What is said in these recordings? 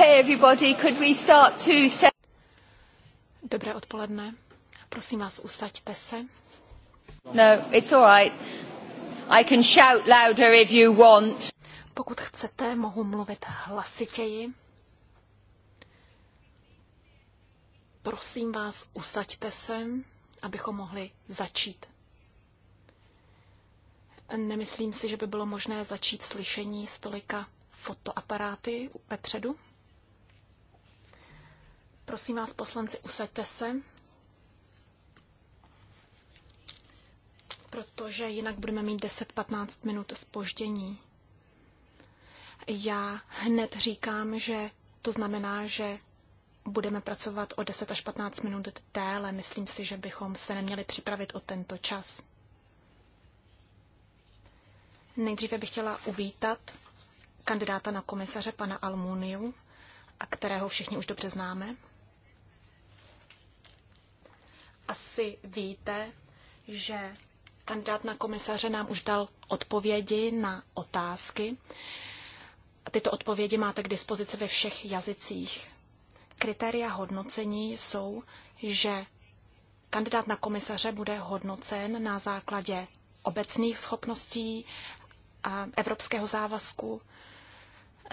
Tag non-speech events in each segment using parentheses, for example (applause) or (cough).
Okay, everybody, could we start to... set... Dobré odpoledne. Prosím vás, usaďte se. No, it's all right. I can shout louder if you want. Pokud chcete, mohu mluvit hlasitěji. Prosím vás, usaďte se, abychom mohli začít. Nemyslím si, že by bylo možné začít slyšení stolika fotoaparáty vepředu. Prosím vás, poslanci, usaďte se, protože jinak budeme mít 10-15 minut spoždění. Já hned říkám, že to znamená, že budeme pracovat o 10 až 15 minut déle. Myslím si, že bychom se neměli připravit o tento čas. Nejdříve bych chtěla uvítat kandidáta na komisaře pana Almuniu, a kterého všichni už dobře známe. asi víte, že kandidát na komisaře nám už dal odpovědi na otázky. Tyto odpovědi máte k dispozici ve všech jazycích. Kritéria hodnocení jsou, že kandidát na komisaře bude hodnocen na základě obecných schopností, evropského závazku,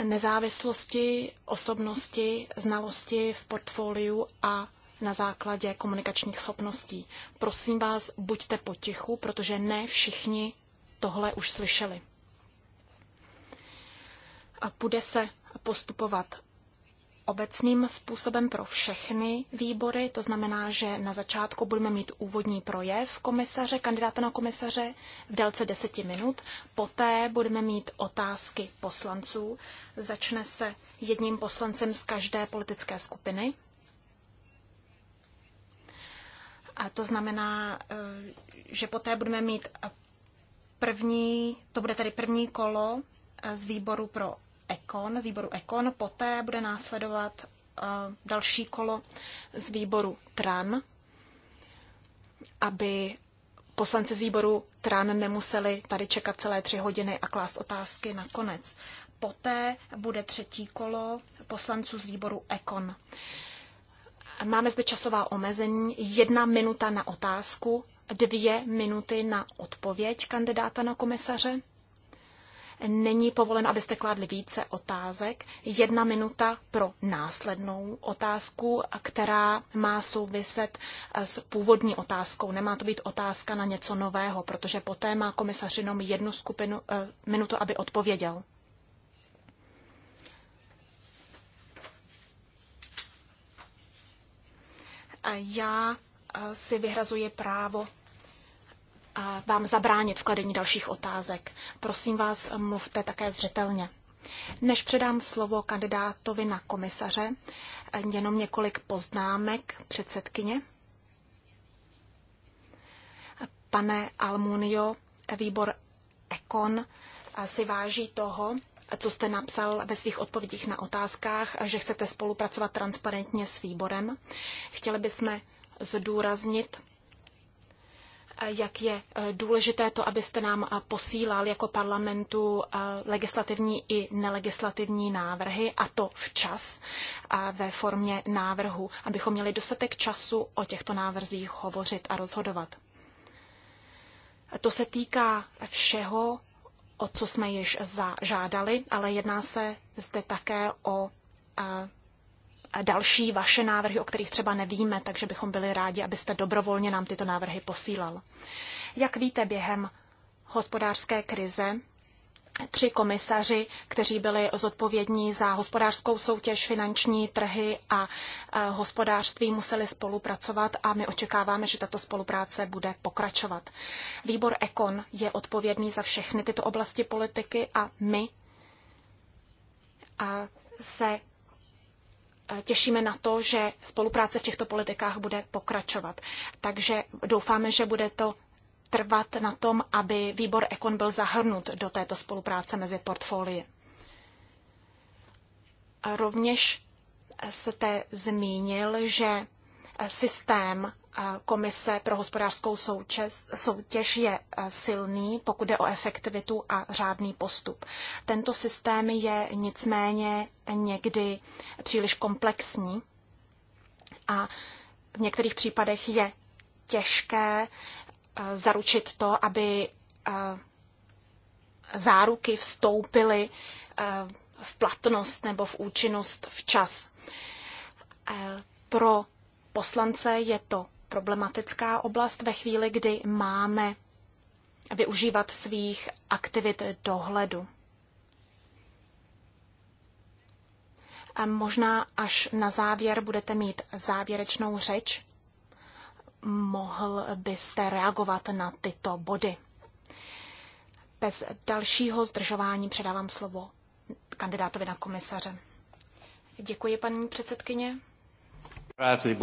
nezávislosti, osobnosti, znalosti v portfoliu a na základě komunikačních schopností. Prosím vás, buďte potichu, protože ne všichni tohle už slyšeli. A bude se postupovat obecným způsobem pro všechny výbory, to znamená, že na začátku budeme mít úvodní projev komisaře, kandidáta na komisaře v délce deseti minut, poté budeme mít otázky poslanců, začne se jedním poslancem z každé politické skupiny A to znamená, eh, že poté budeme mít eh, první, to bude tady první kolo eh, z výboru pro Ekon, výboru Ekon, poté bude následovat další kolo z výboru TRAN, aby poslanci z výboru TRAN nemuseli tady čekat celé tři hodiny a klást otázky na konec. Poté bude třetí kolo poslanců z výboru EKON. Máme zde časová omezení, jedna minuta na otázku, dvě minuty na odpověď kandidáta na komisaře. Není povolen abyste kládli více otázek. Jedna minuta pro následnou otázku, která má souviset s původní otázkou. Nemá to být otázka na něco nového, protože poté má komisař jenom jednu skupinu, eh, minutu, aby odpověděl. já si vyhrazuji právo vám zabránit vkladení dalších otázek. Prosím vás, mluvte také zřetelně. Než předám slovo kandidátovi na komisaře, jenom několik poznámek předsedkyně. Pane Almunio, výbor Ekon si váží toho, co jste napsal ve svých odpovědích na otázkách, že chcete spolupracovat transparentně s výborem. Chtěli bychom zdůraznit, jak je eh, důležité to, abyste nám eh, posílal jako parlamentu eh, legislativní i nelegislativní návrhy, a to včas a ve formě návrhu, abychom měli dostatek času o těchto návrzích hovořit a rozhodovat. To se týká všeho, o co jsme již zažádali, ale jedná se zde také o další vaše návrhy, o kterých třeba nevíme, takže bychom byli rádi, abyste dobrovolně nám tyto návrhy posílal. Jak víte, během hospodářské krize tři komisaři, kteří byli zodpovědní za hospodářskou soutěž, finanční trhy a e, hospodářství, museli spolupracovat a my očekáváme, že tato spolupráce bude pokračovat. Výbor Ekon je odpovědný za všechny tyto oblasti politiky a my se e, těšíme na to, že spolupráce v těchto politikách bude pokračovat. Takže doufáme, že bude to trvat na tom, aby výbor Ekon byl zahrnut do této spolupráce mezi portfolii. Rovněž jste zmínil, že systém eh, Komise pro hospodářskou soutěž je eh, silný, pokud je o efektivitu a řádný postup. Tento systém je nicméně někdy příliš komplexní a v některých případech je těžké Eh, zaručit to, aby eh, záruky vstoupily eh, v platnost nebo v účinnost včas. Pro poslance je to problematická oblast ve chvíli, kdy máme využívat svých aktivit dohledu. A možná až na závěr budete mít závěrečnou řeč mohl byste reagovat na tyto body. Bez dalšího zdržování předávám slovo kandidátovi na komisaře. Děkuji, paní předsedkyně. Děkuji,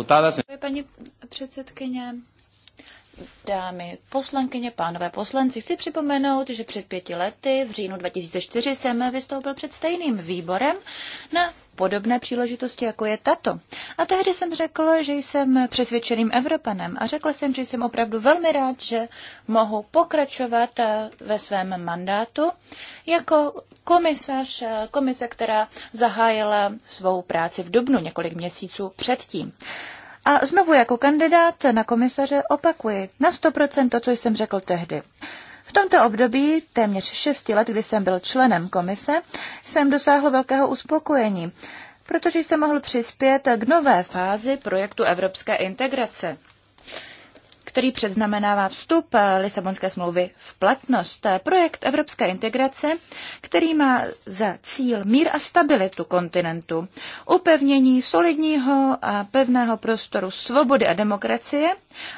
paní předsedkyně. Dámy poslankyně, pánové poslanci, chci připomenout, že před pěti lety v říjnu 2004 jsem vystoupil před stejným výborem na podobné příležitosti, jako je tato. A tehdy jsem řekl, že jsem přesvědčeným Evropanem a řekl jsem, že jsem opravdu velmi rád, že mohu pokračovat eh, ve svém mandátu jako komisař, eh, komise, která zahájila svou práci v Dubnu několik měsíců předtím. A znovu jako kandidát na komisaře opakuji na 100% to, co jsem řekl tehdy tomto období téměř šesti let, kdy jsem byl členem komise, jsem dosáhl velkého uspokojení, protože jsem mohl přispět k nové fázi projektu evropské integrace který předznamenává vstup eh, Lisabonské smlouvy v platnost. Projekt Evropské integrace, který má za cíl mír a stabilitu kontinentu, upevnění solidního a pevného prostoru svobody a demokracie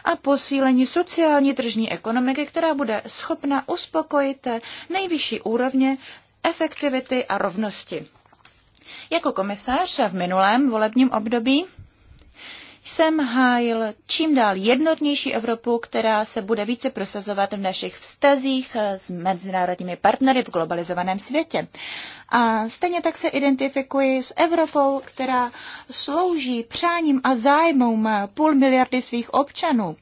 a posílení sociální tržní ekonomiky, která bude schopna uspokojit nejvyšší úrovně efektivity a rovnosti. Jako komisář v minulém volebním období jsem hájil čím dál jednotnější Evropu, která se bude více prosazovat v našich vztazích eh, s mezinárodními partnery v globalizovaném světě. A stejně tak se identifikuji s Evropou, která slouží přáním a zájmům půl miliardy svých občanů.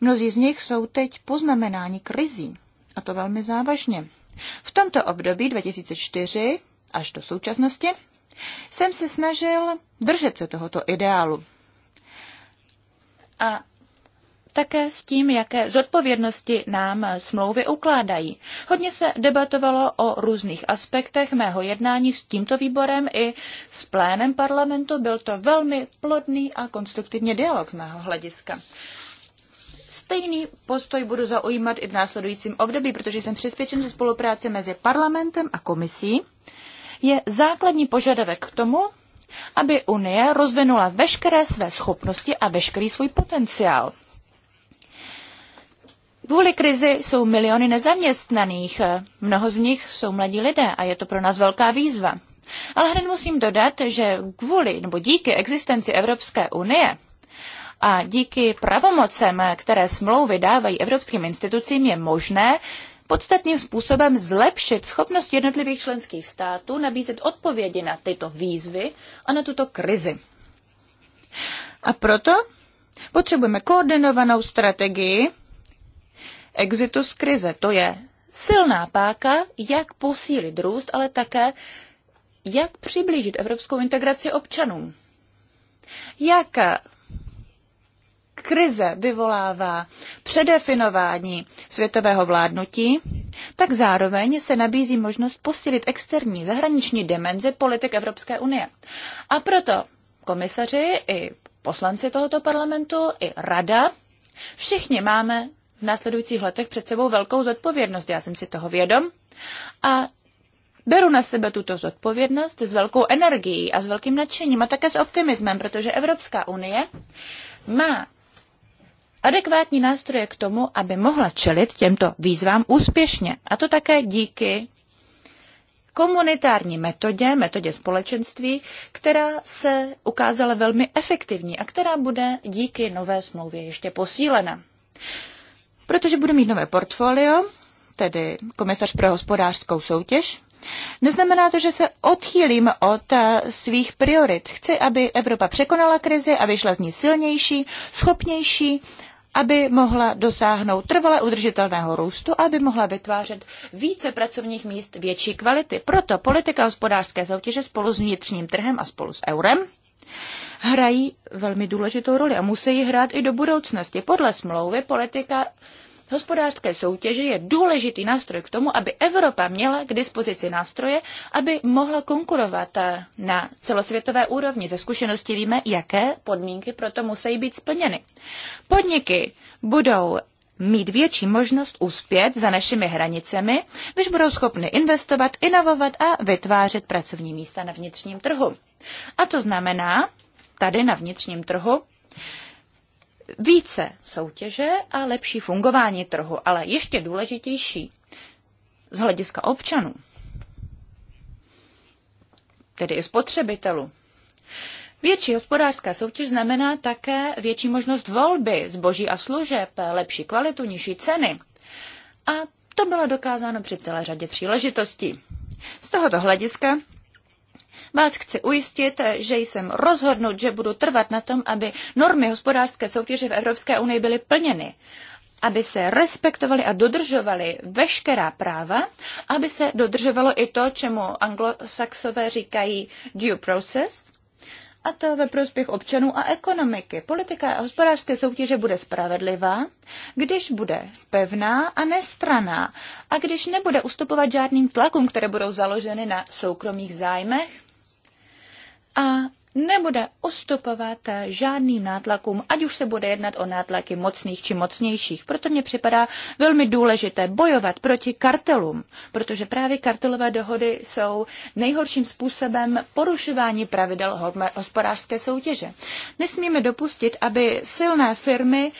Mnozí z nich jsou teď poznamenáni krizí, a to velmi závažně. V tomto období 2004 až do současnosti jsem se snažil držet se tohoto ideálu a také s tím, jaké zodpovědnosti nám smlouvy ukládají. Hodně se debatovalo o různých aspektech mého jednání s tímto výborem i s plénem parlamentu. Byl to velmi plodný a konstruktivní dialog z mého hlediska. Stejný postoj budu zaujímat i v následujícím období, protože jsem přesvědčen, že spolupráce mezi parlamentem a komisí je základní požadavek k tomu, aby Unie rozvinula veškeré své schopnosti a veškerý svůj potenciál. Kvůli krizi jsou miliony nezaměstnaných, mnoho z nich jsou mladí lidé a je to pro nás velká výzva. Ale hned musím dodat, že kvůli nebo díky existenci Evropské unie a díky pravomocem, které smlouvy dávají evropským institucím, je možné podstatným způsobem zlepšit schopnost jednotlivých členských států nabízet odpovědi na tyto výzvy a na tuto krizi. A proto potřebujeme koordinovanou strategii exitu z krize. To je silná páka, jak posílit růst, ale také jak přiblížit evropskou integraci občanům. Jak krize vyvolává předefinování světového vládnutí, tak zároveň se nabízí možnost posílit externí zahraniční dimenzi politik Evropské unie. A proto komisaři i poslanci tohoto parlamentu i rada, všichni máme v následujících letech před sebou velkou zodpovědnost. Já jsem si toho vědom a Beru na sebe tuto zodpovědnost s velkou energií a s velkým nadšením a také s optimismem, protože Evropská unie má adekvátní nástroje k tomu, aby mohla čelit těmto výzvám úspěšně. A to také díky komunitární metodě, metodě společenství, která se ukázala velmi efektivní a která bude díky nové smlouvě ještě posílena. Protože bude mít nové portfolio, tedy komisař pro hospodářskou soutěž, Neznamená to, že se odchýlím od eh, svých priorit. Chci, aby Evropa překonala krizi a vyšla z ní silnější, schopnější, aby mohla dosáhnout trvale udržitelného růstu aby mohla vytvářet více pracovních míst větší kvality. Proto politika hospodářské soutěže spolu s vnitřním trhem a spolu s eurem hrají velmi důležitou roli a musí ji hrát i do budoucnosti. Podle smlouvy politika hospodářské soutěži je důležitý nástroj k tomu, aby Evropa měla k dispozici nástroje, aby mohla konkurovat eh, na celosvětové úrovni. Ze zkušenosti víme, jaké podmínky proto musí být splněny. Podniky budou mít větší možnost uspět za našimi hranicemi, když budou schopny investovat, inovovat a vytvářet pracovní místa na vnitřním trhu. A to znamená, tady na vnitřním trhu, více soutěže a lepší fungování trhu, ale ještě důležitější z hlediska občanů, tedy i spotřebitelů. Větší hospodářská soutěž znamená také větší možnost volby zboží a služeb, lepší kvalitu, nižší ceny. A to bylo dokázáno při celé řadě příležitostí. Z tohoto hlediska vás chci ujistit, že jsem rozhodnut, že budu trvat na tom, aby normy hospodářské soutěže v Evropské unii byly plněny aby se respektovali a dodržovali veškerá práva, aby se dodržovalo i to, čemu anglosaxové říkají due process, a to ve prospěch občanů a ekonomiky. Politika a hospodářské soutěže bude spravedlivá, když bude pevná a nestraná a když nebude ustupovat žádným tlakům, které budou založeny na soukromých zájmech a nebude ustupovat žádným nátlakům, ať už se bude jednat o nátlaky mocných či mocnějších. Proto mně připadá velmi důležité bojovat proti kartelům, protože právě kartelové dohody jsou nejhorším způsobem porušování pravidel hospodářské soutěže. Nesmíme dopustit, aby silné firmy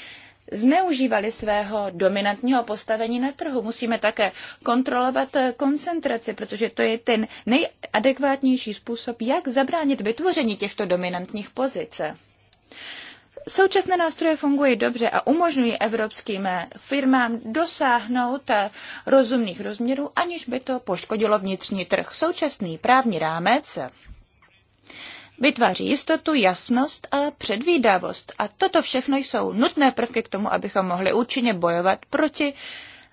zneužívali svého dominantního postavení na trhu. Musíme také kontrolovat koncentraci, protože to je ten nejadekvátnější způsob, jak zabránit vytvoření těchto dominantních pozic. Současné nástroje fungují dobře a umožňují evropským firmám dosáhnout rozumných rozměrů, aniž by to poškodilo vnitřní trh. Současný právní rámec vytváří jistotu, jasnost a předvídavost. A toto všechno jsou nutné prvky k tomu, abychom mohli účinně bojovat proti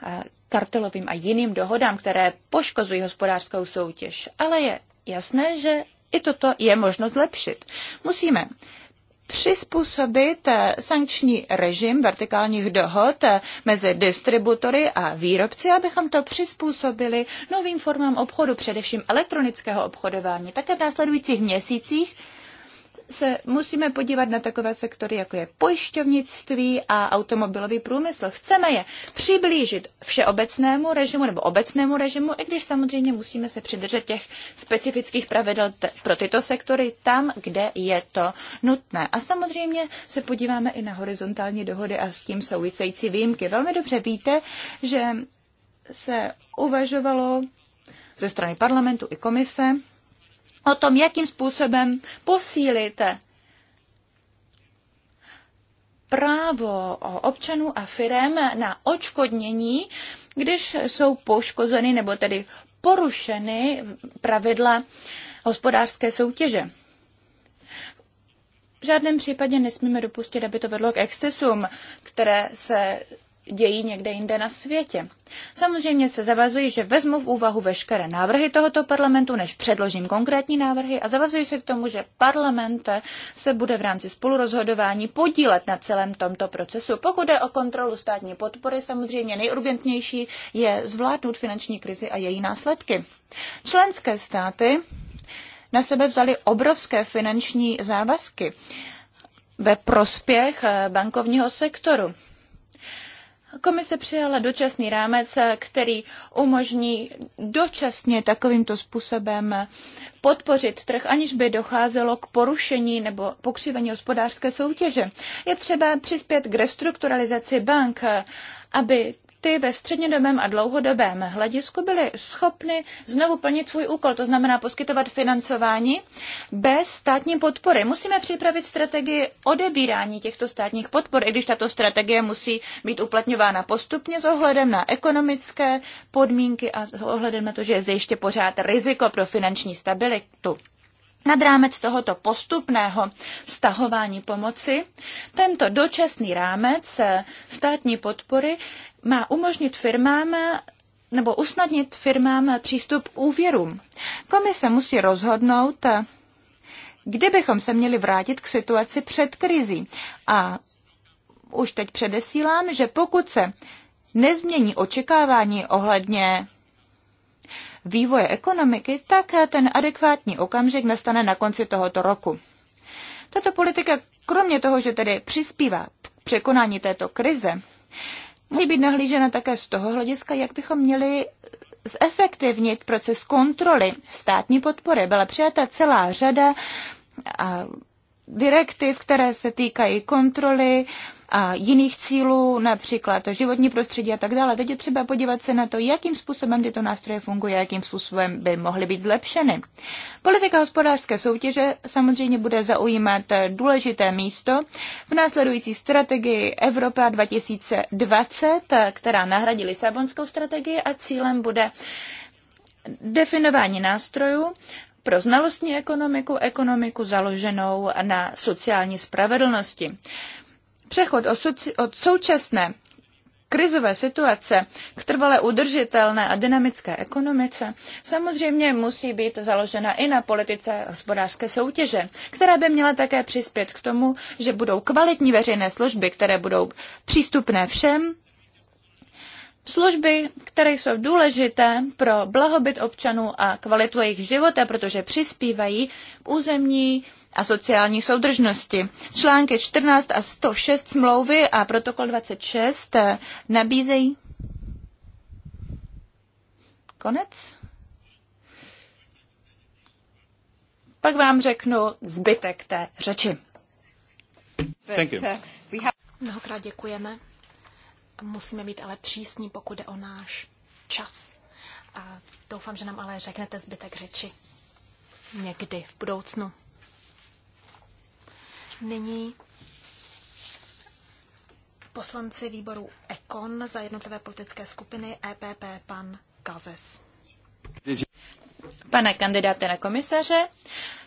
eh, kartelovým a jiným dohodám, které poškozují hospodářskou soutěž. Ale je jasné, že i toto je možno zlepšit. Musíme přizpůsobit eh, sankční režim vertikálních dohod eh, mezi distributory a výrobci, abychom to přizpůsobili novým formám obchodu, především elektronického obchodování. Také v následujících měsících se musíme podívat na takové sektory, jako je pojišťovnictví a automobilový průmysl. Chceme je přiblížit všeobecnému režimu nebo obecnému režimu, i když samozřejmě musíme se přidržet těch specifických pravidel pro tyto sektory tam, kde je to nutné. A samozřejmě se podíváme i na horizontální dohody a s tím související výjimky. Velmi dobře víte, že se uvažovalo ze strany parlamentu i komise, o tom, jakým způsobem posílit právo občanů a firem na očkodnění, když jsou poškozeny nebo tedy porušeny pravidla hospodářské soutěže. V žádném případě nesmíme dopustit, aby to vedlo k excesům, které se dějí někde jinde na světě. Samozřejmě se zavazuji, že vezmu v úvahu veškeré návrhy tohoto parlamentu, než předložím konkrétní návrhy a zavazuji se k tomu, že parlament se bude v rámci spolurozhodování podílet na celém tomto procesu. Pokud jde o kontrolu státní podpory, samozřejmě nejurgentnější je zvládnout finanční krizi a její následky. Členské státy na sebe vzali obrovské finanční závazky ve prospěch eh, bankovního sektoru. Komise přijala dočasný rámec, který umožní dočasně takovýmto způsobem podpořit trh, aniž by docházelo k porušení nebo pokřivení hospodářské soutěže. Je třeba přispět k restrukturalizaci bank, aby ty ve střednědobém a dlouhodobém hledisku byly schopny znovu plnit svůj úkol, to znamená poskytovat financování bez státní podpory. Musíme připravit strategii odebírání těchto státních podpor, i když tato strategie musí být uplatňována postupně s ohledem na ekonomické podmínky a s ohledem na to, že je zde ještě pořád riziko pro finanční stabilitu. Nad rámec tohoto postupného stahování pomoci, tento dočasný rámec eh, státní podpory má umožnit firmám eh, nebo usnadnit firmám eh, přístup k úvěrům. Komise musí rozhodnout, kdybychom se měli vrátit k situaci před krizí. A už teď předesílám, že pokud se nezmění očekávání ohledně vývoje ekonomiky, tak ten adekvátní okamžik nastane na konci tohoto roku. Tato politika, kromě toho, že tedy přispívá k překonání této krize, může být nahlížena také z toho hlediska, jak bychom měli zefektivnit proces kontroly státní podpory. Byla přijata celá řada direktiv, které se týkají kontroly a jiných cílů, například to životní prostředí a tak dále. Teď je třeba podívat se na to, jakým způsobem tyto nástroje fungují a jakým způsobem by mohly být zlepšeny. Politika hospodářské soutěže samozřejmě bude zaujímat důležité místo v následující strategii Evropa 2020, která nahradí Lisabonskou strategii a cílem bude definování nástrojů, pro znalostní ekonomiku, ekonomiku založenou na sociální spravedlnosti. Přechod od současné krizové situace k trvale udržitelné a dynamické ekonomice samozřejmě musí být založena i na politice hospodářské soutěže, která by měla také přispět k tomu, že budou kvalitní veřejné služby, které budou přístupné všem Služby, které jsou důležité pro blahobyt občanů a kvalitu jejich života, protože přispívají k územní a sociální soudržnosti. Články 14 a 106 smlouvy a protokol 26 eh, nabízejí. Konec? Pak vám řeknu zbytek té řeči. Uh, Mnohokrát děkujeme. Musíme být ale přísní, pokud jde o náš čas. A doufám, že nám ale řeknete zbytek řeči. Někdy v budoucnu. Nyní poslanci výboru EKON za jednotlivé politické skupiny EPP pan Gazes. Pane kandidáte na komisaře,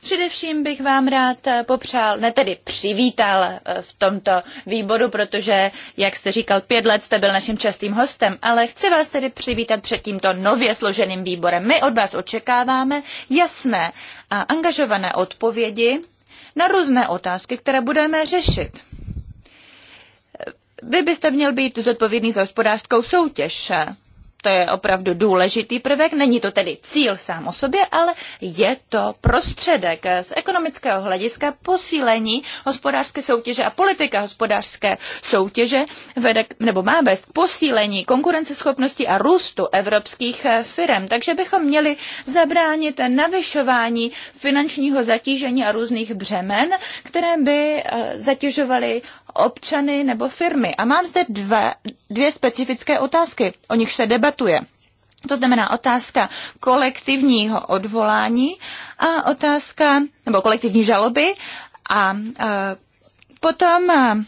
především bych vám rád eh, popřál, ne tedy přivítal eh, v tomto výboru, protože, jak jste říkal, pět let jste byl naším častým hostem, ale chci vás tedy přivítat před tímto nově složeným výborem. My od vás očekáváme jasné a angažované odpovědi na různé otázky, které budeme řešit. Eh, Vy byste měl být zodpovědný za hospodářskou soutěž, to je opravdu důležitý prvek, není to tedy cíl sám o sobě, ale je to prostředek z ekonomického hlediska posílení hospodářské soutěže a politika hospodářské soutěže vede, nebo má vést k posílení konkurenceschopnosti a růstu evropských eh, firm. Takže bychom měli zabránit navyšování finančního zatížení a různých břemen, které by eh, zatěžovaly občany nebo firmy. A mám zde dva, dvě specifické otázky, o nich se debatuje debatuje. To znamená otázka kolektivního odvolání a otázka, nebo kolektivní žaloby a, a potom a,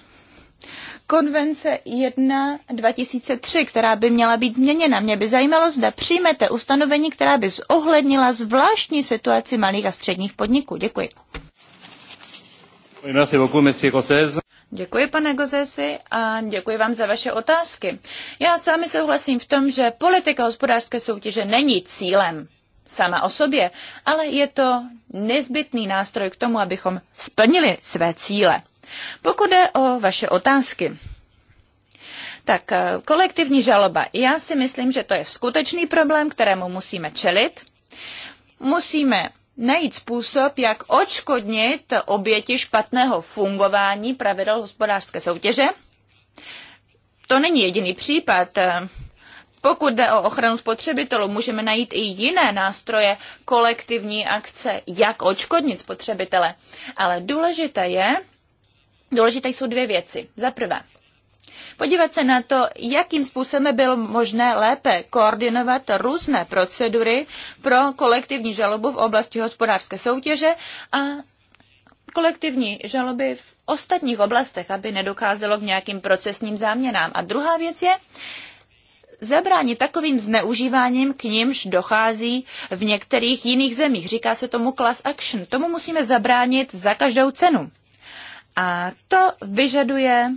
konvence 1 2003, která by měla být změněna. Mě by zajímalo, zda přijmete ustanovení, která by zohlednila zvláštní situaci malých a středních podniků. Děkuji. Děkuji, pane Gozesi, a děkuji vám za vaše otázky. Já s vámi souhlasím v tom, že politika hospodářské soutěže není cílem sama o sobě, ale je to nezbytný nástroj k tomu, abychom splnili své cíle. Pokud jde o vaše otázky, tak eh, kolektivní žaloba. Já si myslím, že to je skutečný problém, kterému musíme čelit. Musíme najít způsob, jak odškodnit oběti špatného fungování pravidel hospodářské soutěže. To není jediný případ. Pokud jde o ochranu spotřebitelů, můžeme najít i jiné nástroje kolektivní akce, jak odškodnit spotřebitele. Ale důležité je, důležité jsou dvě věci. Za prvé, podívat se na to, jakým způsobem bylo možné lépe koordinovat různé procedury pro kolektivní žalobu v oblasti hospodářské soutěže a kolektivní žaloby v ostatních oblastech, aby nedokázalo k nějakým procesním záměnám. A druhá věc je, zabránit takovým zneužíváním, k nímž dochází v některých jiných zemích. Říká se tomu class action. Tomu musíme zabránit za každou cenu. A to vyžaduje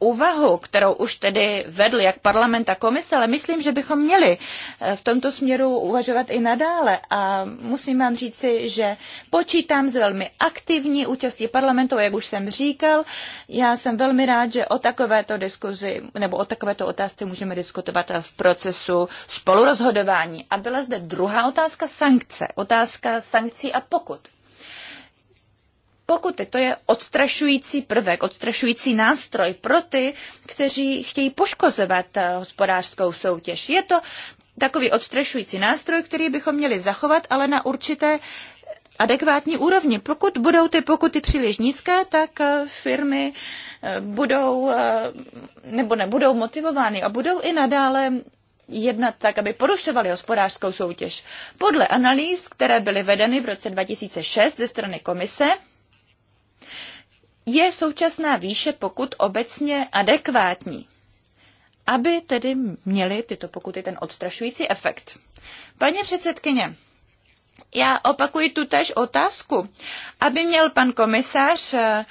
úvahu, kterou už tedy vedl jak parlament a komise, ale myslím, že bychom měli eh, v tomto směru uvažovat i nadále. A musím vám říci, že počítám s velmi aktivní účastí parlamentu, jak už jsem říkal. Já jsem velmi rád, že o takovéto diskuzi nebo o takovéto otázce můžeme diskutovat v procesu spolurozhodování. A byla zde druhá otázka sankce. Otázka sankcí a pokud. Pokud To je odstrašující prvek, odstrašující nástroj pro ty, kteří chtějí poškozovat eh, hospodářskou soutěž. Je to takový odstrašující nástroj, který bychom měli zachovat, ale na určité adekvátní úrovni. Pokud budou ty pokuty příliš nízké, tak eh, firmy eh, budou nebo nebudou motivovány a budou i nadále jednat tak, aby porušovali hospodářskou soutěž. Podle analýz, které byly vedeny v roce 2006 ze strany komise, je současná výše pokud obecně adekvátní, aby tedy měly tyto pokuty ten odstrašující efekt. Paní předsedkyně, já opakuji tu též otázku, aby měl pan komisař eh,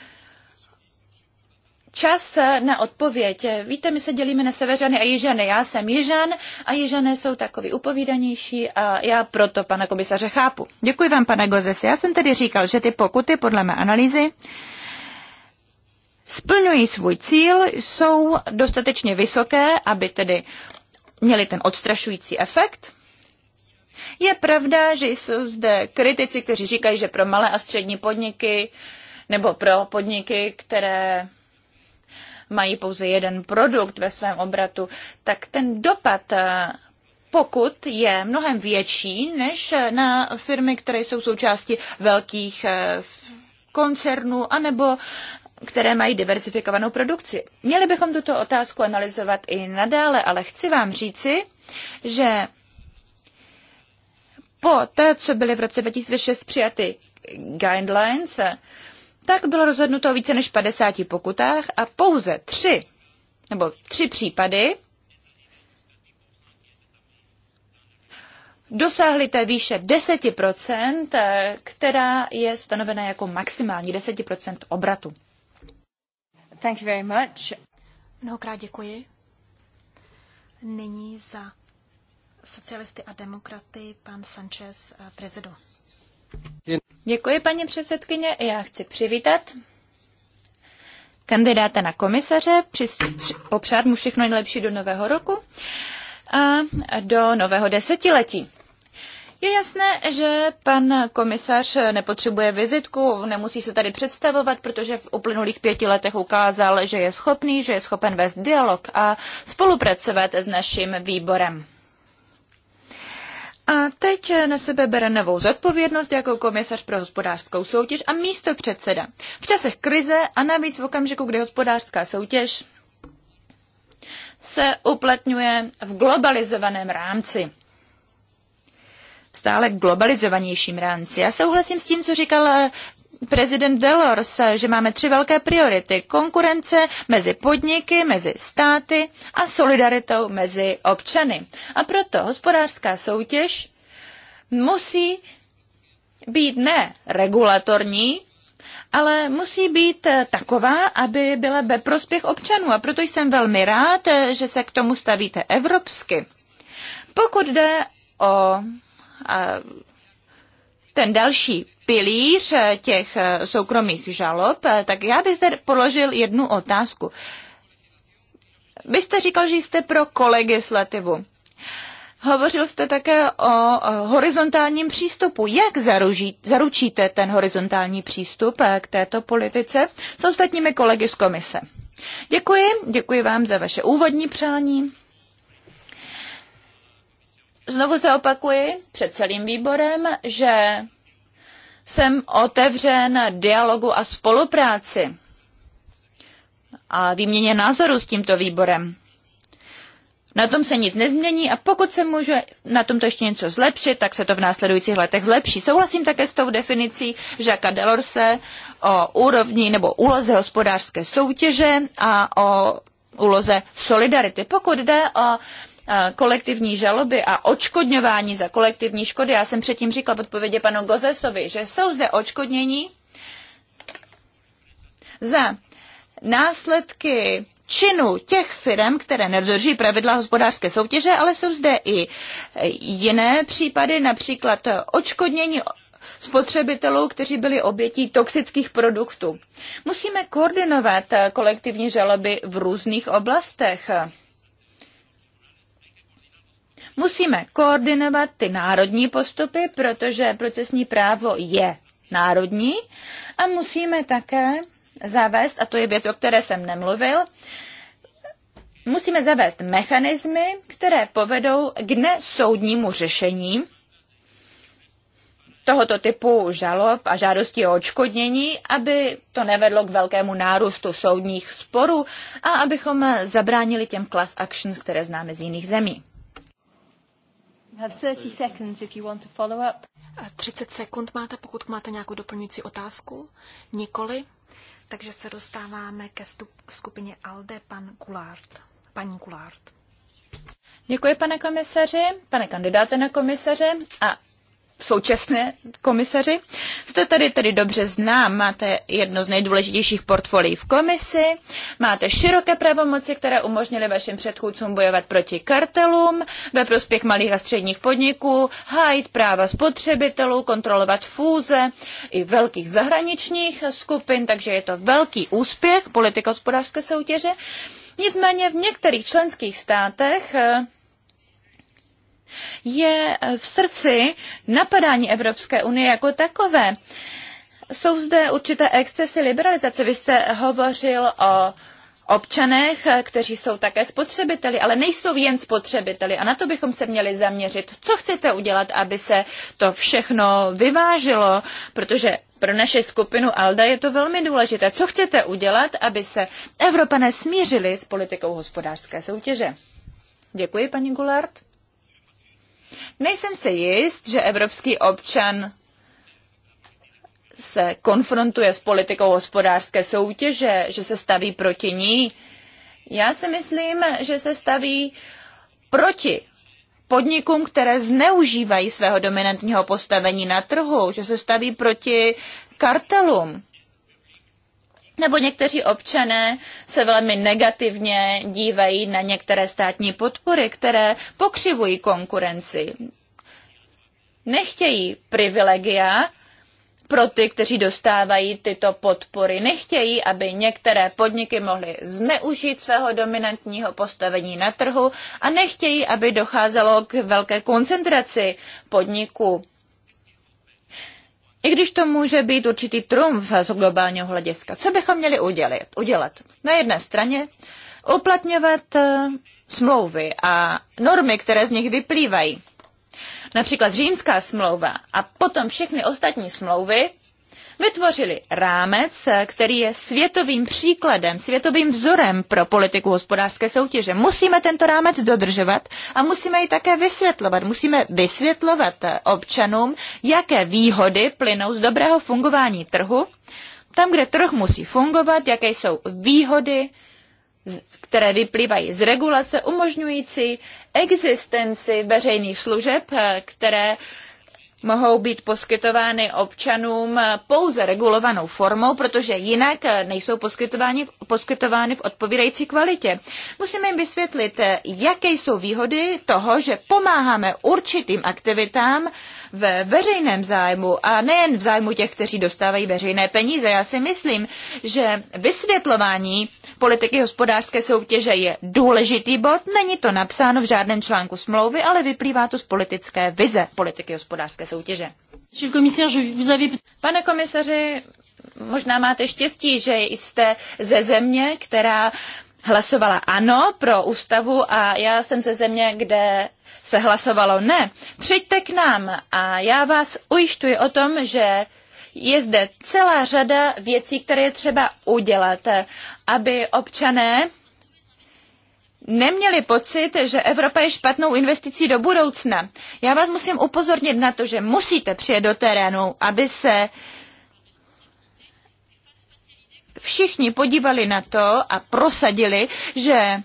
čas na odpověď. Víte, my se dělíme na severany a jižany. Já jsem jižan a jižané jsou takový upovídanější a já proto pana komisaře chápu. Děkuji vám, pane Gozes. Já jsem tedy říkal, že ty pokuty podle mé analýzy splňují svůj cíl, jsou dostatečně vysoké, aby tedy měli ten odstrašující efekt. Je pravda, že jsou zde kritici, kteří říkají, že pro malé a střední podniky nebo pro podniky, které mají pouze jeden produkt ve svém obratu, tak ten dopad eh, pokud je mnohem větší než eh, na firmy, které jsou součástí velkých eh, koncernů anebo které mají diversifikovanou produkci. Měli bychom tuto otázku analyzovat i nadále, ale chci vám říci, že po té, co byly v roce 2006 přijaty guidelines, tak bylo rozhodnuto o více než 50 pokutách a pouze tři, nebo tři případy dosáhly té výše 10%, která je stanovena jako maximální 10% obratu. Thank you very much. Mnohokrát děkuji. Nyní za socialisty a demokraty pan Sanchez eh, Prezido. Děkuji, paní předsedkyně. Já chci přivítat kandidáta na komisaře, popřát mu všechno nejlepší do nového roku a do nového desetiletí. Je jasné, že pan komisař nepotřebuje vizitku, nemusí se tady představovat, protože v uplynulých pěti letech ukázal, že je schopný, že je schopen vést dialog a spolupracovat s naším výborem. A teď na sebe bere novou zodpovědnost jako komisař pro hospodářskou soutěž a místo předseda. V časech krize a navíc v okamžiku, kdy hospodářská soutěž se uplatňuje v globalizovaném rámci. V stále globalizovanějším rámci. Já souhlasím s tím, co říkal prezident Delors, že máme tři velké priority. Konkurence mezi podniky, mezi státy a solidaritou mezi občany. A proto hospodářská soutěž musí být ne regulatorní, ale musí být taková, aby byla ve prospěch občanů. A proto jsem velmi rád, že se k tomu stavíte evropsky. Pokud jde o ten další pilíř eh, těch eh, soukromých žalob, eh, tak já bych zde položil jednu otázku. Vy jste říkal, že jste pro kolegislativu. Hovořil jste také o horizontálním přístupu. Jak zaruží, zaručíte ten horizontální přístup k této politice s ostatními kolegy z komise? Děkuji, děkuji vám za vaše úvodní přání. Znovu zde opakuji před celým výborem, že jsem otevřen dialogu a spolupráci a výměně názorů s tímto výborem. Na tom se nic nezmění a pokud se může na tomto ještě něco zlepšit, tak se to v následujících letech zlepší. Souhlasím také s tou definicí Žaka Delorse o úrovni nebo úloze hospodářské soutěže a o úloze solidarity. Pokud jde o kolektivní žaloby a očkodňování za kolektivní škody. Já jsem předtím říkala v odpovědi panu Gozesovi, že jsou zde očkodnění za následky činu těch firm, které nedodrží pravidla hospodářské soutěže, ale jsou zde i jiné případy, například očkodnění spotřebitelů, kteří byli obětí toxických produktů. Musíme koordinovat kolektivní žaloby v různých oblastech. Musíme koordinovat ty národní postupy, protože procesní právo je národní a musíme také zavést, a to je věc, o které jsem nemluvil, musíme zavést mechanismy, které povedou k nesoudnímu řešení tohoto typu žalob a žádostí o odškodnění, aby to nevedlo k velkému nárůstu soudních sporů a abychom zabránili těm class actions, které známe z jiných zemí. 30 30 sekund máte, pokud máte nějakou doplňující otázku. Nikoli. Takže se dostáváme ke stup, skupině ALDE, pan Kulárd. Paní Kulárd. Děkuji, pane komisaři, pane kandidáte na komisaře. A současné komisaři. Jste tady tedy dobře znám, máte jedno z nejdůležitějších portfolií v komisi, máte široké pravomoci, které umožnily vašim předchůdcům bojovat proti kartelům, ve prospěch malých a středních podniků, hájit práva spotřebitelů, kontrolovat fúze i velkých zahraničních skupin, takže je to velký úspěch politiko-hospodářské soutěže. Nicméně v některých členských státech je v srdci napadání Evropské unie jako takové. Jsou zde určité excesy liberalizace. Vy jste hovořil o občanech, kteří jsou také spotřebiteli, ale nejsou jen spotřebiteli. A na to bychom se měli zaměřit. Co chcete udělat, aby se to všechno vyvážilo? Protože pro naši skupinu ALDA je to velmi důležité. Co chcete udělat, aby se Evropané smířili s politikou hospodářské soutěže? Děkuji, paní Gulard. Nejsem si jist, že evropský občan se konfrontuje s politikou hospodářské soutěže, že se staví proti ní. Já si myslím, že se staví proti podnikům, které zneužívají svého dominantního postavení na trhu, že se staví proti kartelům. Nebo někteří občané se velmi negativně dívají na některé státní podpory, které pokřivují konkurenci. Nechtějí privilegia pro ty, kteří dostávají tyto podpory. Nechtějí, aby některé podniky mohly zneužít svého dominantního postavení na trhu a nechtějí, aby docházelo k velké koncentraci podniků i když to může být určitý trumf z globálního hlediska, co bychom měli udělat? udělat? Na jedné straně uplatňovat eh, smlouvy a normy, které z nich vyplývají. Například římská smlouva a potom všechny ostatní smlouvy, vytvořili rámec, který je světovým příkladem, světovým vzorem pro politiku hospodářské soutěže. Musíme tento rámec dodržovat a musíme ji také vysvětlovat. Musíme vysvětlovat občanům, jaké výhody plynou z dobrého fungování trhu, tam, kde trh musí fungovat, jaké jsou výhody, které vyplývají z regulace umožňující existenci veřejných služeb, eh, které mohou být poskytovány občanům pouze regulovanou formou, protože jinak nejsou poskytovány, poskytovány v odpovídající kvalitě. Musíme jim vysvětlit, jaké jsou výhody toho, že pomáháme určitým aktivitám, ve veřejném zájmu a nejen v zájmu těch, kteří dostávají veřejné peníze. Já si myslím, že vysvětlování politiky hospodářské soutěže je důležitý bod. Není to napsáno v žádném článku smlouvy, ale vyplývá to z politické vize politiky hospodářské soutěže. Pane komisaři, možná máte štěstí, že jste ze země, která hlasovala ano pro ústavu a já jsem ze země, kde se hlasovalo ne. Přijďte k nám a já vás ujišťuji o tom, že je zde celá řada věcí, které je třeba udělat, aby občané neměli pocit, že Evropa je špatnou investicí do budoucna. Já vás musím upozornit na to, že musíte přijet do terénu, aby se všichni podívali na to a prosadili, že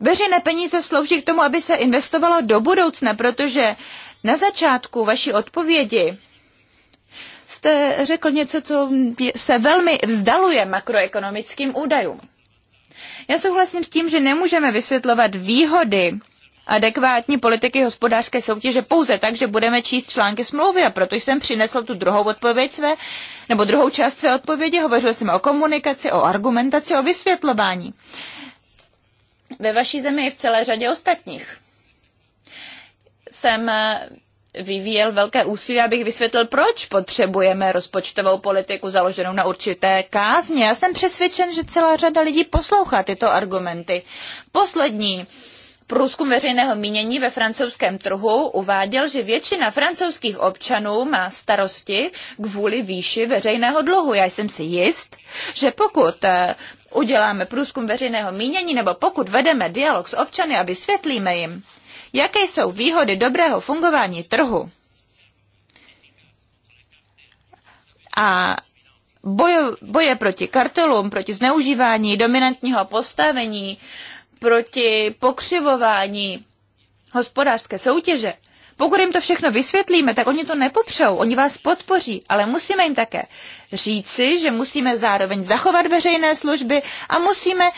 veřejné peníze slouží k tomu, aby se investovalo do budoucna, protože na začátku vaší odpovědi jste řekl něco, co se velmi vzdaluje makroekonomickým údajům. Já souhlasím s tím, že nemůžeme vysvětlovat výhody adekvátní politiky hospodářské soutěže pouze tak, že budeme číst články smlouvy a proto jsem přinesl tu druhou odpověď své nebo druhou část své odpovědi, hovořil jsem o komunikaci, o argumentaci, o vysvětlování. Ve vaší zemi i v celé řadě ostatních jsem eh, vyvíjel velké úsilí, abych vysvětlil, proč potřebujeme rozpočtovou politiku založenou na určité kázně. Já jsem přesvědčen, že celá řada lidí poslouchá tyto argumenty. Poslední uh, průzkum veřejného mínění ve francouzském trhu uváděl, že většina francouzských občanů má starosti kvůli výši veřejného dluhu. Já jsem si jist, že pokud eh, uděláme průzkum veřejného mínění nebo pokud vedeme dialog s občany a vysvětlíme jim, jaké jsou výhody dobrého fungování trhu a boje, boje proti kartelům, proti zneužívání dominantního postavení, proti pokřivování hospodářské soutěže, pokud jim to všechno vysvětlíme, tak oni to nepopřou, oni vás podpoří, ale musíme jim také říci, že musíme zároveň zachovat veřejné služby a musíme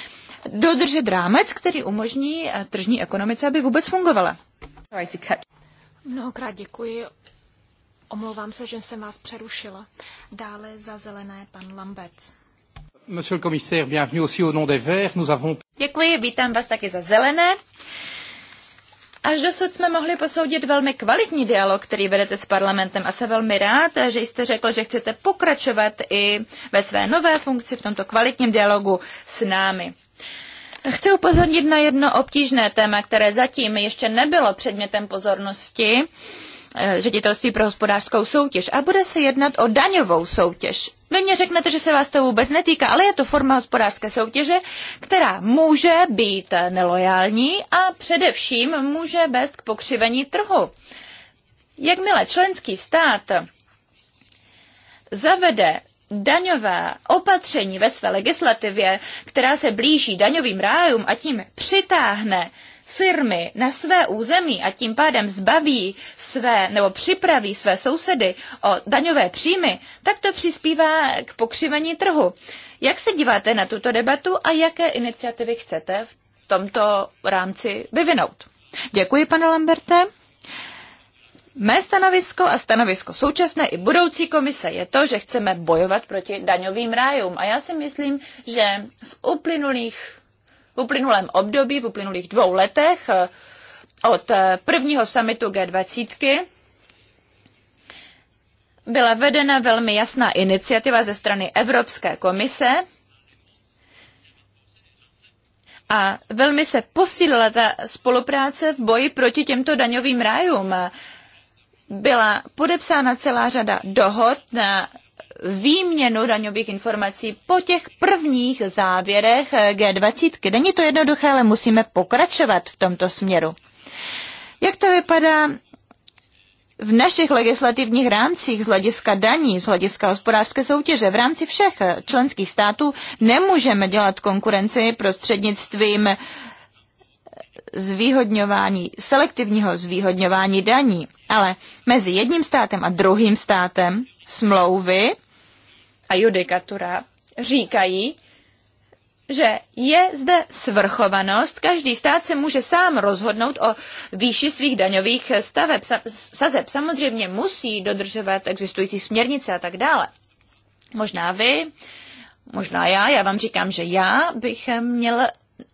dodržet rámec, který umožní eh, tržní ekonomice, aby vůbec fungovala. Mnohokrát děkuji. Omlouvám se, že jsem vás přerušila. Dále za zelené pan Lambert. Monsieur le commissaire, bienvenue aussi au nom des Verts. Nous avons... Děkuji, vítám vás taky za zelené. Až dosud jsme mohli posoudit velmi kvalitní dialog, který vedete s parlamentem a jsem velmi rád, že jste řekl, že chcete pokračovat i ve své nové funkci v tomto kvalitním dialogu s námi. Chci upozornit na jedno obtížné téma, které zatím ještě nebylo předmětem pozornosti eh, ředitelství pro hospodářskou soutěž a bude se jednat o daňovou soutěž. Vy mě řeknete, že se vás to vůbec netýká, ale je to forma hospodářské soutěže, která může být nelojální a především může vést k pokřivení trhu. Jakmile členský stát zavede daňové opatření ve své legislativě, která se blíží daňovým rájům a tím přitáhne uh, firmy na své území a tím pádem zbaví své nebo připraví své sousedy o daňové příjmy, tak to přispívá k pokřivení trhu. Jak se díváte na tuto debatu a jaké iniciativy chcete v tomto rámci vyvinout? Děkuji, pane Lamberte. Mé stanovisko a stanovisko současné i budoucí komise je to, že chceme bojovat proti daňovým rájům. A já si myslím, že v uplynulých v uplynulém období, v uplynulých dvou letech eh, od eh, prvního samitu G20 byla vedena velmi jasná iniciativa ze strany Evropské komise a velmi se posílila ta spolupráce v boji proti těmto daňovým rájům. Byla podepsána celá řada dohod na výměnu daňových informací po těch prvních závěrech eh, G20. Není to jednoduché, ale musíme pokračovat v tomto směru. Jak to vypadá v našich legislativních rámcích z hlediska daní, z hlediska hospodářské soutěže, v rámci všech eh, členských států nemůžeme dělat konkurenci prostřednictvím eh, zvýhodňování, selektivního zvýhodňování daní. Ale mezi jedním státem a druhým státem smlouvy a judikatura říkají, že je zde svrchovanost, každý stát se může sám rozhodnout o výši svých daňových staveb, sazeb. Samozřejmě musí dodržovat existující směrnice a tak dále. Možná vy, možná já, já vám říkám, že já bych měl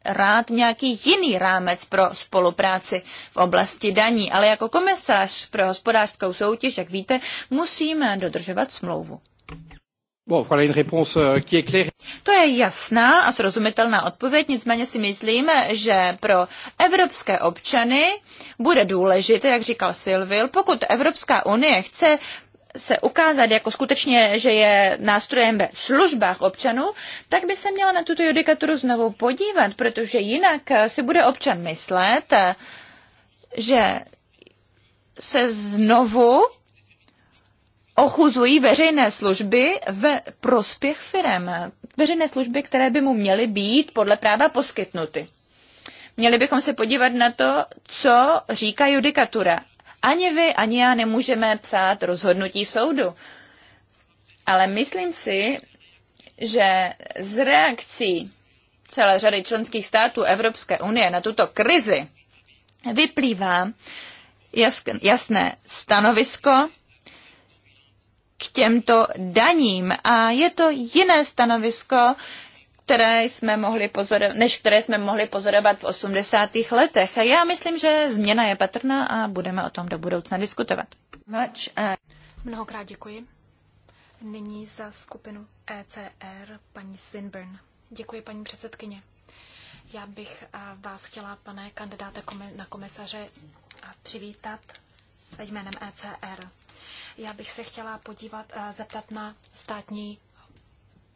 rád nějaký jiný rámec pro spolupráci v oblasti daní, ale jako komisař pro hospodářskou soutěž, jak víte, musíme dodržovat smlouvu. Euh, to je jasná a srozumitelná odpověď, nicméně si myslím, že pro evropské občany bude důležité, jak říkal Silvil, pokud Evropská unie chce se ukázat jako skutečně, že je nástrojem ve službách občanů, tak by se měla na tuto judikaturu znovu podívat, protože jinak si bude občan myslet, že se znovu ochuzují veřejné služby ve prospěch firem. Veřejné služby, které by mu měly být podle práva poskytnuty. Měli bychom se podívat na to, co říká judikatura. Ani vy, ani já nemůžeme psát rozhodnutí soudu. Ale myslím si, že z reakcí celé řady členských států Evropské unie na tuto krizi vyplývá jasné stanovisko, k těmto daním. A je to jiné stanovisko, které jsme mohli pozorovat, než které jsme mohli pozorovat v 80. letech. A já myslím, že změna je patrná a budeme o tom do budoucna diskutovat. Uh, Mnohokrát děkuji. Nyní za skupinu ECR paní Swinburne. Děkuji, paní předsedkyně. Já bych uh, vás chtěla, pane kandidáte na komisaře, uh, přivítat jménem ECR. Já bych se chtěla podívat, eh, zeptat na státní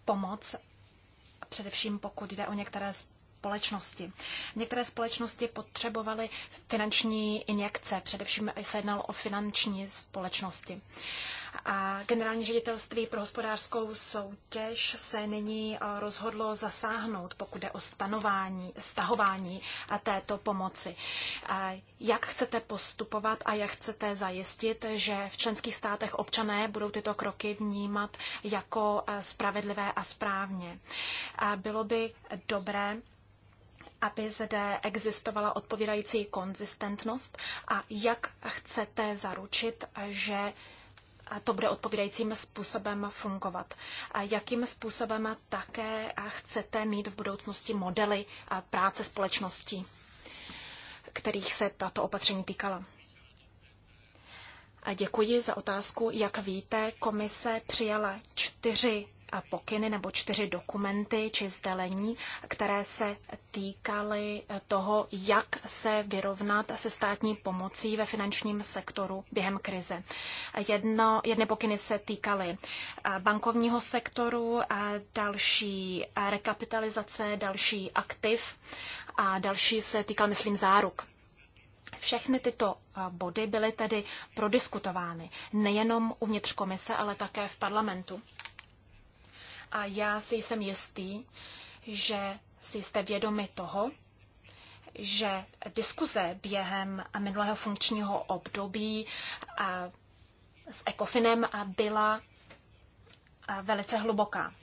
pomoc, především pokud jde o některé z společnosti. Některé společnosti potřebovaly finanční injekce, především se jednalo o finanční společnosti. A generální ředitelství pro hospodářskou soutěž se nyní eh, rozhodlo zasáhnout, pokud jde o stanování, stahování eh, této pomoci. Eh, jak chcete postupovat a jak chcete zajistit, že v členských státech občané budou tyto kroky vnímat jako spravedlivé a správně? Bylo by dobré, aby zde existovala odpovídající konzistentnost a jak chcete zaručit, že to bude odpovídajícím způsobem fungovat. A jakým způsobem také chcete mít v budoucnosti modely práce společností, kterých se tato opatření týkala? A děkuji za otázku. Jak víte, komise přijala čtyři pokyny nebo čtyři dokumenty či sdělení, které se týkaly toho, jak se vyrovnat se státní pomocí ve finančním sektoru během krize. Jedno, jedny pokyny se týkaly eh, bankovního sektoru, eh, další eh, rekapitalizace, další aktiv a další se týkal, myslím, záruk. Všechny tyto body byly tedy prodiskutovány nejenom uvnitř komise, ale také v parlamentu. A já si jsem jistý, že si jste vědomi toho, že diskuze během minulého funkčního období s Ekofinem byla velice hluboká.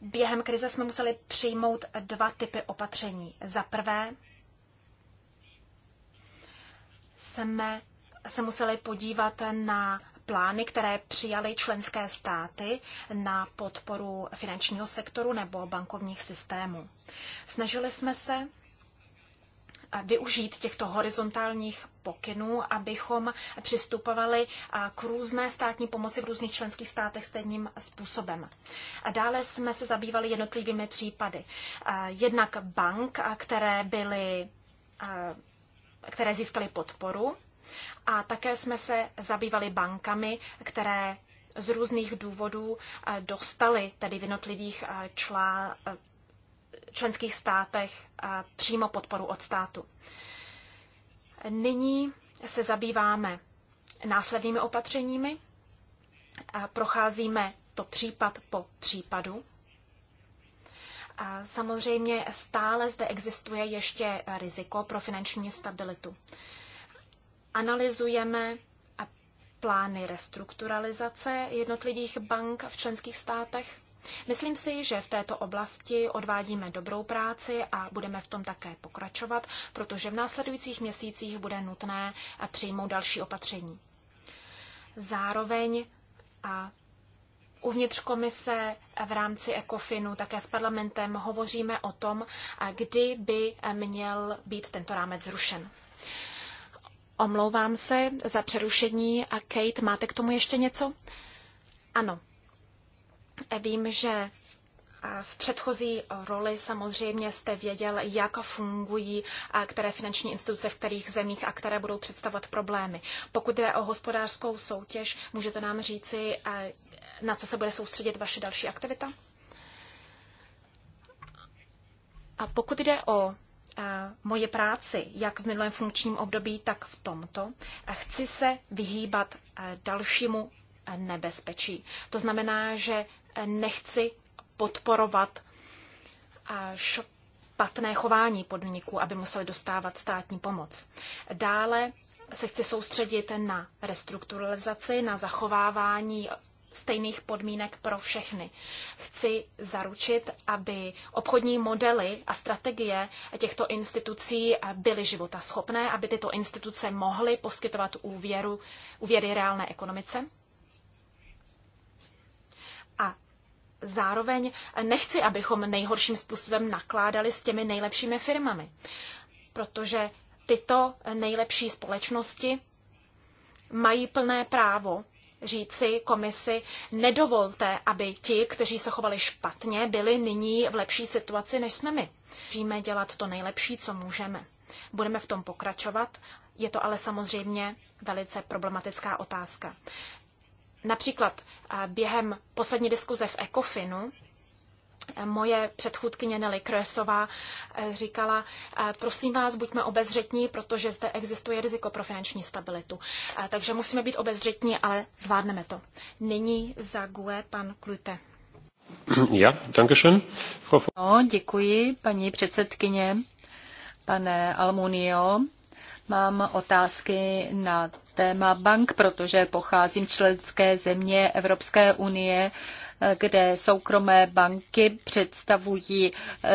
Během krize jsme museli přijmout dva typy opatření. Za prvé jsme se museli podívat na plány, které přijaly členské státy na podporu finančního sektoru nebo bankovních systémů. Snažili jsme se využít těchto horizontálních pokynů, abychom přistupovali k různé státní pomoci v různých členských státech stejným způsobem. A dále jsme se zabývali jednotlivými případy. Jednak bank, které byly které získaly podporu a také jsme se zabývali bankami, které z různých důvodů eh, dostaly tedy v jednotlivých eh, člá, eh, členských státech přímo podporu od státu. Nyní se zabýváme následnými opatřeními. Procházíme to případ po případu. A samozřejmě stále zde existuje ještě riziko pro finanční stabilitu analyzujeme plány restrukturalizace jednotlivých bank v členských státech. Myslím si, že v této oblasti odvádíme dobrou práci a budeme v tom také pokračovat, protože v následujících měsících bude nutné přijmout další opatření. Zároveň a uvnitř komise v rámci ECOFINu také s parlamentem hovoříme o tom, kdy by měl být tento rámec zrušen. Omlouvám se za přerušení a Kate, máte k tomu ještě něco? Ano. Vím, že v předchozí roli samozřejmě jste věděl, jak fungují a které finanční instituce v kterých zemích a které budou představovat problémy. Pokud jde o hospodářskou soutěž, můžete nám říci, na co se bude soustředit vaše další aktivita? A pokud jde o moje práci, jak v minulém funkčním období, tak v tomto, chci se vyhýbat eh, dalšímu eh, nebezpečí. To znamená, že eh, nechci podporovat špatné chování podniků, aby museli dostávat státní pomoc. Dále se chci soustředit na restrukturalizaci, na zachovávání stejných podmínek pro všechny. Chci zaručit, aby obchodní modely a strategie těchto institucí byly života schopné, aby tyto instituce mohly poskytovat úvěru, úvěry reálné ekonomice. A zároveň nechci, abychom nejhorším způsobem nakládali s těmi nejlepšími firmami, protože tyto nejlepší společnosti mají plné právo říci komisi, nedovolte, aby ti, kteří se chovali špatně, byli nyní v lepší situaci než jsme my. Můžeme dělat to nejlepší, co můžeme. Budeme v tom pokračovat, je to ale samozřejmě velice problematická otázka. Například eh, během poslední diskuze v ECOFINu Moje předchůdkyně Nelly Kresová eh, říkala, eh, prosím vás, buďme obezřetní, protože zde existuje riziko pro finanční stabilitu. Eh, takže musíme být obezřetní, ale zvládneme to. Nyní za GUE pan Klute. (clears throat) Ja, danke schön. No, děkuji, paní předsedkyně. Pane Almunio, mám otázky na téma bank, protože pocházím členské země Evropské unie, kde soukromé banky představují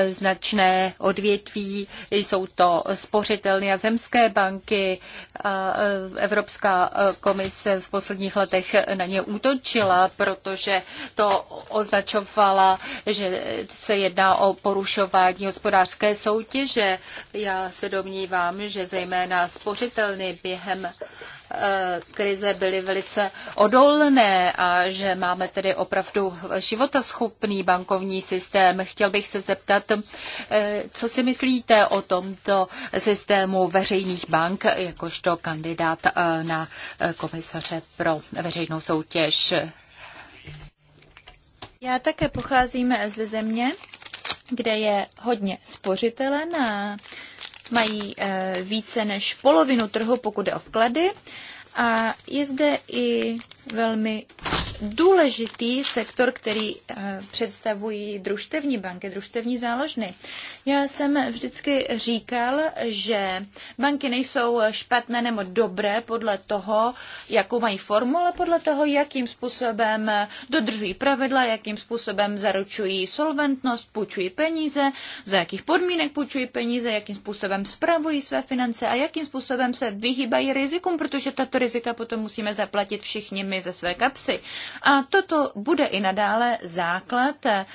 značné odvětví. Jsou to spořitelny a zemské banky. A e, Evropská e, komise v posledních letech na ně útočila, protože to označovala, že se jedná o porušování hospodářské soutěže. Já se domnívám, že zejména spořitelny během Eh, krize byly velice odolné a že máme tedy opravdu životaschopný bankovní systém. Chtěl bych se zeptat, eh, co si myslíte o tomto systému veřejných bank, jakožto kandidát eh, na komisaře pro veřejnou soutěž? Já také pocházím ze země, kde je hodně spořitele na mají eh, více než polovinu trhu, pokud jde o vklady. A je zde i velmi důležitý sektor, který eh, představují družstevní banky, družstevní záložny. Já jsem vždycky říkal, že banky nejsou špatné nebo dobré podle toho, jakou mají formu, ale podle toho, jakým způsobem dodržují pravidla, jakým způsobem zaručují solventnost, půjčují peníze, za jakých podmínek půjčují peníze, jakým způsobem spravují své finance a jakým způsobem se vyhýbají rizikům, protože tato rizika potom musíme zaplatit všichni my ze své kapsy. A toto bude i nadále základ eh,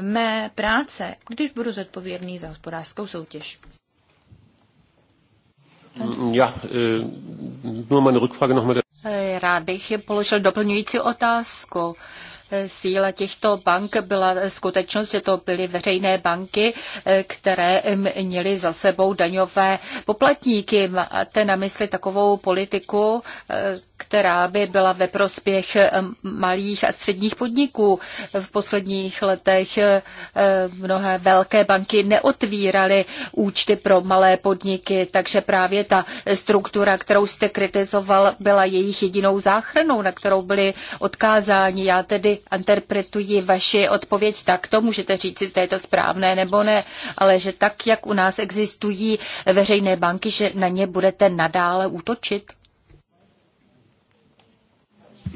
mé práce, když budu zodpovědný za hospodářskou soutěž. Mm, ja, eh, nur meine Rückfrage eh, Rád bych položil doplňující otázku. Síla těchto bank byla skutečnost, že to byly veřejné banky, které měly za sebou daňové poplatníky. Máte na mysli takovou politiku, která by byla ve prospěch eh, malých a středních podniků. V posledních letech eh, mnohé velké banky neotvíraly účty pro malé podniky, takže právě ta struktura, kterou jste kritizoval, byla jejich jedinou záchranou, na kterou byli odkázáni. Já tedy interpretuji vaši odpověď takto, můžete říct, jestli je to správné nebo ne, ale že tak, jak u nás existují veřejné banky, že na ně budete nadále útočit?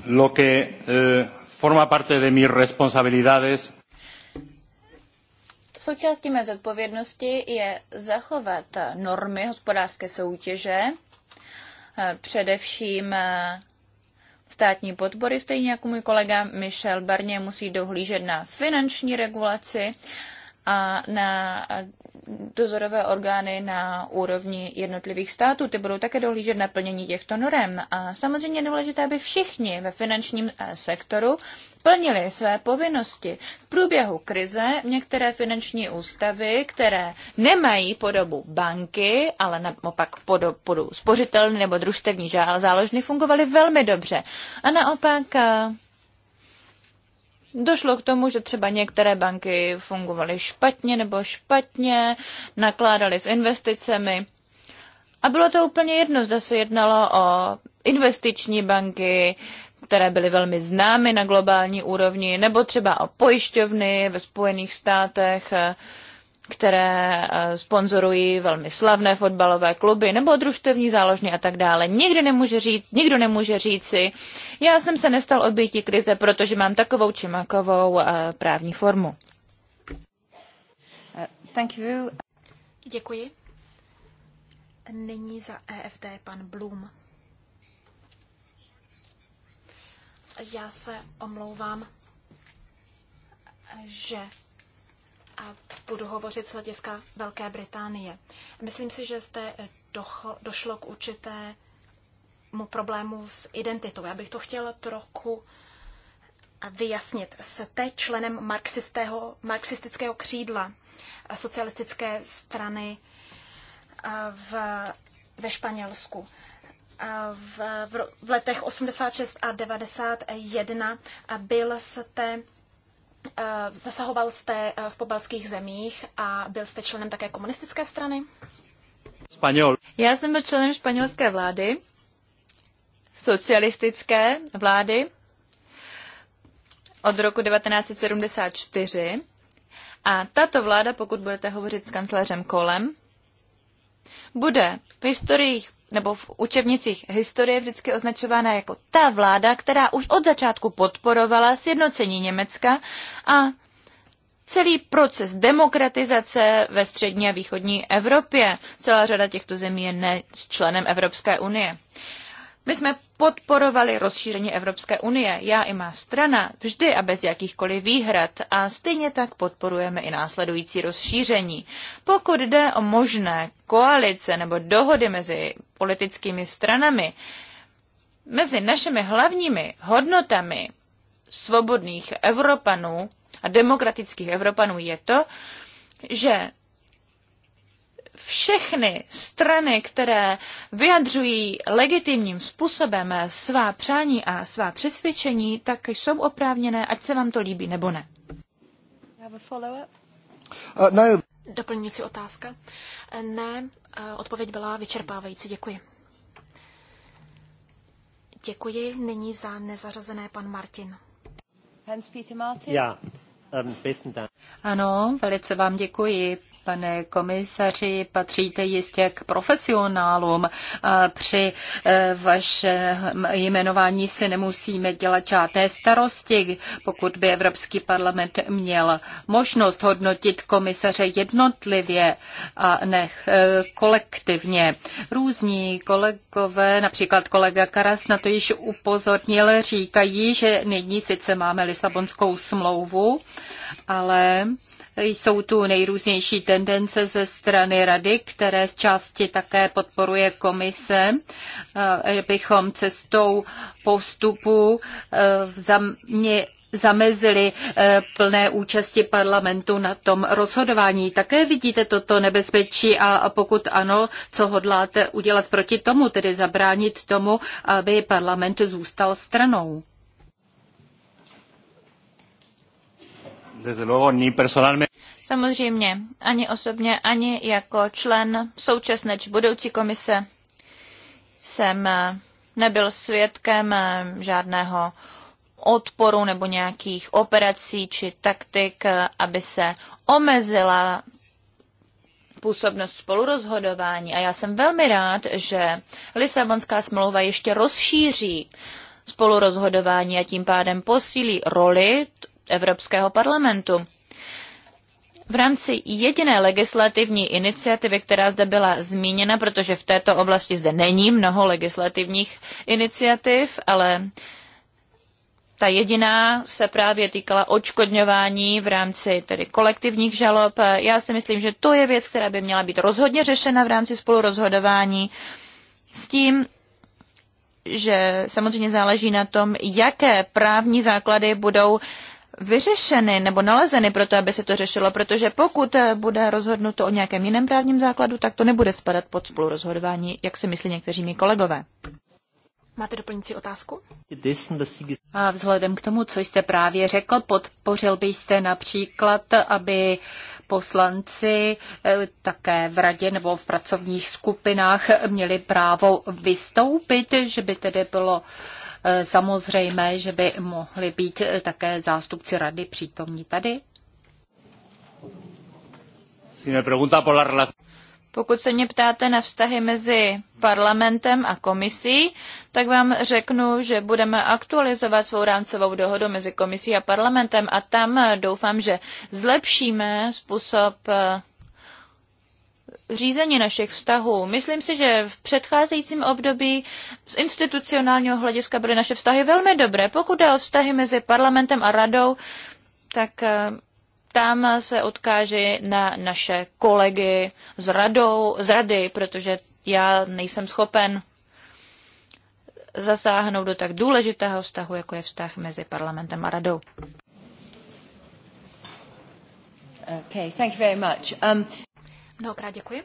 lo que eh, forma parte de mis responsabilidades. Součástí mé zodpovědnosti je zachovat normy hospodářské soutěže, eh, především eh, státní podpory, stejně jako můj kolega Michel Barnier musí dohlížet na finanční regulaci a na eh, dozorové orgány na úrovni jednotlivých států. Ty budou také dohlížet na plnění těchto norem. A samozřejmě je důležité, aby všichni ve finančním eh, sektoru plnili své povinnosti. V průběhu krize některé finanční ústavy, které nemají podobu banky, ale naopak podobu spořitelny nebo družstevní záložny, fungovaly velmi dobře. A naopak eh, Došlo k tomu, že třeba některé banky fungovaly špatně nebo špatně, nakládaly s investicemi. A bylo to úplně jedno, zda se jednalo o investiční banky, které byly velmi známy na globální úrovni, nebo třeba o pojišťovny ve Spojených státech, které eh, sponzorují velmi slavné fotbalové kluby nebo družstevní záložny a tak dále. Nikdy nemůže říct, nikdo nemůže říci, já jsem se nestal obětí krize, protože mám takovou či makovou eh, právní formu. Eh, thank you. Děkuji. Nyní za EFD pan Bloom. Já se omlouvám, že a budu hovořit z hlediska Velké Británie. Myslím si, že jste eh, došlo k určitému problému s identitou. Já bych to chtěla trochu eh, vyjasnit. Jste členem marxistického, marxistického křídla socialistické strany eh, v, ve Španělsku. V, v letech 86 a 91 byl jste Eh, zasahoval jste eh, v pobalských zemích a byl jste členem také komunistické strany? Španěl. Já jsem byl členem španělské vlády, socialistické vlády od roku 1974. A tato vláda, pokud budete hovořit s kancléřem Kolem, bude v historiích nebo v učebnicích historie je vždycky označována jako ta vláda, která už od začátku podporovala sjednocení Německa a celý proces demokratizace ve střední a východní Evropě. Celá řada těchto zemí je ne členem Evropské unie. My jsme podporovali rozšíření Evropské unie. Já i má strana vždy a bez jakýchkoliv výhrad a stejně tak podporujeme i následující rozšíření. Pokud jde o možné koalice nebo dohody mezi politickými stranami, mezi našimi hlavními hodnotami svobodných Evropanů a demokratických Evropanů je to, že všechny strany, které vyjadřují legitimním způsobem svá přání a svá přesvědčení, tak jsou oprávněné, ať se vám to líbí nebo ne. Uh, no. Doplňující otázka? Ne, eh, odpověď byla vyčerpávající. Děkuji. Děkuji. Nyní za nezařazené pan Martin. Hans-Peter Martin? Já. Ja. Ähm, ano, velice vám děkuji pane komisaři, patříte jistě k profesionálům. Při e, vašem jmenování si nemusíme dělat žádné starosti, pokud by Evropský parlament měl možnost hodnotit komisaře jednotlivě a ne e, kolektivně. Různí kolegové, například kolega Karas na to již upozornil, říkají, že nyní sice máme Lisabonskou smlouvu, ale jsou tu nejrůznější ten tendence ze strany rady, které z části také podporuje komise, eh, bychom cestou postupu eh, zamě zamezili eh, plné účasti parlamentu na tom rozhodování. Také vidíte toto nebezpečí a pokud ano, co hodláte udělat proti tomu, tedy zabránit tomu, aby parlament zůstal stranou? Desde luego, ni personalmente. Samozřejmě ani osobně, ani jako člen současné či budoucí komise jsem eh, nebyl svědkem eh, žádného odporu nebo nějakých operací či taktik, eh, aby se omezila působnost spolurozhodování. A já jsem velmi rád, že Lisabonská smlouva ještě rozšíří spolurozhodování a tím pádem posílí roli Evropského parlamentu v rámci jediné legislativní iniciativy, která zde byla zmíněna, protože v této oblasti zde není mnoho legislativních iniciativ, ale ta jediná se právě týkala očkodňování v rámci tedy kolektivních žalob. Já si myslím, že to je věc, která by měla být rozhodně řešena v rámci spolurozhodování s tím, že samozřejmě záleží na tom, jaké právní základy budou uh, vyřešeny nebo nalezeny pro to, aby se to řešilo, protože pokud bude rozhodnuto o nějakém jiném právním základu, tak to nebude spadat pod spolurozhodování, jak si myslí někteří mý kolegové. Máte doplňující otázku? A vzhledem k tomu, co jste právě řekl, podpořil byste například, aby poslanci eh, také v radě nebo v pracovních skupinách měli právo vystoupit, že by tedy bylo uh, Eh, samozřejmé, že by mohli být eh, také zástupci rady přítomní tady? Pokud se mě ptáte na vztahy mezi parlamentem a komisí, tak vám řeknu, že budeme aktualizovat svou rámcovou dohodu mezi komisí a parlamentem a tam eh, doufám, že zlepšíme způsob řízení našich vztahů. Myslím si, že v předcházejícím období z institucionálního hlediska byly naše vztahy velmi dobré. Pokud jde o vztahy mezi parlamentem a radou, tak eh, tam se odkáže na naše kolegy z, radou, z rady, protože já nejsem schopen zasáhnout do tak důležitého vztahu, jako je vztah mezi parlamentem a radou. Okay, thank you very much. Um... Mnohokrát děkuji.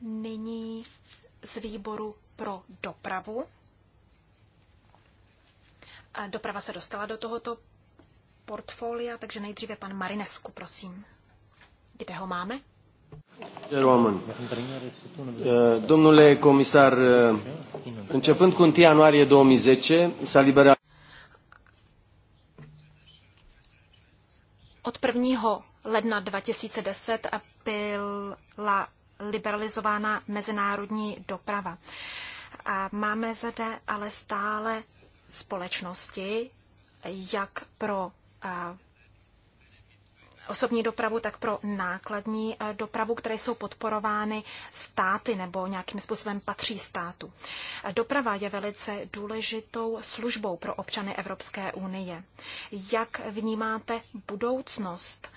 Nyní z výboru pro dopravu. A doprava se dostala do tohoto portfolia, takže nejdříve pan Marinesku, prosím. Kde ho máme? Roman. Eh, domnule comisar, eh, începând cu 1 ianuarie 2010, s-a liberat... Od 1 ledna 2010 byla liberalizována mezinárodní doprava. A máme zde ale stále společnosti, jak pro osobní dopravu, tak pro nákladní dopravu, které jsou podporovány státy nebo nějakým způsobem patří státu. Doprava je velice důležitou službou pro občany Evropské unie. Jak vnímáte budoucnost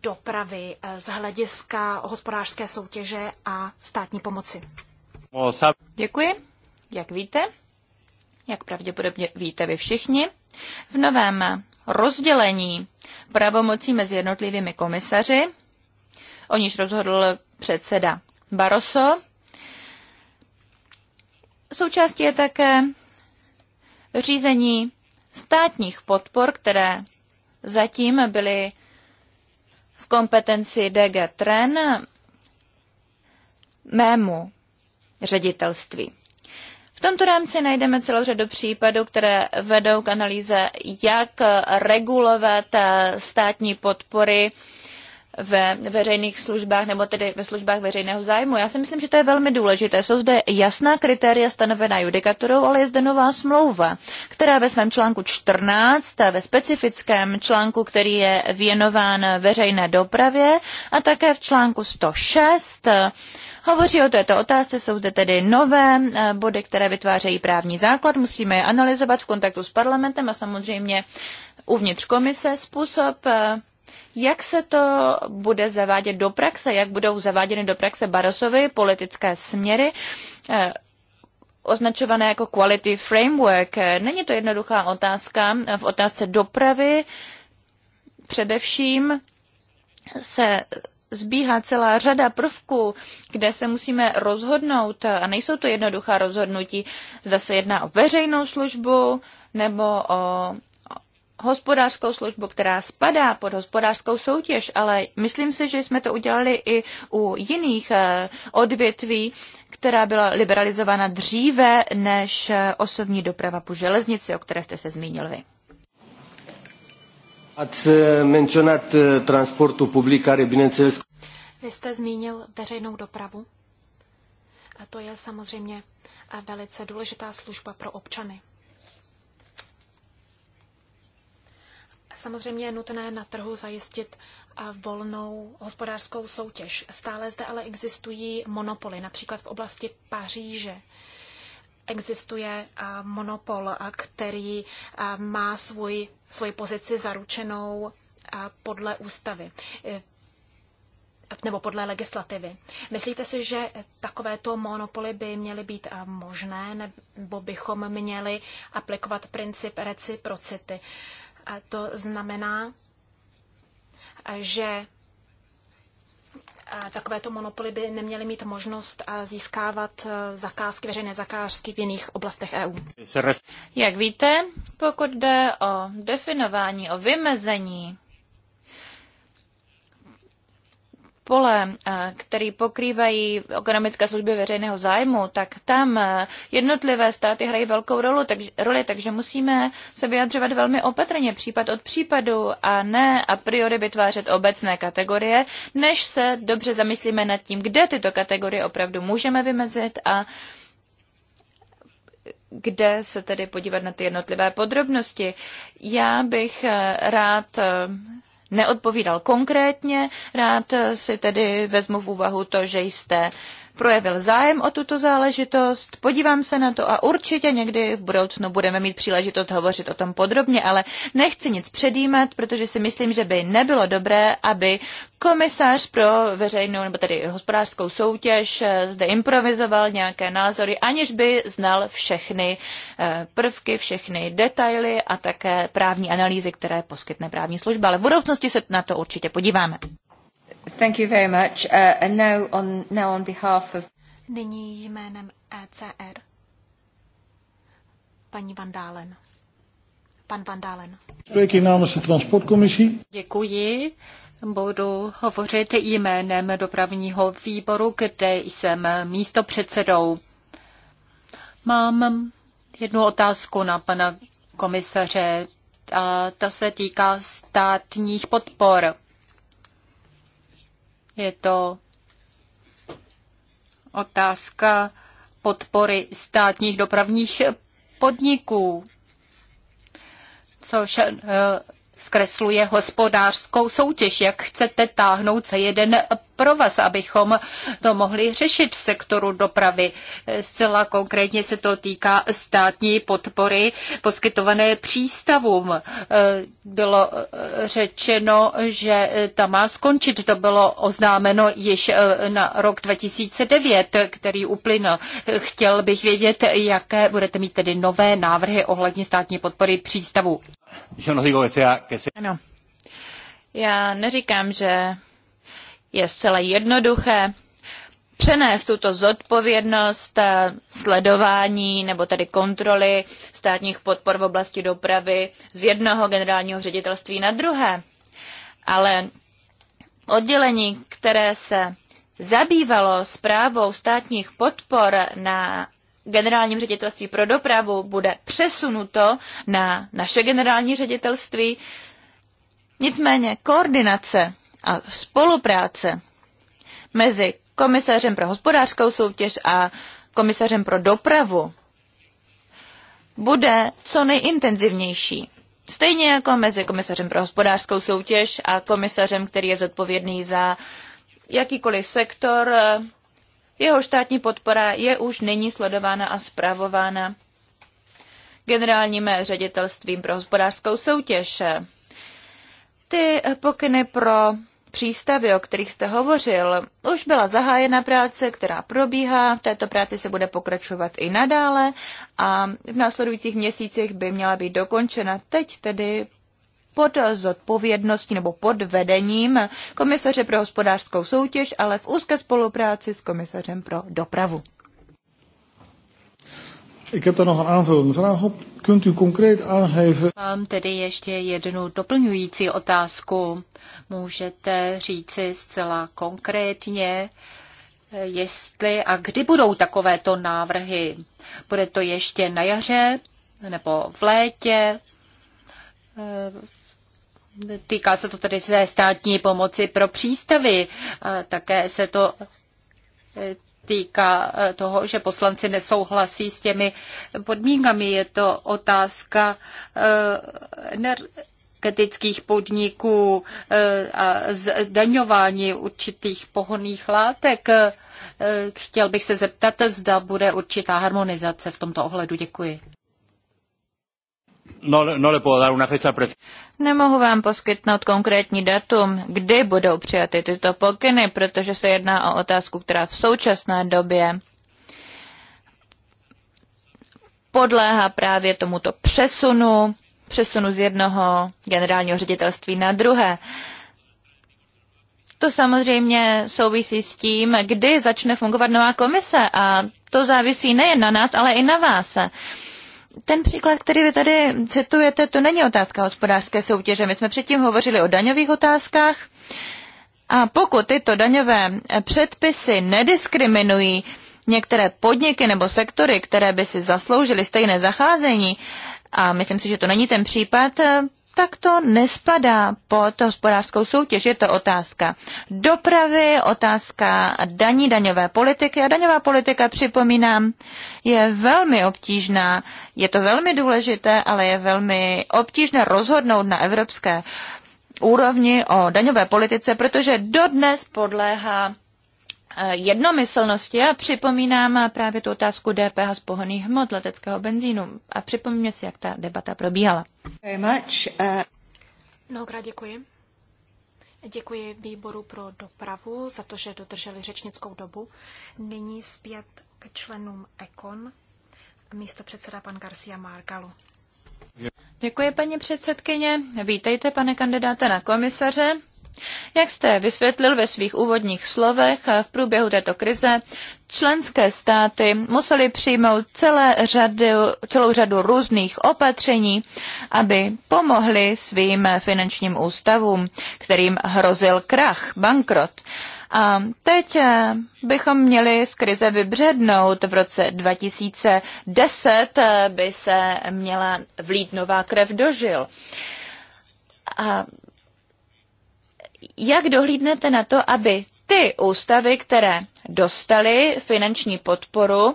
dopravy e, z hlediska hospodářské soutěže a státní pomoci. Děkuji. Jak víte, jak pravděpodobně víte vy všichni, v novém rozdělení pravomocí mezi jednotlivými komisaři, o níž rozhodl předseda Barroso, součástí je také řízení státních podpor, které zatím byly v kompetenci DG Tren mému ředitelství. V tomto rámci najdeme celou řadu případů, které vedou k analýze, jak regulovat eh, státní podpory ve veřejných službách nebo tedy ve službách veřejného zájmu. Já si myslím, že to je velmi důležité. Jsou zde jasná kritéria stanovená judikaturou, ale je zde nová smlouva, která ve svém článku 14, ve specifickém článku, který je věnován veřejné dopravě a také v článku 106, Hovoří o této otázce, jsou zde tedy nové eh, body, které vytvářejí právní základ, musíme je analyzovat v kontaktu s parlamentem a samozřejmě uvnitř komise. Způsob, eh, jak se to bude zavádět do praxe? Jak budou zaváděny do praxe Barosovy politické směry? Eh, označované jako quality framework. Není to jednoduchá otázka. V otázce dopravy především se zbíhá celá řada prvků, kde se musíme rozhodnout, a nejsou to jednoduchá rozhodnutí, zda se jedná o veřejnou službu nebo o hospodářskou službu, která spadá pod hospodářskou soutěž, ale myslím si, že jsme to udělali i u jiných eh, odvětví, která byla liberalizována dříve než eh, osobní doprava po železnici, o které jste se zmínil vy. Eh, vy jste zmínil veřejnou dopravu. A to je samozřejmě velice důležitá služba pro občany. Samozřejmě je nutné na trhu zajistit volnou hospodářskou soutěž. Stále zde ale existují monopoly, například v oblasti Paříže. Existuje monopol, který má svůj, svoji pozici zaručenou podle ústavy e, nebo podle legislativy. Myslíte si, že takovéto monopoly by měly být možné, nebo bychom měli aplikovat princip reciprocity? A to znamená, že takovéto monopoly by neměly mít možnost získávat e, zakázky, veřejné zakázky v jiných oblastech EU. Jak víte, pokud jde o definování, o vymezení pole, eh, který pokrývají ekonomické služby veřejného zájmu, tak tam eh, jednotlivé státy hrají velkou roli, takže, roli, takže musíme se vyjadřovat velmi opatrně případ od případu a ne a priori vytvářet obecné kategorie, než se dobře zamyslíme nad tím, kde tyto kategorie opravdu můžeme vymezit a kde se tedy podívat na ty jednotlivé podrobnosti. Já bych eh, rád neodpovídal konkrétně. Rád si tedy vezmu v úvahu to, že jste projevil zájem o tuto záležitost. Podívám se na to a určitě někdy v budoucnu budeme mít příležitost hovořit o tom podrobně, ale nechci nic předjímat, protože si myslím, že by nebylo dobré, aby komisař pro veřejnou nebo tedy hospodářskou soutěž eh, zde improvizoval nějaké názory, aniž by znal všechny eh, prvky, všechny detaily a také právní analýzy, které poskytne právní služba. Ale v budoucnosti se na to určitě podíváme. Thank you very much. Uh, and now on, now on behalf of... Nyní jménem ECR. Paní Van Dalen. Pan Van Dalen. Děkuji námese transportkomisí. Děkuji. Budu hovořit jménem dopravního výboru, kde jsem místo předsedou. Mám jednu otázku na pana komisaře a ta se týká státních podpor. Je to otázka podpory státních dopravních podniků, což eh, zkresluje hospodářskou soutěž. Jak chcete táhnout se jeden pro vás, abychom to mohli řešit v sektoru dopravy? Zcela konkrétně se to týká státní podpory poskytované přístavům. Bylo řečeno, že ta má skončit. To bylo oznámeno již na rok 2009, který uplynul. Chtěl bych vědět, jaké budete mít tedy nové návrhy ohledně státní podpory přístavů. No ano. Já neříkám, že je zcela jednoduché přenést tuto zodpovědnost eh, sledování nebo tedy kontroly státních podpor v oblasti dopravy z jednoho generálního ředitelství na druhé. Ale oddělení, které se zabývalo zprávou státních podpor na generálním ředitelství pro dopravu bude přesunuto na naše generální ředitelství. Nicméně koordinace a spolupráce mezi komisařem pro hospodářskou soutěž a komisařem pro dopravu bude co nejintenzivnější. Stejně jako mezi komisařem pro hospodářskou soutěž a komisařem, který je zodpovědný za jakýkoliv sektor, jeho státní podpora je už nyní sledována a zpravována generálním ředitelstvím pro hospodářskou soutěž. Ty pokyny pro přístavy, o kterých jste hovořil, už byla zahájena práce, která probíhá. V této práci se bude pokračovat i nadále a v následujících měsících by měla být dokončena. Teď tedy pod zodpovědností nebo pod vedením komisaře pro hospodářskou soutěž, ale v úzké spolupráci s komisařem pro dopravu. Mám tedy ještě jednu doplňující otázku. Můžete říci zcela konkrétně, jestli a kdy budou takovéto návrhy. Bude to ještě na jaře nebo v létě? Týká se to tedy té státní pomoci pro přístavy. Také se to e, týká e, toho, že poslanci nesouhlasí s těmi podmínkami. Je to otázka e, energetických podniků a zdaňování určitých pohonných látek. Chtěl bych se zeptat, zda bude určitá harmonizace v tomto ohledu. Děkuji. No, no le puedo dar una fecha Nemohu vám poskytnout konkrétní datum, kdy budou přijaty tyto pokyny, protože se jedná o otázku, která v současné době podléhá právě tomuto přesunu, přesunu z jednoho generálního ředitelství na druhé. To samozřejmě souvisí s tím, kdy začne fungovat nová komise a to závisí nejen na nás, ale i na vás ten příklad, který vy tady citujete, to není otázka hospodářské soutěže. My jsme předtím hovořili o daňových otázkách. A pokud tyto daňové eh, předpisy nediskriminují některé podniky nebo sektory, které by si zasloužily stejné zacházení, a myslím si, že to není ten případ, eh, tak to nespadá pod hospodářskou soutěž. Je to otázka dopravy, otázka daní, daňové politiky. A daňová politika, připomínám, je velmi obtížná. Je to velmi důležité, ale je velmi obtížné rozhodnout na evropské úrovni o daňové politice, protože dodnes podléhá Eh, jednomyslnosti. a připomínám právě tu otázku DPH z pohoných hmot leteckého benzínu a připomínáme si, jak ta debata probíhala. Very much. Eh. Mnohokrát děkuji. Děkuji výboru pro dopravu za to, že dodrželi řečnickou dobu. Nyní zpět k členům EKON, místo předseda pan Garcia Margalu. Děkuji, paní předsedkyně. Vítejte, pane kandidáte na komisaře. Jak jste vysvětlil ve svých úvodních slovech, v průběhu této krize členské státy musely přijmout celé řady, celou řadu různých opatření, aby pomohly svým finančním ústavům, kterým hrozil krach, bankrot. A teď eh, bychom měli z krize vybřednout. V roce 2010 eh, by se měla vlít nová krev dožil. A jak dohlídnete na to, aby ty ústavy, které dostaly finanční podporu,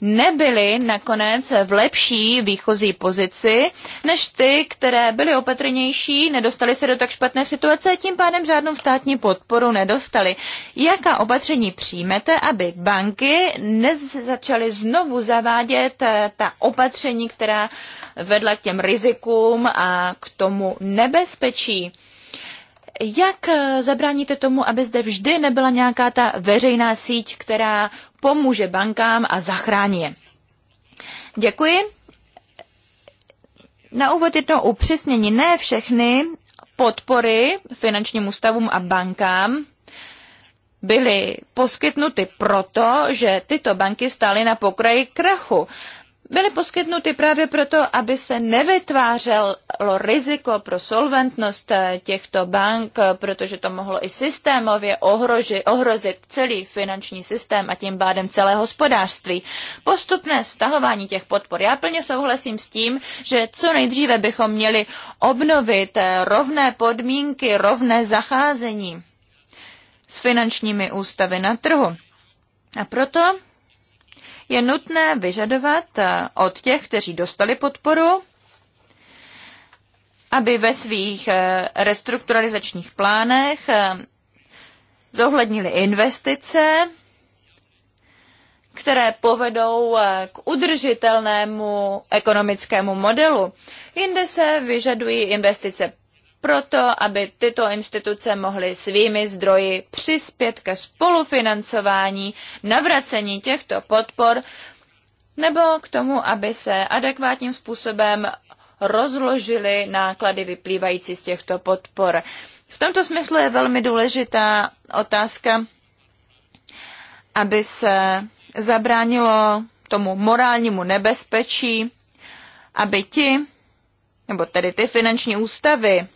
nebyly nakonec v lepší výchozí pozici než ty, které byly opatrnější, nedostaly se do tak špatné situace a tím pádem žádnou státní podporu nedostaly. Jaká opatření přijmete, aby banky nezačaly znovu zavádět eh, ta opatření, která vedla k těm rizikům a k tomu nebezpečí? Jak eh, zabráníte tomu, aby zde vždy nebyla nějaká ta veřejná síť, která pomůže bankám a zachrání je? Děkuji. Na úvod jedno upřesnění. Ne všechny podpory finančním ústavům a bankám byly poskytnuty proto, že tyto banky stály na pokraji krachu byly poskytnuty právě proto, aby se nevytvářelo riziko pro solventnost eh, těchto bank, eh, protože to mohlo i systémově ohrožit, ohrozit celý finanční systém a tím pádem celé hospodářství. Postupné stahování těch podpor. Já plně souhlasím s tím, že co nejdříve bychom měli obnovit eh, rovné podmínky, rovné zacházení s finančními ústavy na trhu. A proto je nutné vyžadovat eh, od těch, kteří dostali podporu, aby ve svých eh, restrukturalizačních plánech eh, zohlednili investice, které povedou k udržitelnému ekonomickému modelu. Jinde se vyžadují investice proto aby tyto instituce mohly svými zdroji přispět ke spolufinancování navracení těchto podpor nebo k tomu, aby se adekvátním způsobem rozložily náklady vyplývající z těchto podpor. V tomto smyslu je velmi důležitá otázka, aby se zabránilo tomu morálnímu nebezpečí, aby ti, nebo tedy ty finanční ústavy,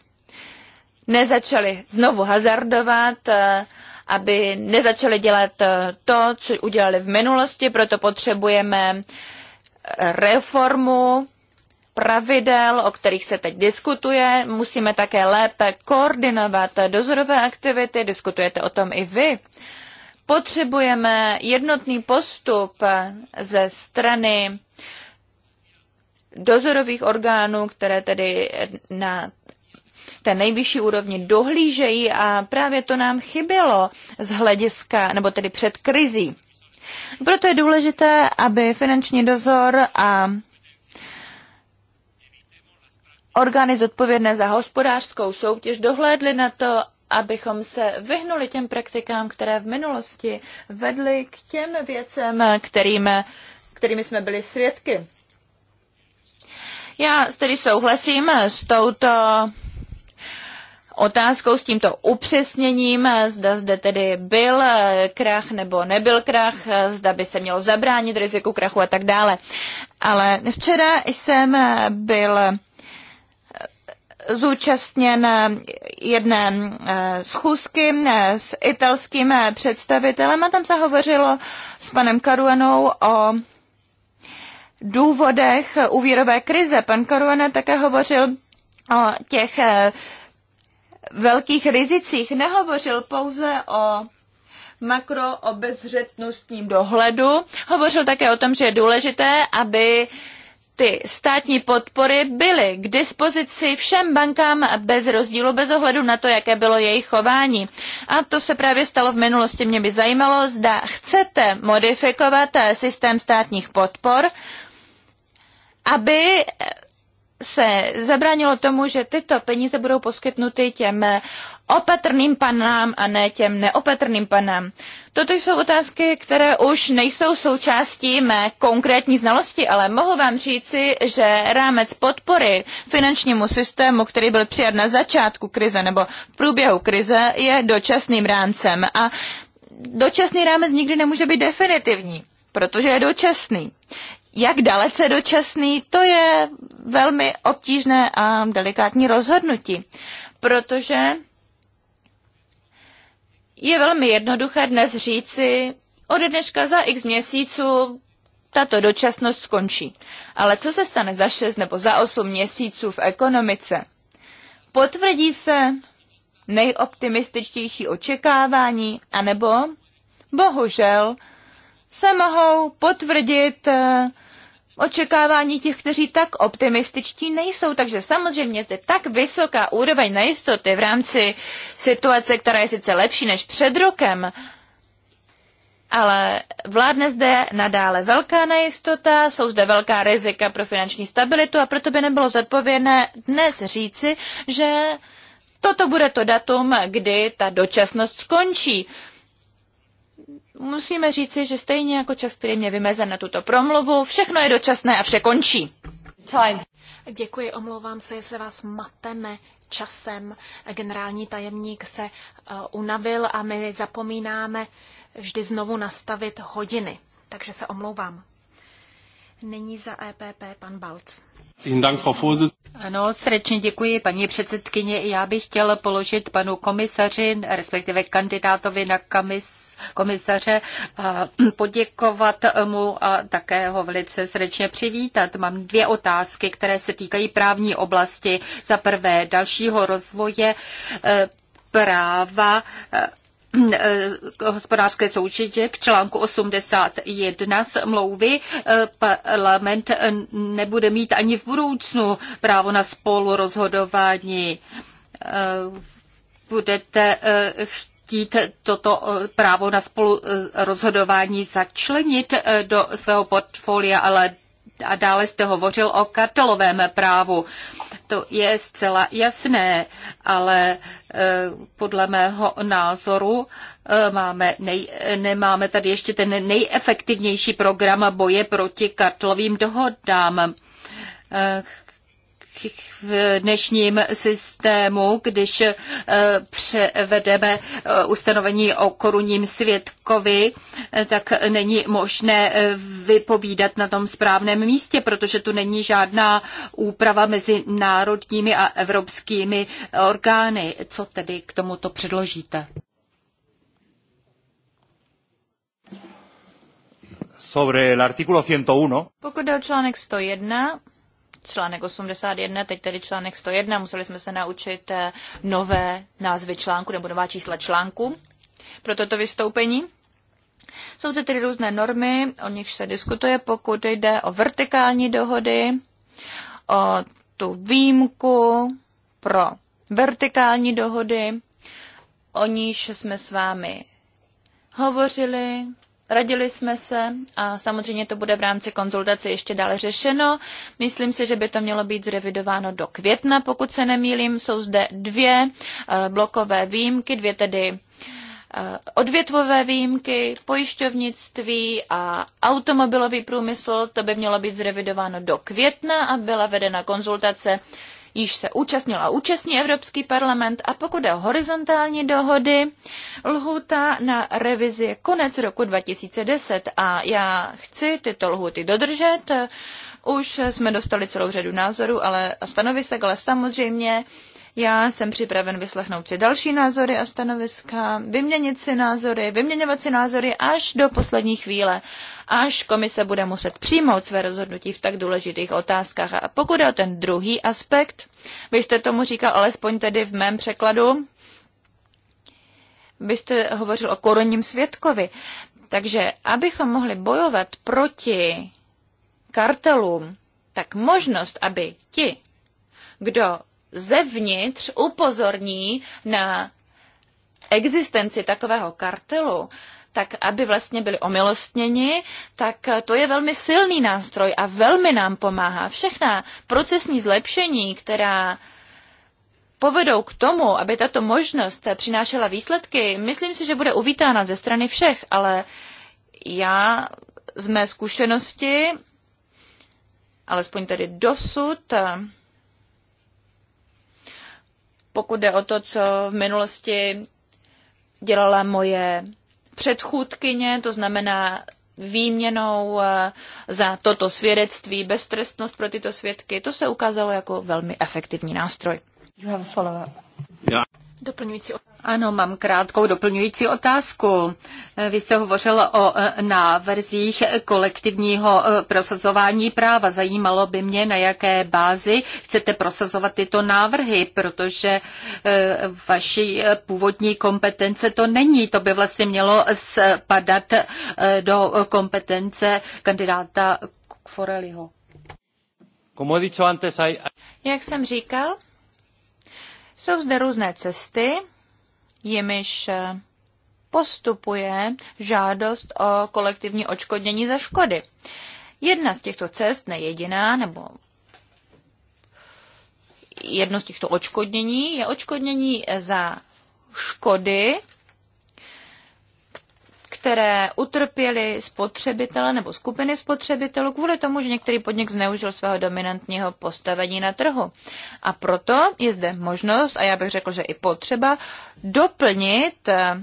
nezačali znovu hazardovat, eh, aby nezačali dělat eh, to, co udělali v minulosti, proto potřebujeme eh, reformu pravidel, o kterých se teď diskutuje. Musíme také lépe koordinovat dozorové aktivity, diskutujete o tom i vy. Potřebujeme jednotný postup ze strany dozorových orgánů, které tedy na té nejvyšší úrovni dohlížejí a právě to nám chybělo z hlediska, nebo tedy před krizí. Proto je důležité, aby finanční dozor a orgány zodpovědné za hospodářskou soutěž dohlédly na to, abychom se vyhnuli těm praktikám, které v minulosti vedly k těm věcem, kterými, kterými jsme byli svědky. Já tedy souhlasím s touto otázkou s tímto upřesněním, eh, zda zde tedy byl eh, krach nebo nebyl krach, eh, zda by se mělo zabránit riziku krachu a tak dále. Ale včera jsem byl zúčastněn jedné mm, schůzky s italským představitelem a tam se hovořilo s panem Karuanou o důvodech úvěrové krize. Pan Karuana také hovořil o těch velkých rizicích. Nehovořil pouze o makroobezřetnostním dohledu. Hovořil také o tom, že je důležité, aby ty státní podpory byly k dispozici všem bankám bez rozdílu, bez ohledu na to, jaké bylo jejich chování. A to se právě stalo v minulosti. Mě by zajímalo, zda chcete modifikovat eh, systém státních podpor, aby eh, se zabránilo tomu, že tyto peníze budou poskytnuty těm opatrným panám a ne těm neopatrným panám. Toto jsou otázky, které už nejsou součástí mé konkrétní znalosti, ale mohu vám říci, že rámec podpory finančnímu systému, který byl přijat na začátku krize nebo v průběhu krize, je dočasným rámcem a dočasný rámec nikdy nemůže být definitivní protože je dočasný jak dalece dočasný, to je velmi obtížné a delikátní rozhodnutí, protože je velmi jednoduché dnes říci, ode dneška za x měsíců tato dočasnost skončí. Ale co se stane za 6 nebo za 8 měsíců v ekonomice? Potvrdí se nejoptimističtější očekávání, anebo bohužel se mohou potvrdit eh, očekávání těch, kteří tak optimističtí nejsou. Takže samozřejmě zde tak vysoká úroveň nejistoty v rámci situace, která je sice lepší než před rokem, ale vládne zde nadále velká nejistota, jsou zde velká rizika pro finanční stabilitu a proto by nebylo zodpovědné dnes říci, že toto bude to datum, kdy ta dočasnost skončí musíme říci, že stejně jako čas, který mě vymezen na tuto promluvu, všechno je dočasné a vše končí. Time. Děkuji, omlouvám se, jestli vás mateme časem. Generální tajemník se eh, unavil a my zapomínáme vždy znovu nastavit hodiny, takže se omlouvám. Není za EPP pan Balc. Ano, srdečně děkuji, paní předsedkyně. Já bych chtěl položit panu komisaři, respektive kandidátovi na komis komisaře a poděkovat mu a také ho velice srdečně přivítat. Mám dvě otázky, které se týkají právní oblasti. Za prvé dalšího rozvoje eh, práva eh, hospodářské soutěže k článku 81 smlouvy eh, parlament nebude mít ani v budoucnu právo na spolurozhodování. Budete chtít chtít toto eh, právo na spolu eh, rozhodování začlenit eh, do svého portfolia, ale a dále jste hovořil o kartelovém právu. To je zcela jasné, ale podle mého názoru máme nej, nemáme tady ještě ten nejefektivnější program boje proti kartelovým dohodám v dnešním systému, když eh, převedeme eh, ustanovení o korunním svědkovi, eh, tak není možné vypovídat na tom správném místě, protože tu není žádná úprava mezi národními a evropskými orgány. Co tedy k tomuto předložíte? Sobre el artículo 101. Pokud jde o článek 101, článek 81, teď tedy článek 101, museli jsme se naučit eh, nové názvy článku nebo nová čísla článku pro toto vystoupení. Jsou to tedy různé normy, o nich se diskutuje, pokud jde o vertikální dohody, o tu výjimku pro vertikální dohody, o níž jsme s vámi hovořili radili jsme se a samozřejmě to bude v rámci konzultace ještě dále řešeno. Myslím si, že by to mělo být zrevidováno do května, pokud se nemýlím. Jsou zde dvě eh, blokové výjimky, dvě tedy eh, odvětvové výjimky, pojišťovnictví a automobilový průmysl. To by mělo být zrevidováno do května a byla vedena konzultace již se účastnil a účastní Evropský parlament. A pokud je o horizontální dohody, lhuta na revizi je konec roku 2010 a já chci tyto lhuty dodržet. Už jsme dostali celou řadu názorů ale, stanovisek, ale samozřejmě já jsem připraven vyslechnout si další názory a stanoviska, vyměnit si názory, vyměňovat si názory až do poslední chvíle, až komise bude muset přijmout své rozhodnutí v tak důležitých otázkách. A pokud je o ten druhý aspekt, vy jste tomu říkal alespoň tedy v mém překladu, vy jste hovořil o korunním světkovi. Takže abychom mohli bojovat proti kartelům, tak možnost, aby ti, kdo zevnitř upozorní na existenci takového kartelu, tak aby vlastně byli omilostněni, tak to je velmi silný nástroj a velmi nám pomáhá. Všechna procesní zlepšení, která povedou k tomu, aby tato možnost přinášela výsledky, myslím si, že bude uvítána ze strany všech, ale já z mé zkušenosti, alespoň tedy dosud, pokud jde o to, co v minulosti dělala moje předchůdkyně, to znamená výměnou eh, za toto svědectví, beztrestnost pro tyto svědky, to se ukázalo jako velmi efektivní nástroj. Doplňující otázku. Ano, mám krátkou doplňující otázku. Vy jste hovořil o e, návrzích kolektivního e, prosazování práva. Zajímalo by mě, na jaké bázi chcete prosazovat tyto návrhy, protože e, vaší původní kompetence to není. To by vlastně mělo spadat do kompetence kandidáta Kforeliho. Jak jsem říkal, jsou zde různé cesty, jimiž eh, postupuje žádost o kolektivní očkodnění za škody. Jedna z těchto cest, ne jediná, nebo jedno z těchto očkodnění, je očkodnění za škody, které utrpěly spotřebitele nebo skupiny spotřebitelů kvůli tomu, že některý podnik zneužil svého dominantního postavení na trhu. A proto je zde možnost, a já bych řekl, že i potřeba, doplnit eh,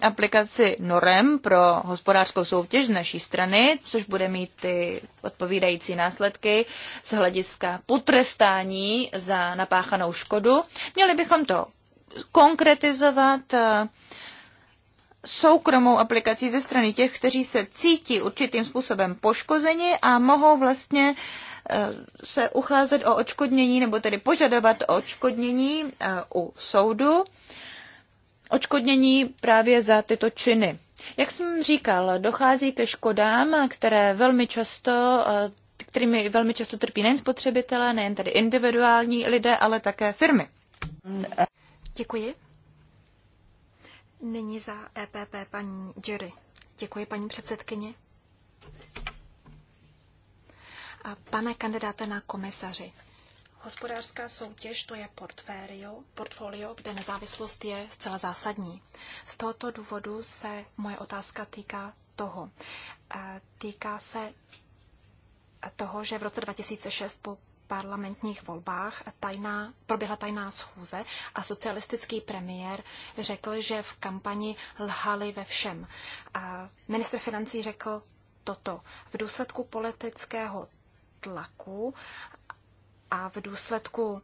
aplikaci norem pro hospodářskou soutěž z naší strany, což bude mít ty odpovídající následky z hlediska potrestání za napáchanou škodu. Měli bychom to konkretizovat eh, soukromou aplikací ze strany těch, kteří se cítí určitým způsobem poškozeni a mohou vlastně eh, se ucházet o očkodnění nebo tedy požadovat o očkodnění eh, u soudu, očkodnění právě za tyto činy. Jak jsem říkal, dochází ke škodám, které velmi často eh, kterými velmi často trpí nejen spotřebitelé, nejen tedy individuální lidé, ale také firmy. Děkuji. Nyní za EPP paní Jerry. Děkuji, paní předsedkyně. A pane kandidáte na komisaři, hospodářská soutěž to je portfolio, portfolio, kde nezávislost je zcela zásadní. Z tohoto důvodu se moje otázka týká toho. Týká se toho, že v roce 2006 po parlamentních volbách tajná, proběhla tajná schůze a socialistický premiér řekl, že v kampani lhali ve všem. A minister financí řekl toto. V důsledku politického tlaku a v důsledku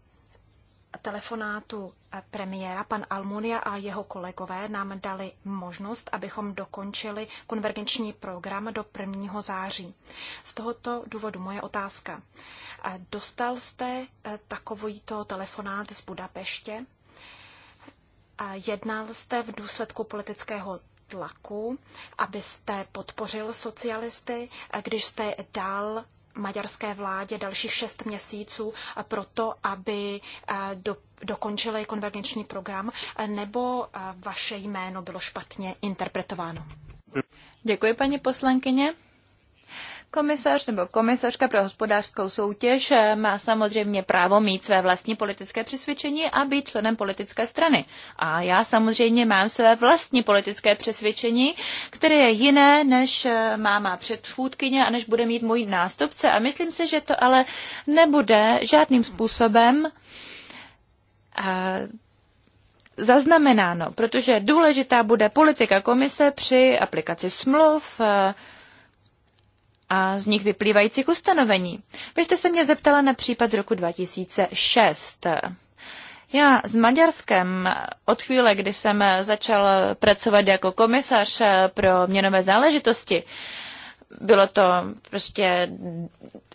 telefonátu premiéra pan Almunia a jeho kolegové nám dali možnost, abychom dokončili konvergenční program do 1. září. Z tohoto důvodu moje otázka. Dostal jste eh, takovýto telefonát z Budapeště? Jednal jste v důsledku politického tlaku, abyste podpořil socialisty, když jste dal maďarské vládě dalších šest měsíců pro to, aby eh, do, dokončili konvergenční program, eh, nebo eh, vaše jméno bylo špatně interpretováno? Děkuji, paní poslankyně. Komisař nebo komisařka pro hospodářskou soutěž eh, má samozřejmě právo mít své vlastní politické přesvědčení a být členem politické strany. A já samozřejmě mám své vlastní politické přesvědčení, které je jiné, než eh, má má předchůdkyně a než bude mít můj nástupce. A myslím si, že to ale nebude žádným způsobem eh, zaznamenáno, protože důležitá bude politika komise při aplikaci smluv, a z nich vyplývajících ustanovení. Vy jste se mě zeptala na případ z roku 2006. Já s Maďarskem od chvíle, kdy jsem začal pracovat jako komisař pro měnové záležitosti, bylo to prostě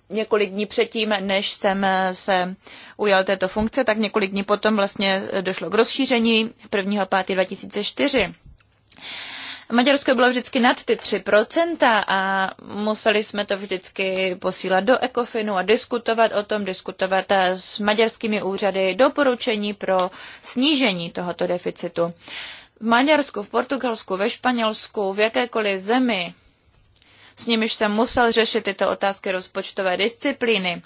několik dní předtím, než jsem se ujal této funkce, tak několik dní potom vlastně došlo k rozšíření 2004. Maďarsko bylo vždycky nad ty 3% a museli jsme to vždycky posílat do ECOFINu a diskutovat o tom, diskutovat s maďarskými úřady doporučení pro snížení tohoto deficitu. V Maďarsku, v Portugalsku, ve Španělsku, v jakékoliv zemi s nimiž jsem musel řešit tyto otázky rozpočtové disciplíny.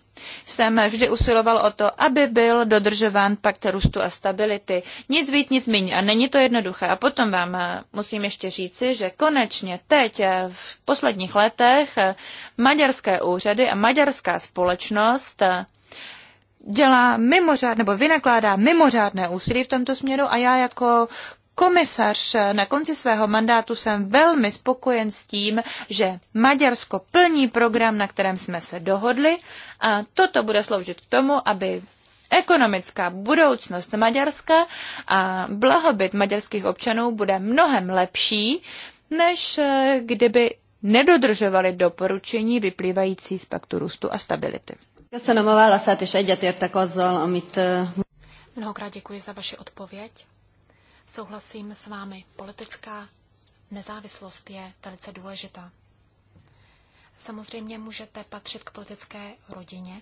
Jsem vždy usiloval o to, aby byl dodržován pakt růstu a stability. Nic víc, nic méně. A není to jednoduché. A potom vám eh, musím ještě říci, že konečně teď eh, v posledních letech eh, maďarské úřady a maďarská společnost dělá mimořád, nebo vynakládá mimořádné úsilí v tomto směru a já jako komisař na konci svého mandátu jsem velmi spokojen s tím, že Maďarsko plní program, na kterém jsme se dohodli a toto bude sloužit k tomu, aby ekonomická budoucnost Maďarska a blahobyt maďarských občanů bude mnohem lepší, než eh, kdyby nedodržovali doporučení vyplývající z paktu růstu a stability. Eh, Mnohokrát děkuji za vaši odpověď. Souhlasím s vámi, politická nezávislost je velice důležitá. Samozřejmě můžete patřit k politické rodině,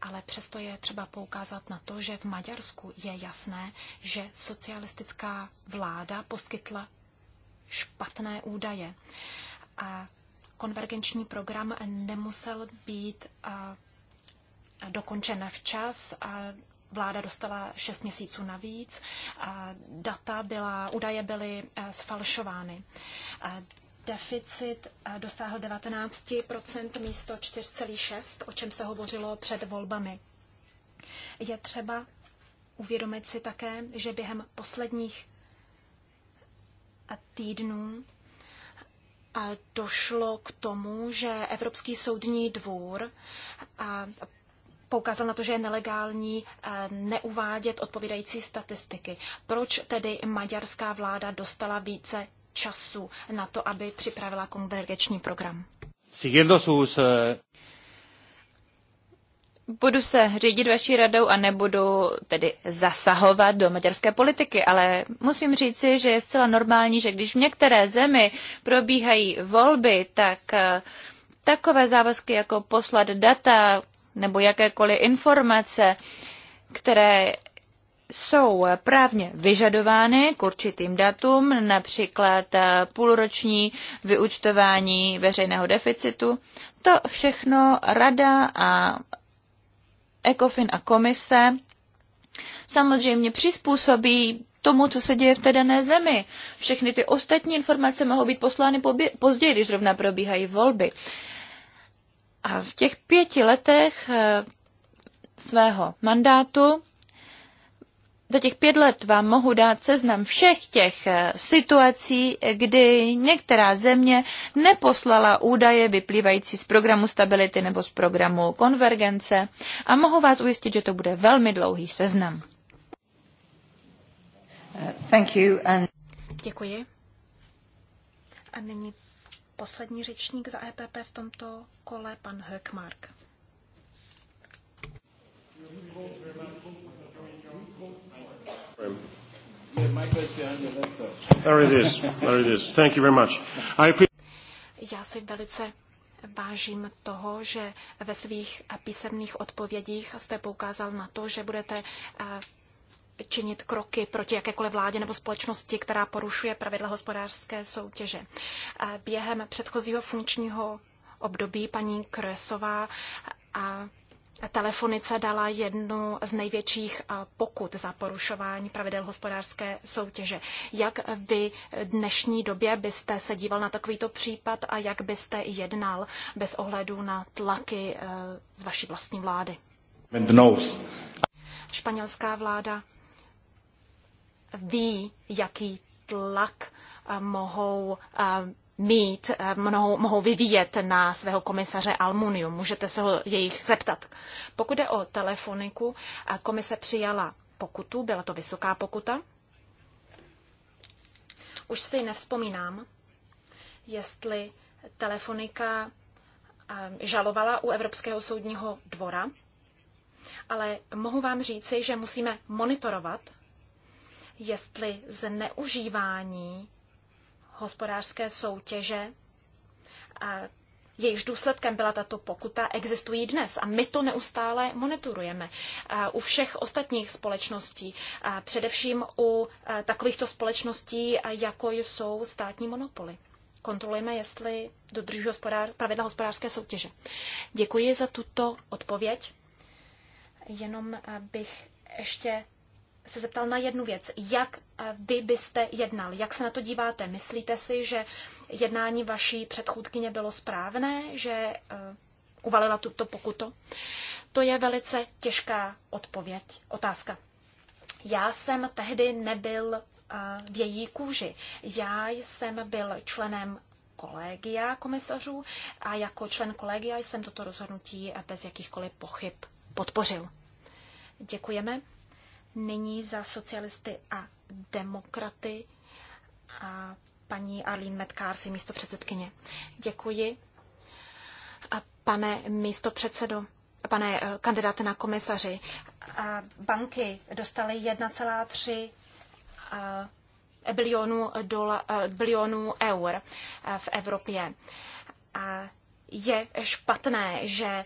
ale přesto je třeba poukázat na to, že v Maďarsku je jasné, že socialistická vláda poskytla špatné údaje. A konvergenční program nemusel být dokončen včas a vláda dostala 6 měsíců navíc, data byla, údaje byly eh, sfalšovány. Eh, deficit eh, dosáhl 19 místo 4,6, o čem se hovořilo před volbami. Je třeba uvědomit si také, že během posledních týdnů došlo k tomu, že Evropský soudní dvůr poukázal na to, že je nelegální eh, neuvádět odpovídající statistiky. Proč tedy maďarská vláda dostala více času na to, aby připravila konvergenční program? Eh, Budu se řídit vaší radou a nebudu tedy zasahovat do maďarské politiky, ale musím říci, že je zcela normální, že když v některé zemi probíhají volby, tak eh, takové závazky jako poslat data nebo jakékoliv informace, které jsou právně vyžadovány k určitým datům, například eh, půlroční vyučtování veřejného deficitu. To všechno rada a ECOFIN a komise samozřejmě přizpůsobí tomu, co se děje v té dané zemi. Všechny ty ostatní informace mohou být poslány později, když zrovna probíhají volby. A v těch pěti letech eh, svého mandátu za těch pět let vám mohu dát seznam všech těch eh, situací, kdy některá země neposlala údaje vyplývající z programu stability nebo z programu konvergence a mohu vás ujistit, že to bude velmi dlouhý seznam. Thank you and... Děkuji. A nyní poslední řečník za EPP v tomto kole, pan Hökmark. There it is. There it is. Thank you very much. I... Já si velice vážím toho, že ve svých písemných odpovědích jste poukázal na to, že budete eh, činit kroky proti jakékoliv vládě nebo společnosti, která porušuje pravidla hospodářské soutěže. Během předchozího funkčního období paní Kresová a telefonice dala jednu z největších pokut za porušování pravidel hospodářské soutěže. Jak vy dnešní době byste se díval na takovýto případ a jak byste jednal bez ohledu na tlaky e, z vaší vlastní vlády? Španělská vláda ví, jaký tlak eh, mohou eh, mít, eh, mohou, mohou vyvíjet na svého komisaře Almuniu. Můžete se ho jejich zeptat. Pokud jde o telefoniku, komise přijala pokutu, byla to vysoká pokuta. Už si nevzpomínám, jestli telefonika žalovala u Evropského soudního dvora, ale mohu vám říci, že musíme monitorovat jestli zneužívání hospodářské soutěže, jejichž důsledkem byla tato pokuta, existují dnes. A my to neustále monitorujeme. U všech ostatních společností, především u takovýchto společností, jako jsou státní monopoly. Kontrolujeme, jestli dodržují hospodář, pravidla hospodářské soutěže. Děkuji za tuto odpověď. Jenom bych ještě se zeptal na jednu věc. Jak eh, vy byste jednal? Jak se na to díváte? Myslíte si, že jednání vaší předchůdkyně bylo správné, že eh, uvalila tuto pokutu? To je velice těžká odpověď, otázka. Já jsem tehdy nebyl eh, v její kůži. Já jsem byl členem kolegia komisařů a jako člen kolegia jsem toto rozhodnutí bez jakýchkoliv pochyb podpořil. Děkujeme. Nyní za socialisty a demokraty a paní Arlene Metcalfe, místo předsedkyně. Děkuji. A pane místo předsedo, pane eh, kandidáte na komisaři, banky dostaly 1,3 eh, bilionů, dola, eh, bilionů eur v Evropě. A je špatné, že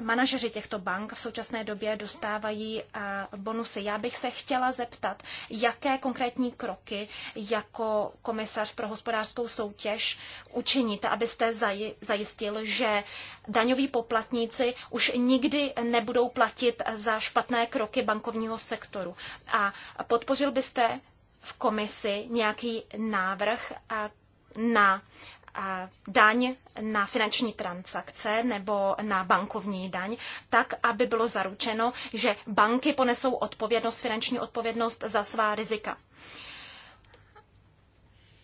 manažeři těchto bank v současné době dostávají eh, bonusy. Já bych se chtěla zeptat, jaké konkrétní kroky jako komisař pro hospodářskou soutěž učiníte, abyste zajistil, že daňoví poplatníci už nikdy nebudou platit za špatné kroky bankovního sektoru. A podpořil byste v komisi nějaký návrh eh, na daň na finanční transakce nebo na bankovní daň, tak, aby bylo zaručeno, že banky ponesou odpovědnost, finanční odpovědnost za svá rizika.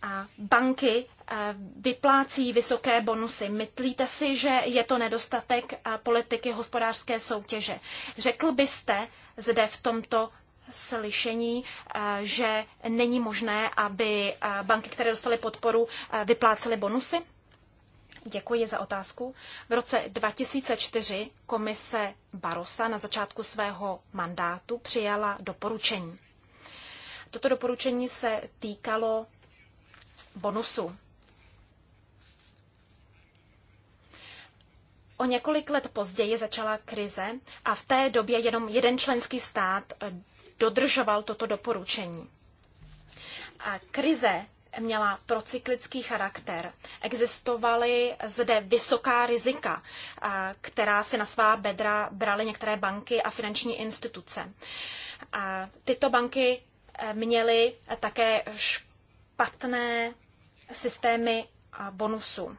A banky eh, vyplácí vysoké bonusy. Myslíte si, že je to nedostatek eh, politiky hospodářské soutěže? Řekl byste zde v tomto slyšení, eh, že není možné, aby eh, banky, které dostaly podporu, eh, vyplácely bonusy? Děkuji za otázku. V roce 2004 komise Barosa na začátku svého mandátu přijala doporučení. Toto doporučení se týkalo bonusu. O několik let později začala krize a v té době jenom jeden členský stát dodržoval toto doporučení. A krize měla procyklický charakter. Existovaly zde vysoká rizika, která si na svá bedra braly některé banky a finanční instituce. A tyto banky e, měly také špatné systémy bonusu.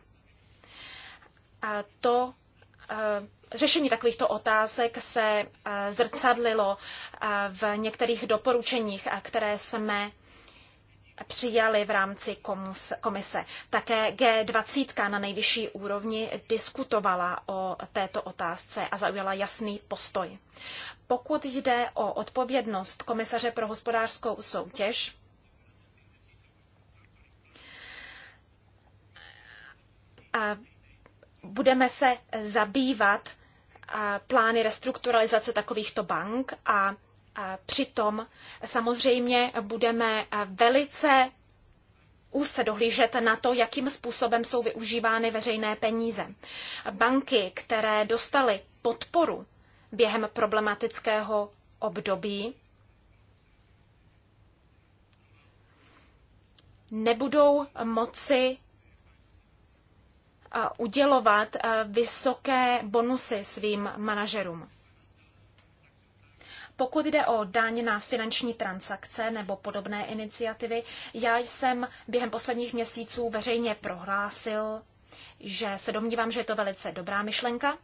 A to Eh, řešení takovýchto otázek se eh, zrcadlilo eh, v některých doporučeních, které jsme přijali v rámci komise. Také G20 na nejvyšší úrovni diskutovala o této otázce a zaujala jasný postoj. Pokud jde o odpovědnost komisaře pro hospodářskou soutěž, a budeme se zabývat eh, plány restrukturalizace takovýchto bank a přitom samozřejmě budeme eh, velice úzce dohlížet na to, jakým způsobem jsou využívány veřejné peníze. Banky, které dostaly podporu během problematického období, nebudou moci udělovat eh, vysoké bonusy svým manažerům. Pokud jde o daň na finanční transakce nebo podobné iniciativy, já jsem během posledních měsíců veřejně prohlásil, že se domnívám, že je to velice dobrá myšlenka.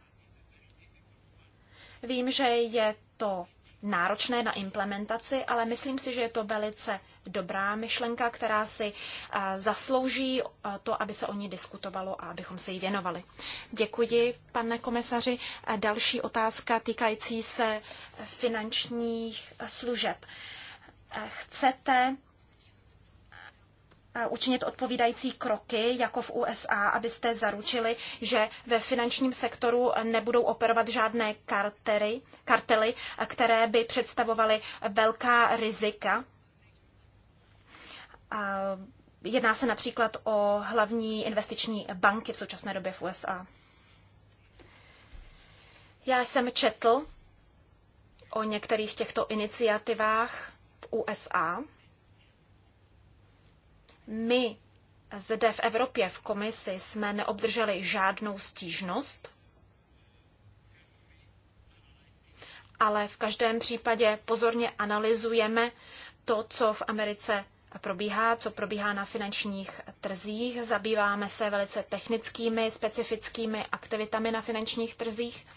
Vím, že je to náročné na implementaci, ale myslím si, že je to velice dobrá myšlenka, která si eh, zaslouží eh, to, aby se o ní diskutovalo a abychom se jí věnovali. Děkuji, pane komisaři. Další otázka týkající se finančních služeb. Eh, chcete učinit odpovídající kroky, jako v USA, abyste zaručili, že ve finančním sektoru nebudou operovat žádné kartery, kartely, které by představovaly velká rizika Jedná se například o hlavní investiční banky v současné době v USA. Já jsem četl o některých těchto iniciativách v USA. My zde v Evropě v komisi jsme neobdrželi žádnou stížnost, ale v každém případě pozorně analyzujeme to, co v Americe probíhá, co probíhá na finančních trzích. Zabýváme se velice technickými, specifickými aktivitami na finančních trzích.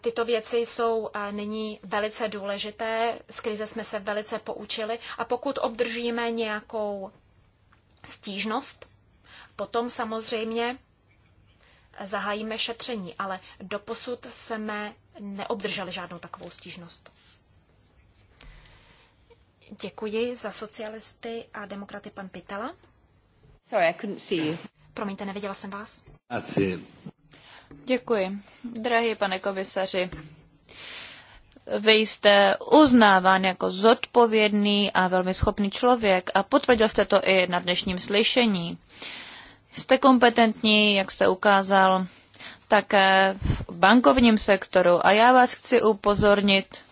Tyto věci jsou nyní velice důležité, z krize jsme se velice poučili a pokud obdržíme nějakou stížnost, potom samozřejmě zahájíme šetření, ale doposud jsme neobdrželi žádnou takovou stížnost. Děkuji za socialisty a demokraty pan Pitela. Sorry, I couldn't see you. Promiňte, neviděla jsem vás. Děkuji. Drahý pane komisaři, vy jste uznáván jako zodpovědný a velmi schopný člověk a potvrdil jste to i na dnešním slyšení. Jste kompetentní, jak jste ukázal, také v bankovním sektoru a já vás chci upozornit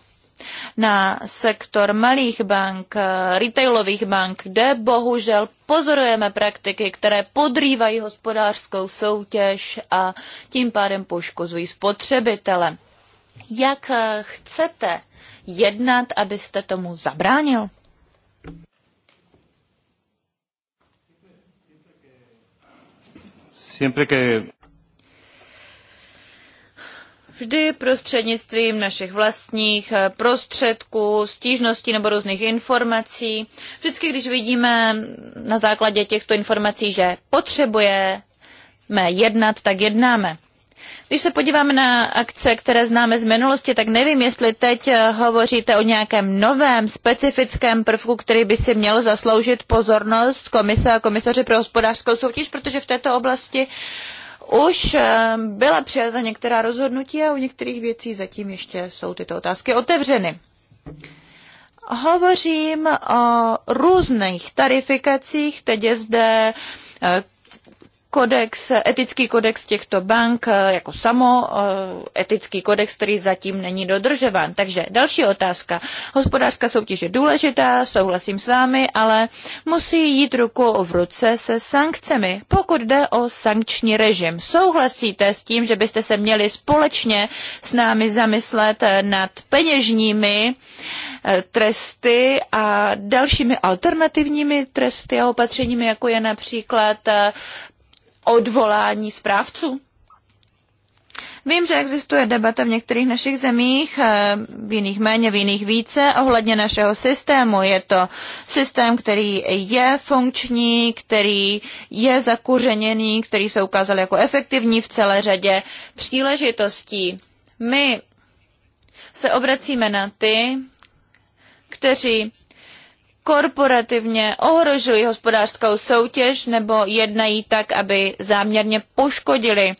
na sektor malých bank, retailových bank, kde bohužel pozorujeme praktiky, které podrývají hospodářskou soutěž a tím pádem poškozují spotřebitele. Jak eh, chcete jednat, abyste tomu zabránil? Siempre que vždy prostřednictvím našich vlastních eh, prostředků, stížností nebo různých informací. Vždycky, když vidíme na základě těchto informací, že potřebujeme jednat, tak jednáme. Když se podíváme na akce, které známe z minulosti, tak nevím, jestli teď eh, hovoříte o nějakém novém specifickém prvku, který by si měl zasloužit pozornost komise a komisaři pro hospodářskou soutěž, protože v této oblasti uh, už eh, byla přijata některá rozhodnutí a u některých věcí zatím ještě jsou tyto otázky otevřeny. Hovořím o různých tarifikacích, teď je zde eh, kodex, etický kodex těchto bank eh, jako samo, eh, etický kodex, který zatím není dodržován. Takže další otázka. Hospodářská soutěž je důležitá, souhlasím s vámi, ale musí jít ruku v ruce se sankcemi, pokud jde o sankční režim. Souhlasíte s tím, že byste se měli společně s námi zamyslet eh, nad peněžními tresty a dalšími alternativními tresty a opatřeními, jako je například odvolání správců? Vím, že existuje debata v některých našich zemích, eh, v jiných méně, v jiných více, ohledně našeho systému. Je to systém, který je funkční, který je zakuřeněný, který se ukázal jako efektivní v celé řadě příležitostí. My se obracíme na ty, kteří korporativně ohrožují hospodářskou soutěž nebo jednají tak, aby záměrně poškodili.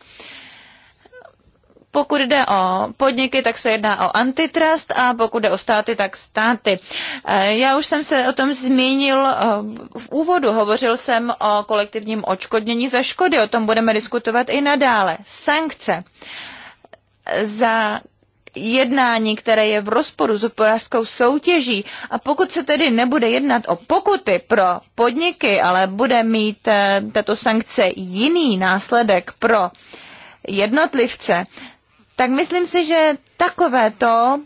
Pokud jde o podniky, tak se jedná o antitrust a pokud jde o státy, tak státy. E, já už jsem se o tom zmínil e, v úvodu. Hovořil jsem o kolektivním očkodnění za škody. O tom budeme diskutovat i nadále. Sankce za jednání, které je v rozporu s hospodářskou soutěží. A pokud se tedy nebude jednat o pokuty pro podniky, ale bude mít eh, tato sankce jiný následek pro jednotlivce, tak myslím si, že takovéto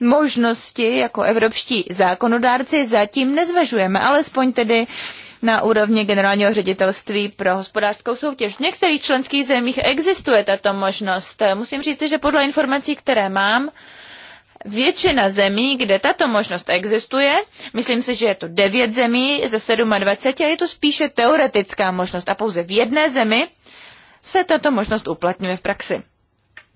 možnosti jako evropští zákonodárci zatím nezvažujeme, alespoň tedy uh, na úrovni generálního ředitelství pro hospodářskou soutěž. V některých členských zemích existuje tato možnost. Musím říct, že podle informací, které mám, Většina zemí, kde tato možnost existuje, myslím si, že je to 9 zemí ze 27, a je to spíše teoretická možnost a pouze v jedné zemi se tato možnost uplatňuje v praxi.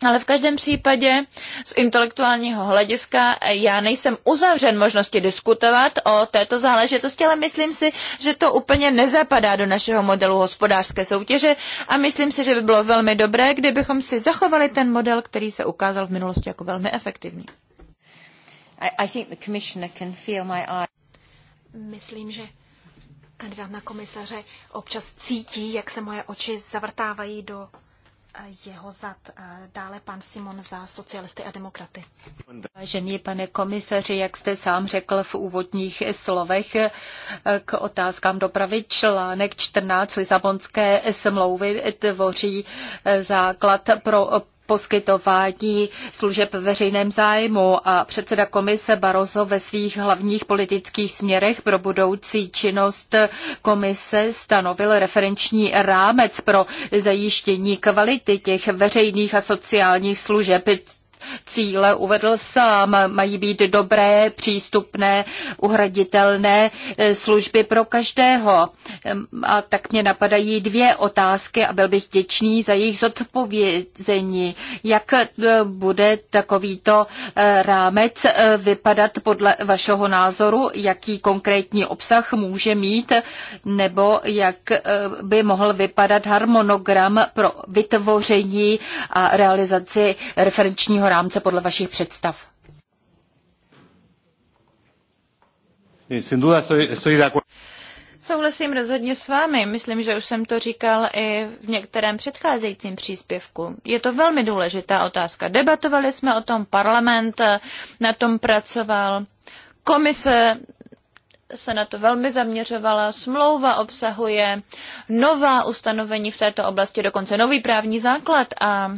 Ale v každém případě z intelektuálního hlediska eh, já nejsem uzavřen možnosti diskutovat o této záležitosti, ale myslím si, že to úplně nezapadá do našeho modelu hospodářské soutěže a myslím si, že by bylo velmi dobré, kdybychom si zachovali ten model, který se ukázal v minulosti jako velmi efektivní. I think the Myslím, že kandidát na komisaře občas cítí, jak se moje oči zavrtávají do jeho zad. Dále pan Simon za socialisty a demokraty. Vážený pane komisaři, jak jste sám řekl v úvodních slovech k otázkám dopravy, článek 14 Lisabonské smlouvy tvoří eh, základ pro poskytování služeb veřejném zájmu a předseda komise Barroso ve svých hlavních politických směrech pro budoucí činnost komise stanovil referenční rámec pro zajištění kvality těch veřejných a sociálních služeb cíle uvedl sám. Mají být dobré, přístupné, uhraditelné eh, služby pro každého. A tak mě napadají dvě otázky a byl bych děčný za jejich zodpovězení. Jak eh, bude takovýto eh, rámec vypadat podle vašeho názoru? Jaký konkrétní obsah může mít? Nebo jak by mohl vypadat harmonogram pro vytvoření a realizaci referenčního rámce? rámce podle vašich představ? Souhlasím rozhodně s vámi. Myslím, že už jsem to říkal i v některém předcházejícím příspěvku. Je to velmi důležitá otázka. Debatovali jsme o tom, parlament na tom pracoval, komise se na to velmi zaměřovala. Smlouva obsahuje nová ustanovení v této oblasti, dokonce nový právní základ a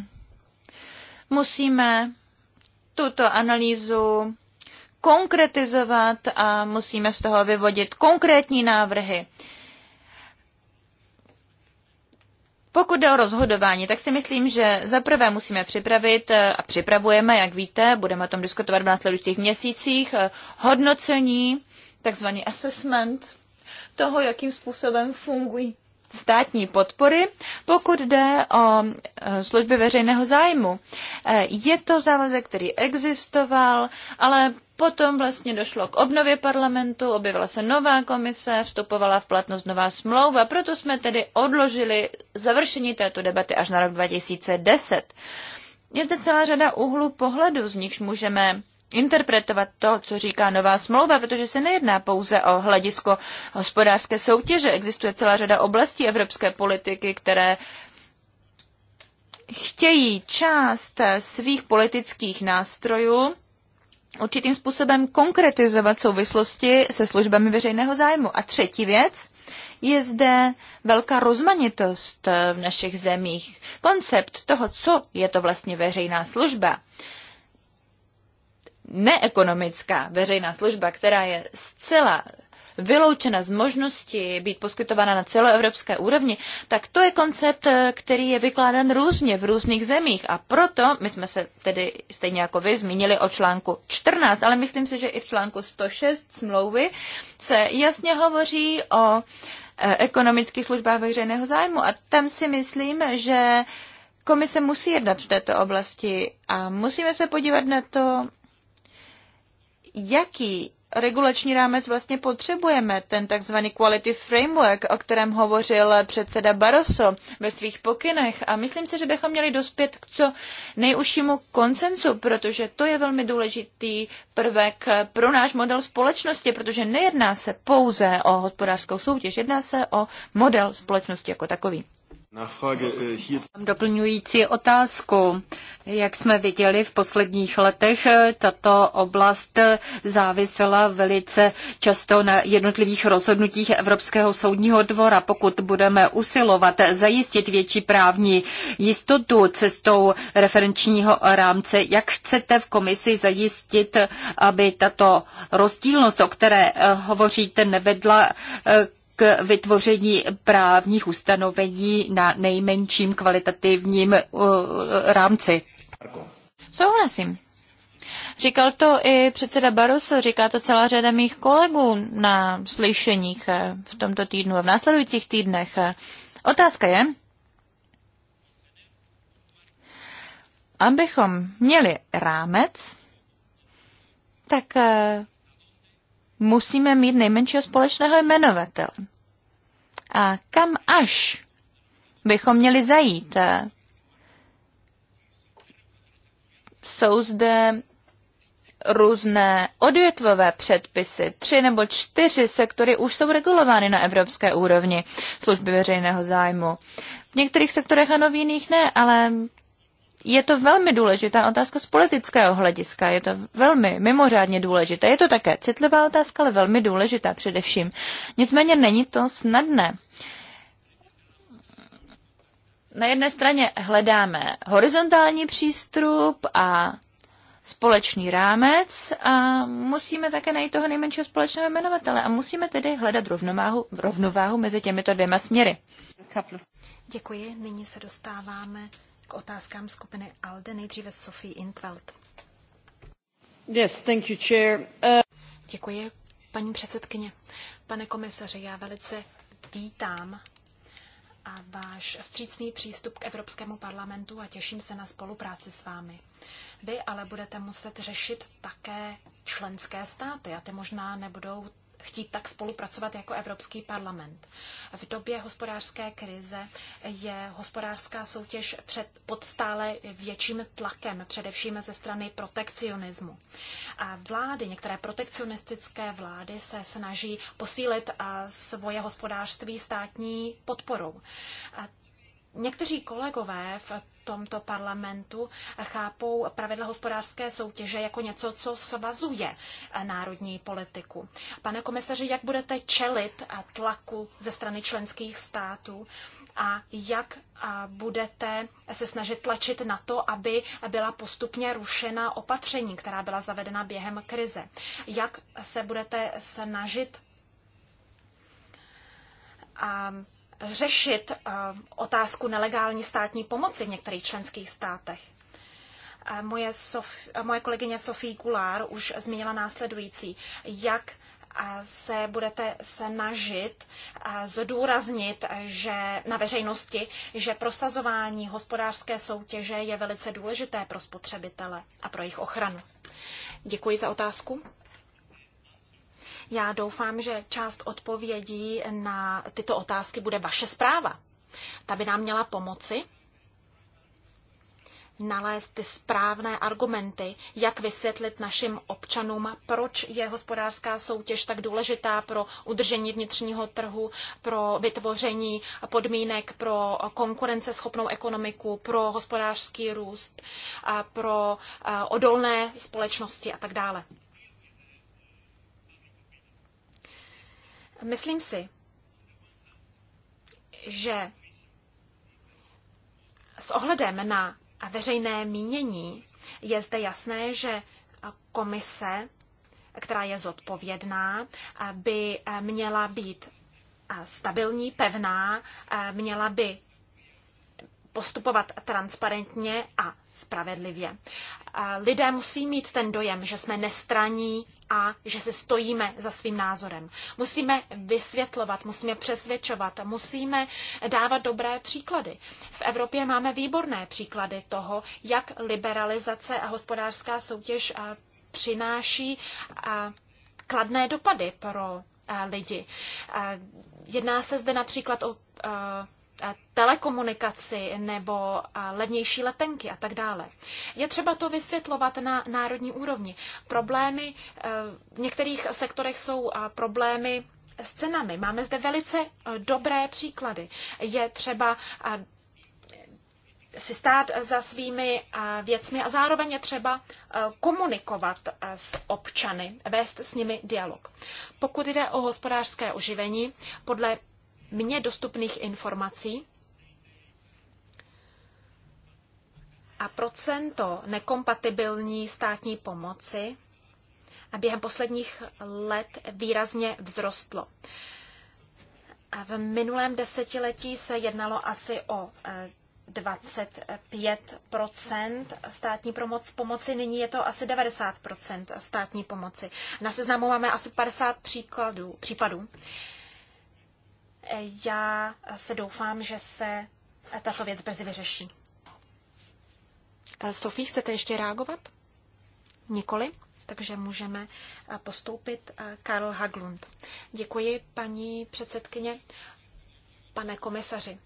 Musíme tuto analýzu konkretizovat a musíme z toho vyvodit konkrétní návrhy. Pokud jde o rozhodování, tak si myslím, že zaprvé musíme připravit eh, a připravujeme, jak víte, budeme o tom diskutovat v následujících měsících, eh, hodnocení, takzvaný assessment toho, jakým způsobem fungují státní podpory, pokud jde o e, služby veřejného zájmu. E, je to závazek, který existoval, ale potom vlastně došlo k obnově parlamentu, objevila se nová komise, vstupovala v platnost nová smlouva, proto jsme tedy odložili završení této debaty až na rok 2010. Je zde celá řada úhlů pohledu, z nichž můžeme interpretovat to, co říká nová smlouva, protože se nejedná pouze o hledisko hospodářské soutěže. Existuje celá řada oblastí evropské politiky, které chtějí část svých politických nástrojů určitým způsobem konkretizovat souvislosti se službami veřejného zájmu. A třetí věc, je zde velká rozmanitost v našich zemích. Koncept toho, co je to vlastně veřejná služba, neekonomická veřejná služba, která je zcela vyloučena z možnosti být poskytována na celoevropské úrovni, tak to je koncept, eh, který je vykládán různě v různých zemích. A proto my jsme se tedy stejně jako vy zmínili o článku 14, ale myslím si, že i v článku 106 smlouvy se jasně hovoří o eh, ekonomických službách veřejného zájmu. A tam si myslím, že komise musí jednat v této oblasti a musíme se podívat na to, jaký regulační rámec vlastně potřebujeme, ten takzvaný quality framework, o kterém hovořil předseda Barroso ve svých pokynech. A myslím si, že bychom měli dospět k co nejužšímu konsensu, protože to je velmi důležitý prvek pro náš model společnosti, protože nejedná se pouze o hospodářskou soutěž, jedná se o model společnosti jako takový. Äh, Mám doplňující otázku. Jak jsme viděli v posledních letech, eh, tato oblast eh, závisela velice často na jednotlivých rozhodnutích Evropského soudního dvora. Pokud budeme usilovat zajistit větší právní jistotu cestou referenčního rámce, jak chcete v komisi zajistit, aby tato rozdílnost, o které eh, hovoříte, nevedla k vytvoření právních ustanovení na nejmenším kvalitativním uh, rámci. Souhlasím. Říkal to i předseda Barroso, říká to celá řada mých kolegů na slyšeních eh, v tomto týdnu a v následujících týdnech. Otázka je, abychom měli rámec, tak eh, musíme mít nejmenšího společného jmenovatele. A kam až bychom měli zajít? Jsou zde různé odvětvové předpisy. Tři nebo čtyři sektory už jsou regulovány na evropské úrovni služby veřejného zájmu. V některých sektorech ano, v jiných ne, ale je to velmi důležitá otázka z politického hlediska, je to velmi mimořádně důležité. Je to také citlivá otázka, ale velmi důležitá především. Nicméně není to snadné. Na jedné straně hledáme horizontální přístup a společný rámec a musíme také najít toho nejmenšího společného jmenovatele a musíme tedy hledat rovnováhu, rovnováhu mezi těmito dvěma směry. Děkuji, nyní se dostáváme k otázkám skupiny ALDE. Nejdříve Sophie Intveld. Yes, thank you, chair. Uh... Děkuji, paní předsedkyně. Pane komisaři, já velice vítám a váš vstřícný přístup k Evropskému parlamentu a těším se na spolupráci s vámi. Vy ale budete muset řešit také členské státy a ty možná nebudou chtít tak spolupracovat jako Evropský parlament. V době hospodářské krize je hospodářská soutěž před, pod stále větším tlakem, především ze strany protekcionismu. A vlády, některé protekcionistické vlády se snaží posílit a svoje hospodářství státní podporou. A Někteří kolegové v tomto parlamentu chápou pravidla hospodářské soutěže jako něco, co svazuje národní politiku. Pane komisaři, jak budete čelit tlaku ze strany členských států a jak budete se snažit tlačit na to, aby byla postupně rušena opatření, která byla zavedena během krize? Jak se budete snažit řešit eh, otázku nelegální státní pomoci v některých členských státech. Moje, Sof, moje kolegyně Sofie Kulár už zmínila následující, jak eh, se budete snažit eh, zdůraznit že na veřejnosti, že prosazování hospodářské soutěže je velice důležité pro spotřebitele a pro jejich ochranu. Děkuji za otázku. Já doufám, že část odpovědí na tyto otázky bude vaše zpráva. Ta by nám měla pomoci nalézt ty správné argumenty, jak vysvětlit našim občanům, proč je hospodářská soutěž tak důležitá pro udržení vnitřního trhu, pro vytvoření podmínek pro konkurenceschopnou ekonomiku, pro hospodářský růst, pro eh, odolné společnosti a tak dále. Myslím si, že s ohledem na veřejné mínění je zde jasné, že komise, která je zodpovědná, by měla být stabilní, pevná, měla by postupovat transparentně a spravedlivě. Lidé musí mít ten dojem, že jsme nestraní a že se stojíme za svým názorem. Musíme vysvětlovat, musíme přesvědčovat, musíme dávat dobré příklady. V Evropě máme výborné příklady toho, jak liberalizace a hospodářská soutěž přináší kladné dopady pro lidi. Jedná se zde například o telekomunikaci nebo levnější letenky a tak dále. Je třeba to vysvětlovat na národní úrovni. Problémy e, v některých sektorech jsou problémy s cenami. Máme zde velice e, dobré příklady. Je třeba si stát za svými věcmi a zároveň je třeba e, komunikovat s občany, vést s nimi dialog. Pokud jde o hospodářské oživení, podle mně dostupných informací a procento nekompatibilní státní pomoci a během posledních let výrazně vzrostlo. A v minulém desetiletí se jednalo asi o 25 e, státní pomoc, pomoci, nyní je to asi 90 státní pomoci. Na seznamu máme asi 50 příkladů, případů. Já se doufám, že se tato věc brzy vyřeší. Eh, Sofie, chcete ještě reagovat? Nikoli? takže můžeme eh, postoupit. Eh, Karl Haglund. Děkuji, paní předsedkyně, pane komisaři.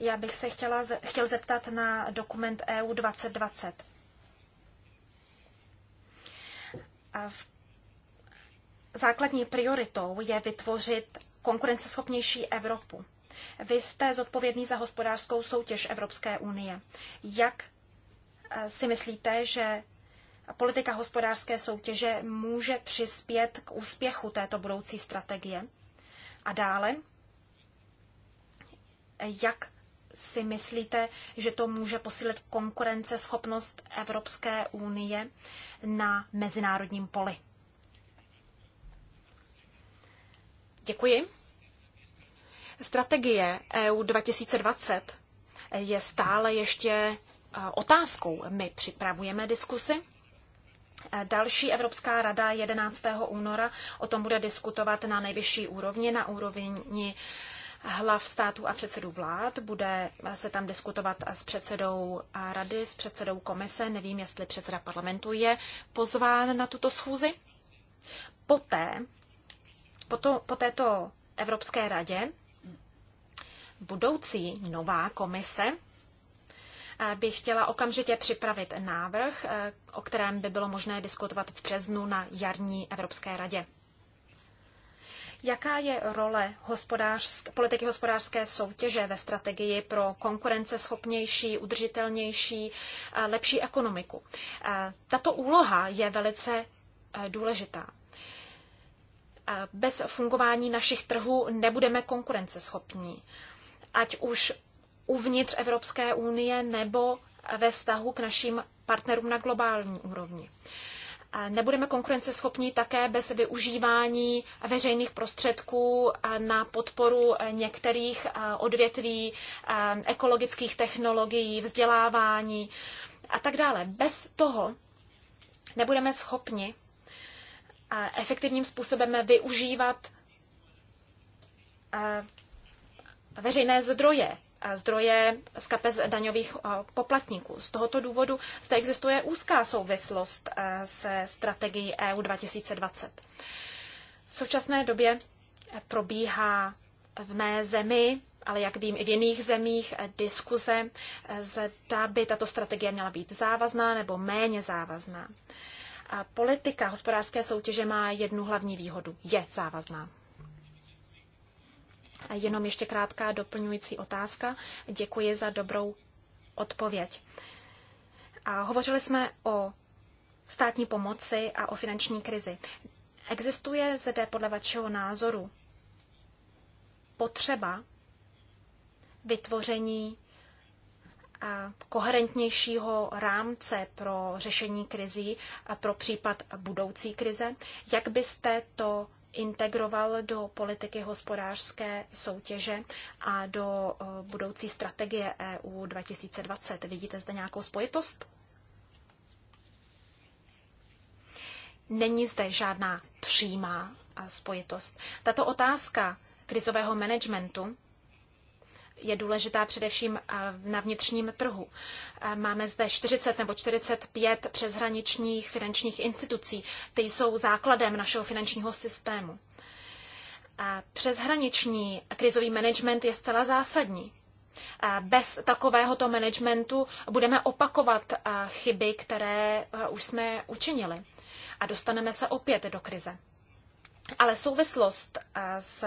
Já bych se chtěla, chtěl zeptat na dokument EU 2020. Základní prioritou je vytvořit konkurenceschopnější Evropu. Vy jste zodpovědný za hospodářskou soutěž Evropské unie. Jak eh, si myslíte, že politika hospodářské soutěže může přispět k úspěchu této budoucí strategie? A dále, jak si myslíte, že to může posílit konkurenceschopnost Evropské unie na mezinárodním poli? Děkuji. Strategie EU 2020 je stále ještě eh, otázkou. My připravujeme diskusy. Eh, další Evropská rada 11. února o tom bude diskutovat na nejvyšší úrovni, na úrovni hlav států a předsedů vlád. Bude se tam diskutovat s předsedou rady, s předsedou komise. Nevím, jestli předseda parlamentu je pozván na tuto schůzi. Poté po, to, po této Evropské radě budoucí nová komise eh, by chtěla okamžitě připravit návrh, eh, o kterém by bylo možné diskutovat v březnu na jarní Evropské radě. Jaká je role hospodářsk, politiky hospodářské soutěže ve strategii pro konkurenceschopnější, udržitelnější, lepší ekonomiku? Eh, tato úloha je velice důležitá bez fungování našich trhů nebudeme konkurenceschopní. Ať už uvnitř Evropské unie nebo ve vztahu k našim partnerům na globální úrovni. Nebudeme konkurenceschopní také bez využívání veřejných prostředků na podporu některých odvětví ekologických technologií, vzdělávání a tak dále. Bez toho nebudeme schopni efektivním způsobem využívat veřejné zdroje, zdroje z kapes daňových poplatníků. Z tohoto důvodu zde existuje úzká souvislost se strategií EU 2020. V současné době probíhá v mé zemi, ale jak vím i v jiných zemích, diskuze, zda by tato strategie měla být závazná nebo méně závazná politika hospodářské soutěže má jednu hlavní výhodu. Je závazná. A jenom ještě krátká doplňující otázka. Děkuji za dobrou odpověď. A hovořili jsme o státní pomoci a o finanční krizi. Existuje zde podle vašeho názoru potřeba vytvoření koherentnějšího rámce pro řešení krizí a pro případ budoucí krize. Jak byste to integroval do politiky hospodářské soutěže a do eh, budoucí strategie EU 2020? Vidíte zde nějakou spojitost? Není zde žádná přímá spojitost. Tato otázka krizového managementu je důležitá především eh, na vnitřním trhu. Eh, máme zde 40 nebo 45 přeshraničních finančních institucí. Ty jsou základem našeho finančního systému. A eh, přeshraniční krizový management je zcela zásadní. Bez takovéhoto managementu budeme opakovat chyby, které už jsme učinili a dostaneme se opět do krize. Ale souvislost s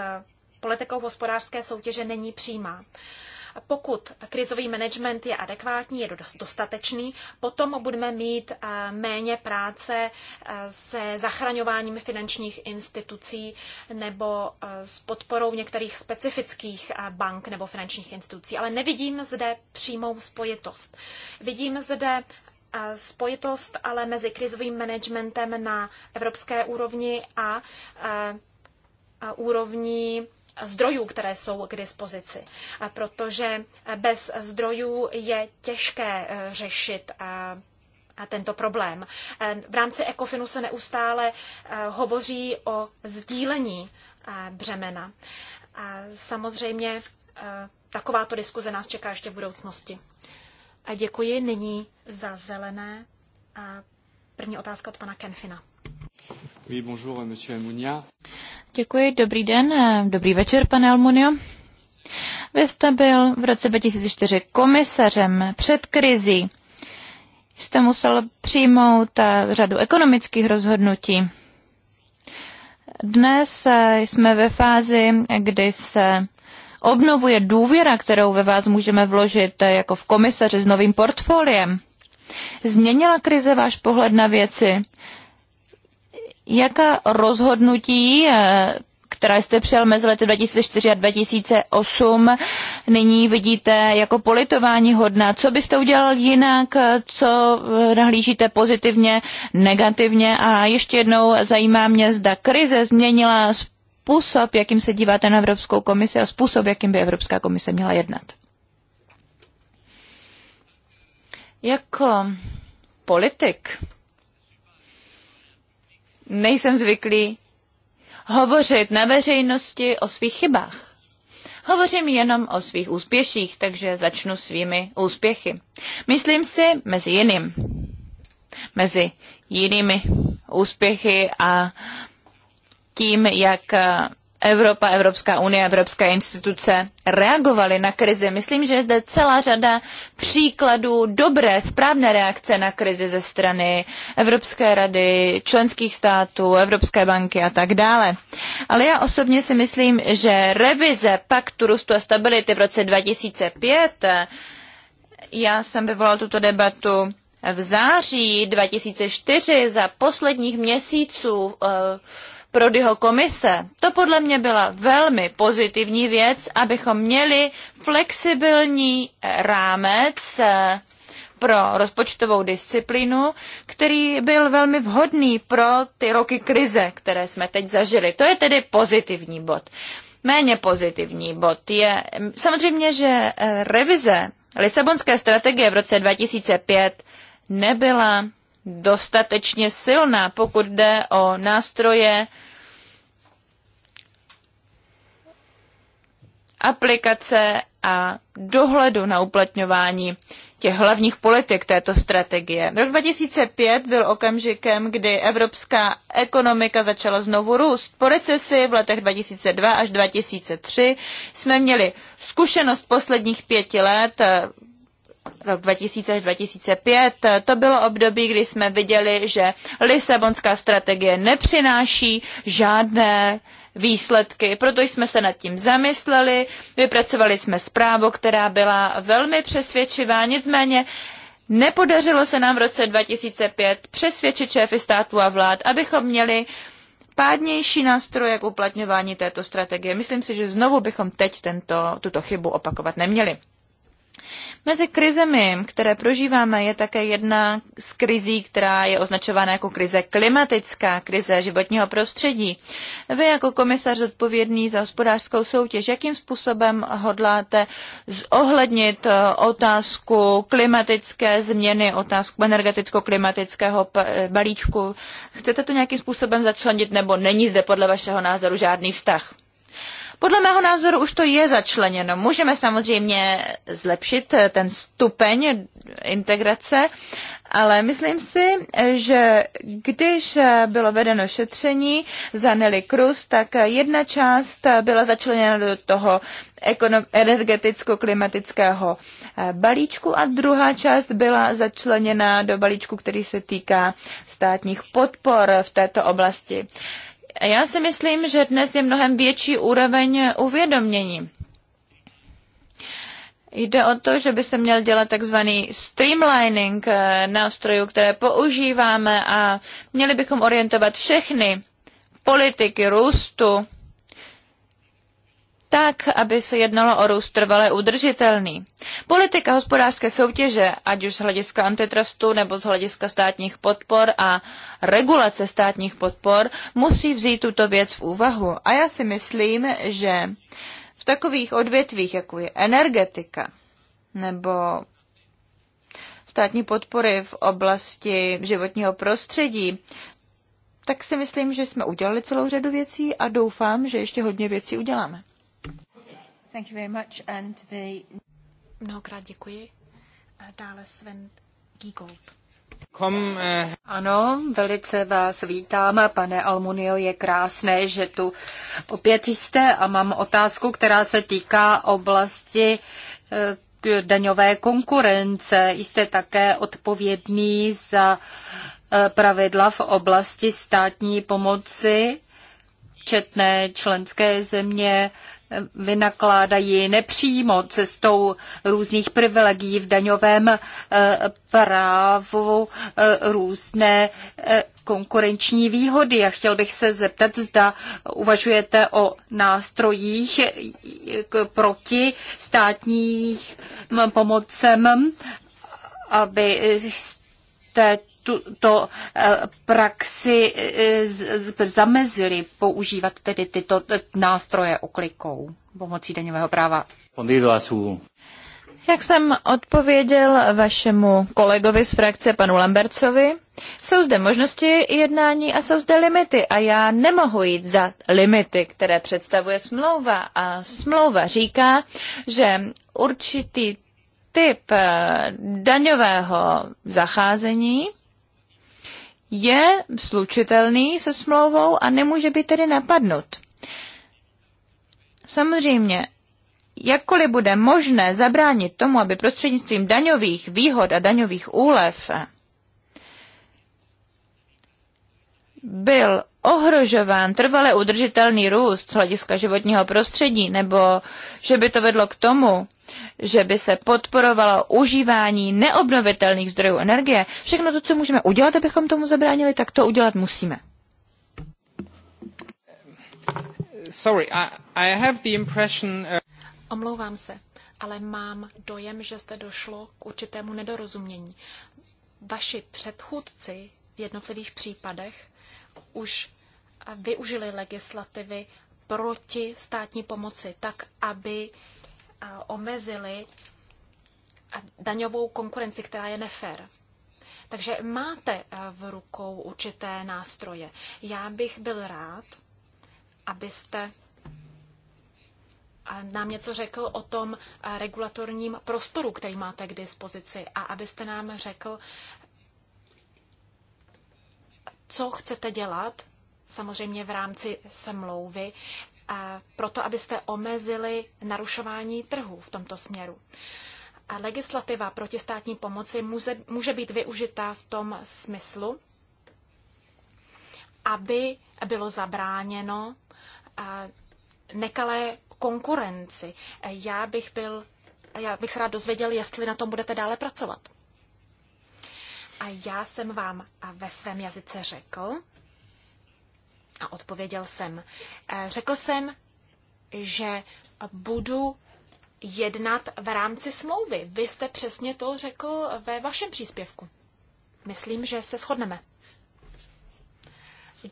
politikou hospodářské soutěže není přímá. Pokud krizový management je adekvátní, je dostatečný, potom budeme mít eh, méně práce eh, se zachraňováním finančních institucí nebo eh, s podporou některých specifických bank nebo finančních institucí. Ale nevidím zde přímou spojitost. Vidím zde spojitost ale mezi krizovým managementem na evropské úrovni a úrovni zdrojů, které jsou k dispozici, protože bez zdrojů je těžké eh, řešit eh, a tento problém. Eh, v rámci ECOFINu se neustále hovoří o sdílení břemena. A samozřejmě takováto diskuze nás čeká ještě v budoucnosti. A děkuji nyní za zelené. A první otázka od pana Kenfina. Oui, bonjour, euh, monsieur Almunia. Děkuji, dobrý den, eh, dobrý večer, pane Almunio. Vy jste byl v roce 2004 komisařem před krizí. Jste musel přijmout eh, řadu ekonomických rozhodnutí. Dnes eh, jsme ve fázi, kdy se obnovuje důvěra, kterou ve vás můžeme vložit jako v komisaři s novým portfoliem. Změnila krize váš pohled na věci? Jaká rozhodnutí, eh, která jste přijal mezi lety 2004 a 2008, nyní vidíte jako politování hodná? Co byste udělal jinak? Co eh, nahlížíte pozitivně, negativně? A ještě jednou zajímá mě, zda krize změnila způsob, jakým se díváte na Evropskou komisi a způsob, jakým by Evropská komise měla jednat. Jako politik nejsem zvyklý hovořit na veřejnosti o svých chybách. Hovořím jenom o svých úspěších, takže začnu svými úspěchy. Myslím si mezi jiným, mezi jinými úspěchy a tím, jak eh, Evropa, Evropská unie, Evropské instituce reagovaly na krizi. Myslím, že je zde celá řada příkladů dobré, správné reakce na krizi ze strany Evropské rady, členských států, Evropské banky a tak dále. Ale já osobně si myslím, že revize paktu růstu a stability v roce 2005, já jsem vyvolal tuto debatu v září 2004 za posledních měsíců eh, Prodyho komise. To podle mě byla velmi pozitivní věc, abychom měli flexibilní rámec eh, pro rozpočtovou disciplínu, který byl velmi vhodný pro ty roky krize, které jsme teď zažili. To je tedy pozitivní bod. Méně pozitivní bod je samozřejmě, že eh, revize Lisabonské strategie v roce 2005 nebyla dostatečně silná, pokud jde o nástroje aplikace a dohledu na uplatňování těch hlavních politik této strategie. Rok 2005 byl okamžikem, kdy evropská ekonomika začala znovu růst. Po recesi v letech 2002 až 2003 jsme měli zkušenost posledních pěti let rok 2000 až 2005, to bylo období, kdy jsme viděli, že Lisabonská strategie nepřináší žádné výsledky. Proto jsme se nad tím zamysleli, vypracovali jsme zprávu, která byla velmi přesvědčivá, nicméně nepodařilo se nám v roce 2005 přesvědčit šéfy států a vlád, abychom měli pádnější nástroje k uplatňování této strategie. Myslím si, že znovu bychom teď tento, tuto chybu opakovat neměli. Mezi krizemi, které prožíváme, je také jedna z krizí, která je označována jako krize klimatická, krize životního prostředí. Vy jako komisař zodpovědný za hospodářskou soutěž, jakým způsobem hodláte zohlednit eh, otázku klimatické změny, otázku energeticko-klimatického eh, balíčku? Chcete to nějakým způsobem začlenit nebo není zde podle vašeho názoru žádný vztah? Podle mého názoru už to je začleněno. Můžeme samozřejmě zlepšit eh, ten stupeň integrace, ale myslím si, eh, že když eh, bylo vedeno šetření za Nelly Cruz, tak jedna část byla začleněna do toho energeticko-klimatického balíčku a druhá část byla začleněna do balíčku, který se týká státních podpor v této oblasti. Já si myslím, že dnes je mnohem větší úroveň uvědomění. Jde o to, že by se měl dělat takzvaný streamlining eh, nástrojů, které používáme a měli bychom orientovat všechny politiky růstu tak, aby se jednalo o růst trvale udržitelný. Politika hospodářské soutěže, ať už z hlediska antitrustu nebo z hlediska státních podpor a regulace státních podpor, musí vzít tuto věc v úvahu. A já si myslím, že v takových odvětvích, jako je energetika nebo státní podpory v oblasti životního prostředí, tak si myslím, že jsme udělali celou řadu věcí a doufám, že ještě hodně věcí uděláme. Thank you very much. And the... Mnohokrát děkuji. Dále Sven Giegold. Eh, ano, velice vás vítám, pane Almunio, je krásné, že tu opět jste a mám otázku, která se týká oblasti eh, daňové konkurence. Jste také odpovědný za eh, pravidla v oblasti státní pomoci. Četné členské země vynakládají nepřímo cestou různých privilegií v daňovém eh, právu eh, různé eh, konkurenční výhody. A chtěl bych se zeptat, zda uvažujete o nástrojích proti státních hm, pomocem aby tuto eh, praxi eh, zamezili používat tedy tyto nástroje oklikou pomocí daňového práva. Jak jsem odpověděl vašemu kolegovi z frakce panu Lambercovi, jsou zde možnosti jednání a jsou zde limity a já nemohu jít za limity, které představuje smlouva a smlouva říká, že určitý typ eh, daňového zacházení je slučitelný se smlouvou a nemůže být tedy napadnut. Samozřejmě, jakkoliv bude možné zabránit tomu, aby prostřednictvím daňových výhod a daňových úlev byl ohrožován trvale udržitelný růst z hlediska životního prostředí, nebo že by to vedlo k tomu, že by se podporovalo užívání neobnovitelných zdrojů energie. Všechno to, co můžeme udělat, abychom tomu zabránili, tak to udělat musíme. Sorry, I, I have the impression... Uh, Omlouvám se, ale mám dojem, že jste došlo k určitému nedorozumění. Vaši předchůdci v jednotlivých případech už využili legislativy proti státní pomoci, tak aby omezili daňovou konkurenci, která je nefér. Takže máte v rukou určité nástroje. Já bych byl rád, abyste nám něco řekl o tom regulatorním prostoru, který máte k dispozici a abyste nám řekl, co chcete dělat, samozřejmě v rámci smlouvy, proto abyste omezili narušování trhu v tomto směru. A legislativa proti státní pomoci může, může být využita v tom smyslu, aby bylo zabráněno nekalé konkurenci. Já bych byl, já bych se rád dozvěděl, jestli na tom budete dále pracovat. A já jsem vám ve svém jazyce řekl, a odpověděl jsem, eh, řekl jsem, že budu jednat v rámci smlouvy. Vy jste přesně to řekl ve vašem příspěvku. Myslím, že se shodneme.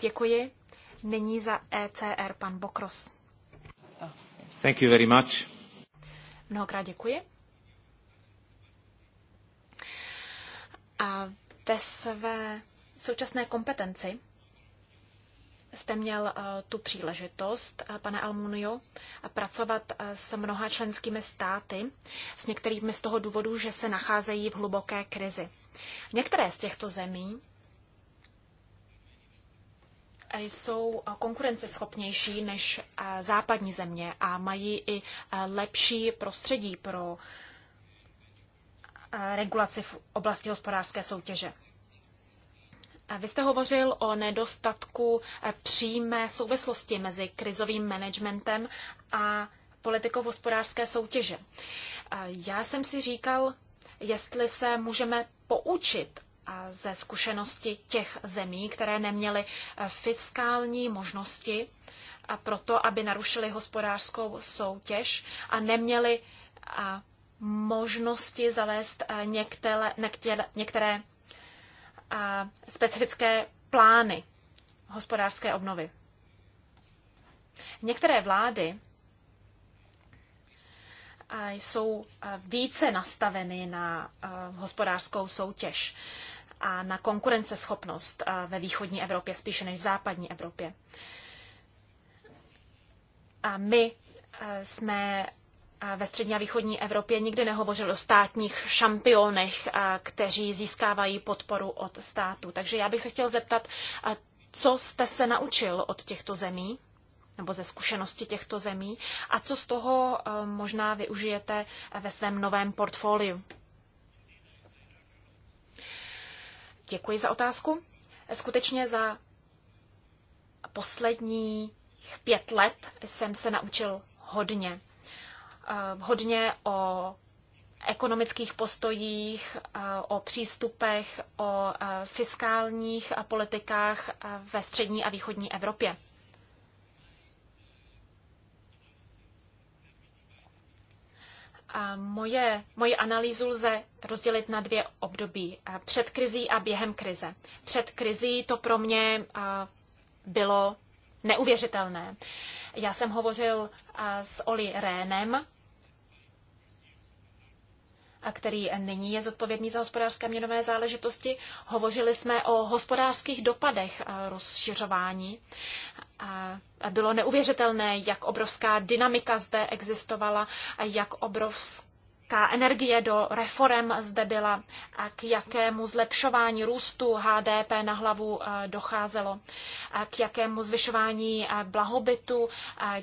Děkuji. Nyní za ECR pan Bokros. Thank you very much. Mnohokrát děkuji. A ve své současné kompetenci jste měl eh, tu příležitost, eh, pane Almunio, pracovat eh, s mnoha členskými státy, s některými z toho důvodu, že se nacházejí v hluboké krizi. Některé z těchto zemí jsou konkurenceschopnější než západní země a mají i lepší prostředí pro regulaci v oblasti hospodářské soutěže. Vy jste hovořil o nedostatku eh, přímé souvislosti mezi krizovým managementem a politikou hospodářské soutěže. Já jsem si říkal, jestli se můžeme poučit ze zkušenosti těch zemí, které neměly eh, fiskální možnosti a proto, aby narušili hospodářskou soutěž a neměli možnosti zavést eh, některé, některé, některé eh, specifické plány hospodářské obnovy. Některé vlády eh, jsou více nastaveny na hospodářskou soutěž a na konkurenceschopnost ve východní Evropě spíše než v západní Evropě. A my jsme ve střední a východní Evropě nikdy nehovořil o státních šampionech, kteří získávají podporu od státu. Takže já bych se chtěl zeptat, co jste se naučil od těchto zemí, nebo ze zkušenosti těchto zemí, a co z toho možná využijete ve svém novém portfoliu. Děkuji za otázku. Skutečně za posledních pět let jsem se naučil hodně. Eh, hodně o ekonomických postojích, eh, o přístupech, o eh, fiskálních politikách ve střední a východní Evropě. A moje, moji analýzu lze rozdělit na dvě období. Před krizí a během krize. Před krizí to pro mě bylo neuvěřitelné. Já jsem hovořil s Oli Rénem, a který nyní je zodpovědný za hospodářské měnové záležitosti. Hovořili jsme o hospodářských dopadech rozšiřování. A bylo neuvěřitelné, jak obrovská dynamika zde existovala a jak obrovská energie do reform zde byla a k jakému zlepšování růstu HDP na hlavu docházelo, a k jakému zvyšování blahobytu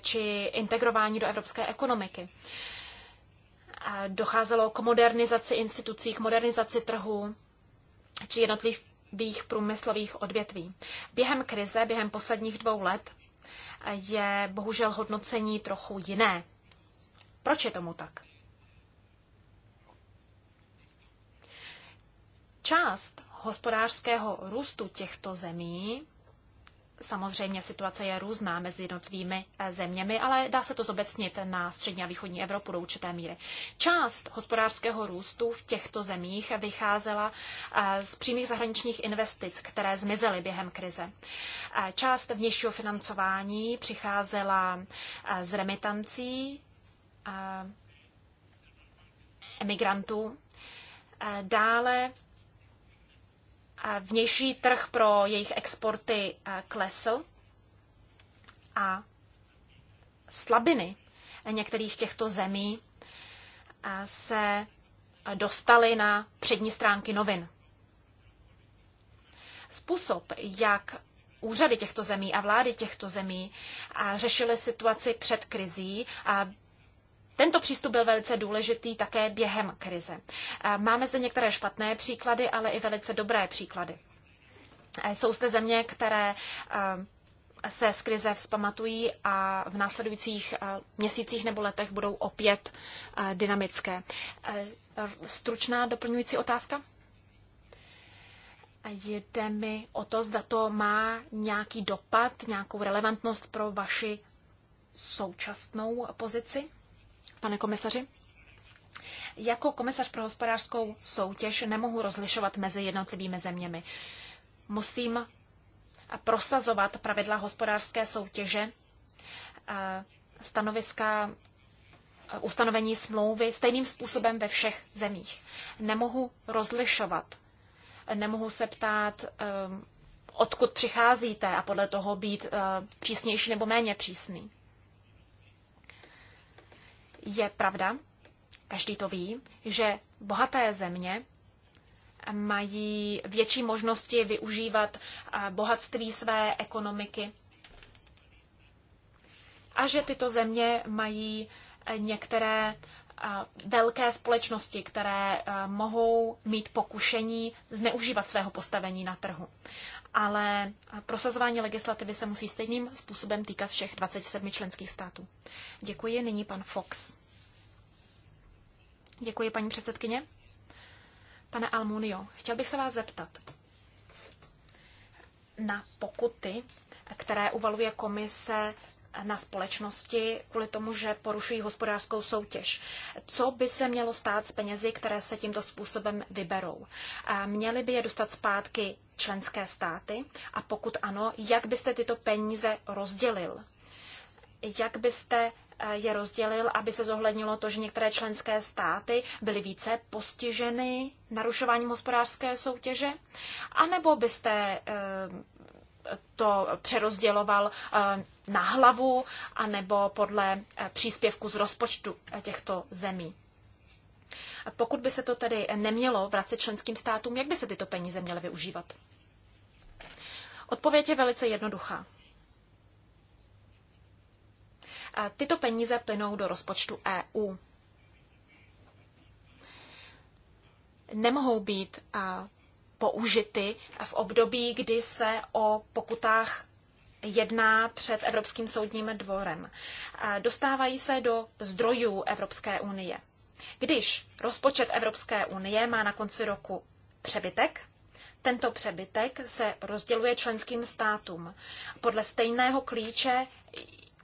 či integrování do evropské ekonomiky docházelo k modernizaci institucí, k modernizaci trhu či jednotlivých průmyslových odvětví. Během krize, během posledních dvou let, je bohužel hodnocení trochu jiné. Proč je tomu tak? Část hospodářského růstu těchto zemí Samozřejmě situace je různá mezi jednotlivými eh, zeměmi, ale dá se to zobecnit na střední a východní Evropu do určité míry. Část hospodářského růstu v těchto zemích vycházela eh, z přímých zahraničních investic, které zmizely během krize. Eh, část vnějšího financování přicházela z remitancí emigrantů. Dále vnější trh pro jejich exporty eh, klesl a slabiny eh, některých těchto zemí eh, se dostaly na přední stránky novin. Způsob, jak úřady těchto zemí a vlády těchto zemí řešily situaci před krizí, tento přístup byl velice důležitý také během krize. Máme zde některé špatné příklady, ale i velice dobré příklady. Jsou zde země, které se z krize vzpamatují a v následujících měsících nebo letech budou opět dynamické. Stručná doplňující otázka? Jde mi o to, zda to má nějaký dopad, nějakou relevantnost pro vaši současnou pozici pane komisaři? Jako komisař pro hospodářskou soutěž nemohu rozlišovat mezi jednotlivými zeměmi. Musím prosazovat pravidla hospodářské soutěže, stanoviska, ustanovení smlouvy stejným způsobem ve všech zemích. Nemohu rozlišovat, nemohu se ptát, odkud přicházíte a podle toho být přísnější nebo méně přísný. Je pravda, každý to ví, že bohaté země mají větší možnosti využívat bohatství své ekonomiky a že tyto země mají e, některé velké společnosti, které e, mohou mít pokušení zneužívat svého postavení na trhu ale prosazování legislativy se musí stejným způsobem týkat všech 27 členských států. Děkuji, nyní pan Fox. Děkuji, paní předsedkyně. Pane Almunio, chtěl bych se vás zeptat na pokuty, které uvaluje komise na společnosti kvůli tomu, že porušují hospodářskou soutěž. Co by se mělo stát s penězi, které se tímto způsobem vyberou? Měly by je dostat zpátky členské státy a pokud ano, jak byste tyto peníze rozdělil? Jak byste eh, je rozdělil, aby se zohlednilo to, že některé členské státy byly více postiženy narušováním hospodářské soutěže? A nebo byste eh, to přerozděloval eh, na hlavu anebo podle eh, příspěvku z rozpočtu eh, těchto zemí. Pokud by se to tedy nemělo vracet členským státům, jak by se tyto peníze měly využívat? Odpověď je velice jednoduchá. Eh, tyto peníze plynou do rozpočtu EU. Nemohou být použity v období, kdy se o pokutách jedná před Evropským soudním dvorem. Dostávají se do zdrojů Evropské unie. Když rozpočet Evropské unie má na konci roku přebytek, tento přebytek se rozděluje členským státům podle stejného klíče,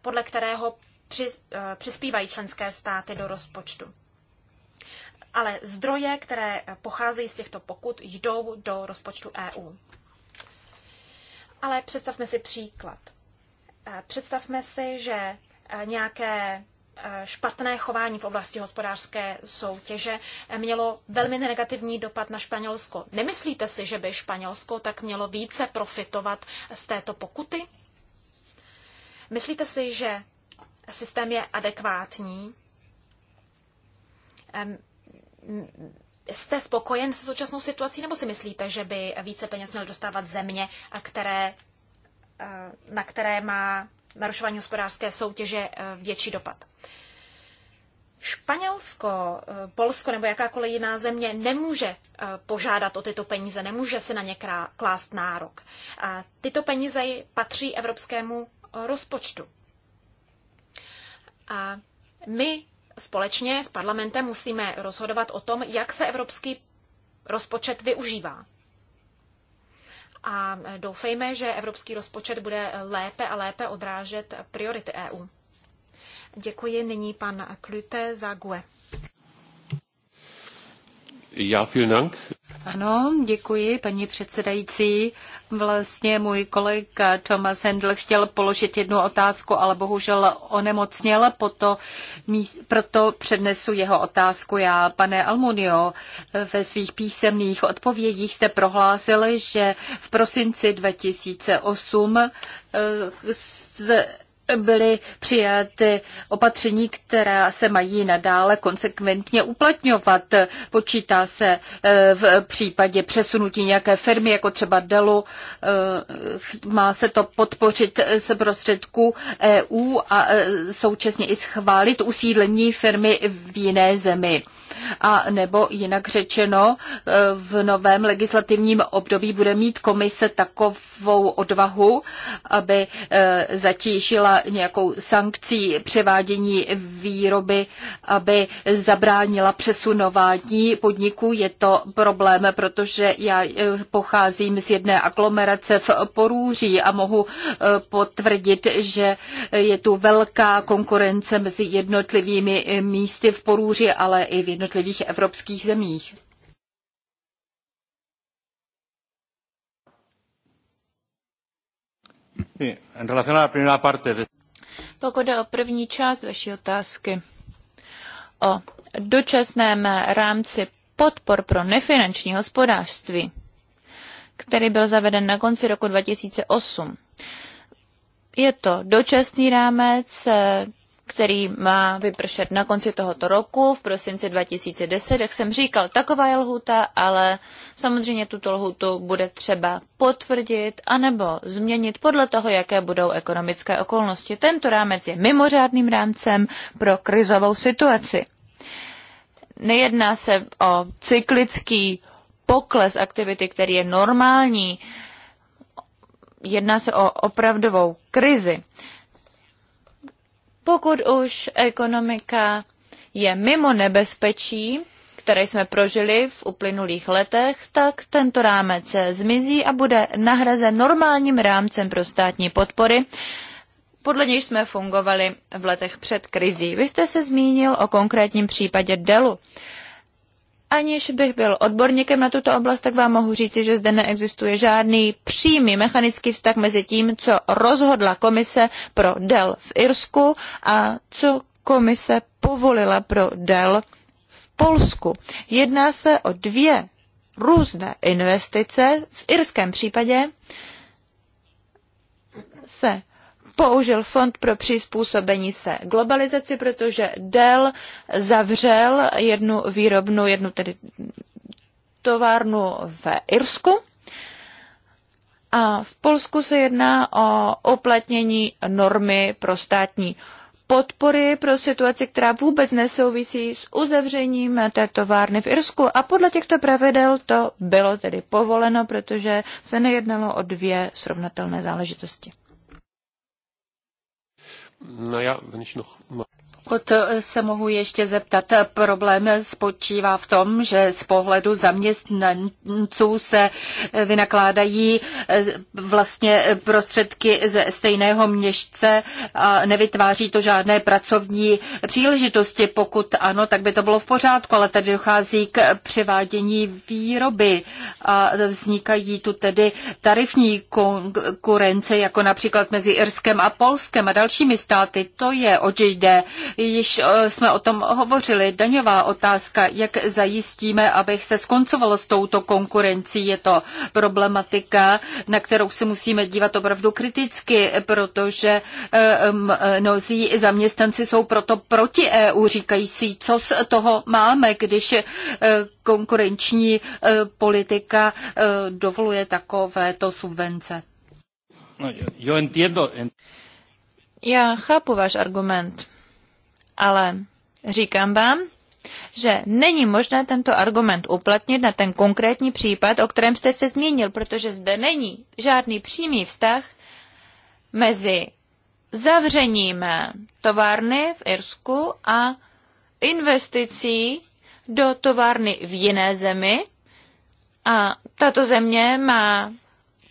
podle kterého při, eh, přispívají členské státy do rozpočtu. Ale zdroje, které pocházejí z těchto pokut, jdou do rozpočtu EU. Ale představme si příklad. Eh, představme si, že eh, nějaké eh, špatné chování v oblasti hospodářské soutěže mělo velmi negativní dopad na Španělsko. Nemyslíte si, že by Španělsko tak mělo více profitovat z této pokuty? Myslíte si, že systém je adekvátní? jste spokojen se současnou situací, nebo si myslíte, že by více peněz měl dostávat země, a které, eh, na které má narušování hospodářské soutěže eh, větší dopad? Španělsko, eh, Polsko nebo jakákoliv jiná země nemůže požádat o tyto peníze, nemůže si na ně klást nárok. A tyto peníze patří evropskému rozpočtu. A my společně s parlamentem musíme rozhodovat o tom, jak se evropský rozpočet využívá. A doufejme, že evropský rozpočet bude lépe a lépe odrážet priority EU. Děkuji nyní pan Klute za GUE. Já vielen Dank. Ano, děkuji, paní předsedající. Vlastně můj kolega Thomas Hendl chtěl položit jednu otázku, ale bohužel onemocněl, proto, proto přednesu jeho otázku já. Pane Almunio, ve svých písemných odpovědích jste prohlásili, že v prosinci 2008 eh, z byly přijaty opatření, která se mají nadále konsekventně uplatňovat. Počítá se eh, v případě přesunutí nějaké firmy, jako třeba Delu, eh, má se to podpořit z prostředků EU a eh, současně i schválit usídlení firmy v jiné zemi. A nebo jinak řečeno, v novém legislativním období bude mít komise takovou odvahu, aby zatížila nějakou sankcí převádění výroby, aby zabránila přesunování podniků. Je to problém, protože já eh, pocházím z jedné aglomerace v Porůří a mohu eh, potvrdit, že je tu velká konkurence mezi jednotlivými eh, místy v Porůři, ale i v jednotlivých evropských zemích. Pokud jde o první část vaší otázky, o dočasném rámci podpor pro nefinanční hospodářství, který byl zaveden na konci roku 2008. Je to dočasný rámec, který má vypršet na konci tohoto roku, v prosinci 2010, jak jsem říkal, taková je lhuta, ale samozřejmě tuto lhutu bude třeba potvrdit anebo změnit podle toho, jaké budou ekonomické okolnosti. Tento rámec je mimořádným rámcem pro krizovou situaci. Nejedná se o cyklický pokles aktivity, který je normální. Jedná se o opravdovou krizi. Pokud už ekonomika je mimo nebezpečí, které jsme prožili v uplynulých letech, tak tento rámec zmizí a bude nahrazen normálním rámcem pro státní podpory, podle něj jsme fungovali v letech před krizí. Vy jste se zmínil o konkrétním případě Delu. Aniž bych byl odborníkem na tuto oblast, tak vám mohu říci, že zde neexistuje žádný přímý mechanický vztah mezi tím, co rozhodla komise pro Dell v Irsku a co komise povolila pro Dell v Polsku. Jedná se o dvě různé investice. V irském případě se použil Fond pro přizpůsobení se globalizaci, protože Dell zavřel jednu výrobnu, jednu tedy továrnu v Irsku. A v Polsku se jedná o uplatnění normy pro státní podpory pro situaci, která vůbec nesouvisí s uzavřením té továrny v Irsku. A podle těchto pravidel to bylo tedy povoleno, protože se nejednalo o dvě srovnatelné záležitosti. Naja, no wenn ich noch mal pokud se mohu ještě zeptat, problém spočívá v tom, že z pohledu zaměstnanců se vynakládají eh, vlastně prostředky ze stejného měšce a nevytváří to žádné pracovní příležitosti. Pokud ano, tak by to bylo v pořádku, ale tady dochází k převádění výroby a vznikají tu tedy tarifní konkurence, jako například mezi Irskem a Polskem a dalšími státy. To je, oč jde Již eh, jsme o tom hovořili. Daňová otázka, jak zajistíme, aby se skoncovalo s touto konkurencí, je to problematika, na kterou se musíme dívat opravdu kriticky, protože eh, eh, mnozí zaměstnanci jsou proto proti EU, říkají si, co z toho máme, když konkurenční politika dovoluje takovéto subvence. No, Já chápu váš argument ale říkám vám, že není možné tento argument uplatnit na ten konkrétní případ, o kterém jste se zmínil, protože zde není žádný přímý vztah mezi zavřením továrny v Irsku a investicí do továrny v jiné zemi. A tato země má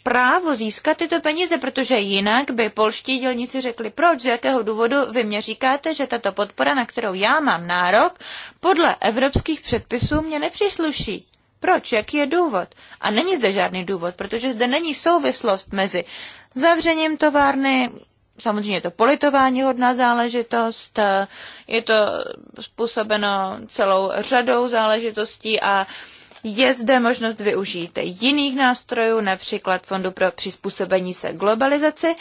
právo získat tyto peníze, protože jinak by polští dělníci řekli, proč, z jakého důvodu vy mě říkáte, že tato podpora, na kterou já mám nárok, podle evropských předpisů mě nepřísluší. Proč? Jaký je důvod? A není zde žádný důvod, protože zde není souvislost mezi zavřením továrny, samozřejmě je to politování hodná záležitost, eh, je to způsobeno celou řadou záležitostí a uh, je zde možnost využít jiných nástrojů, například Fondu pro přizpůsobení se globalizaci.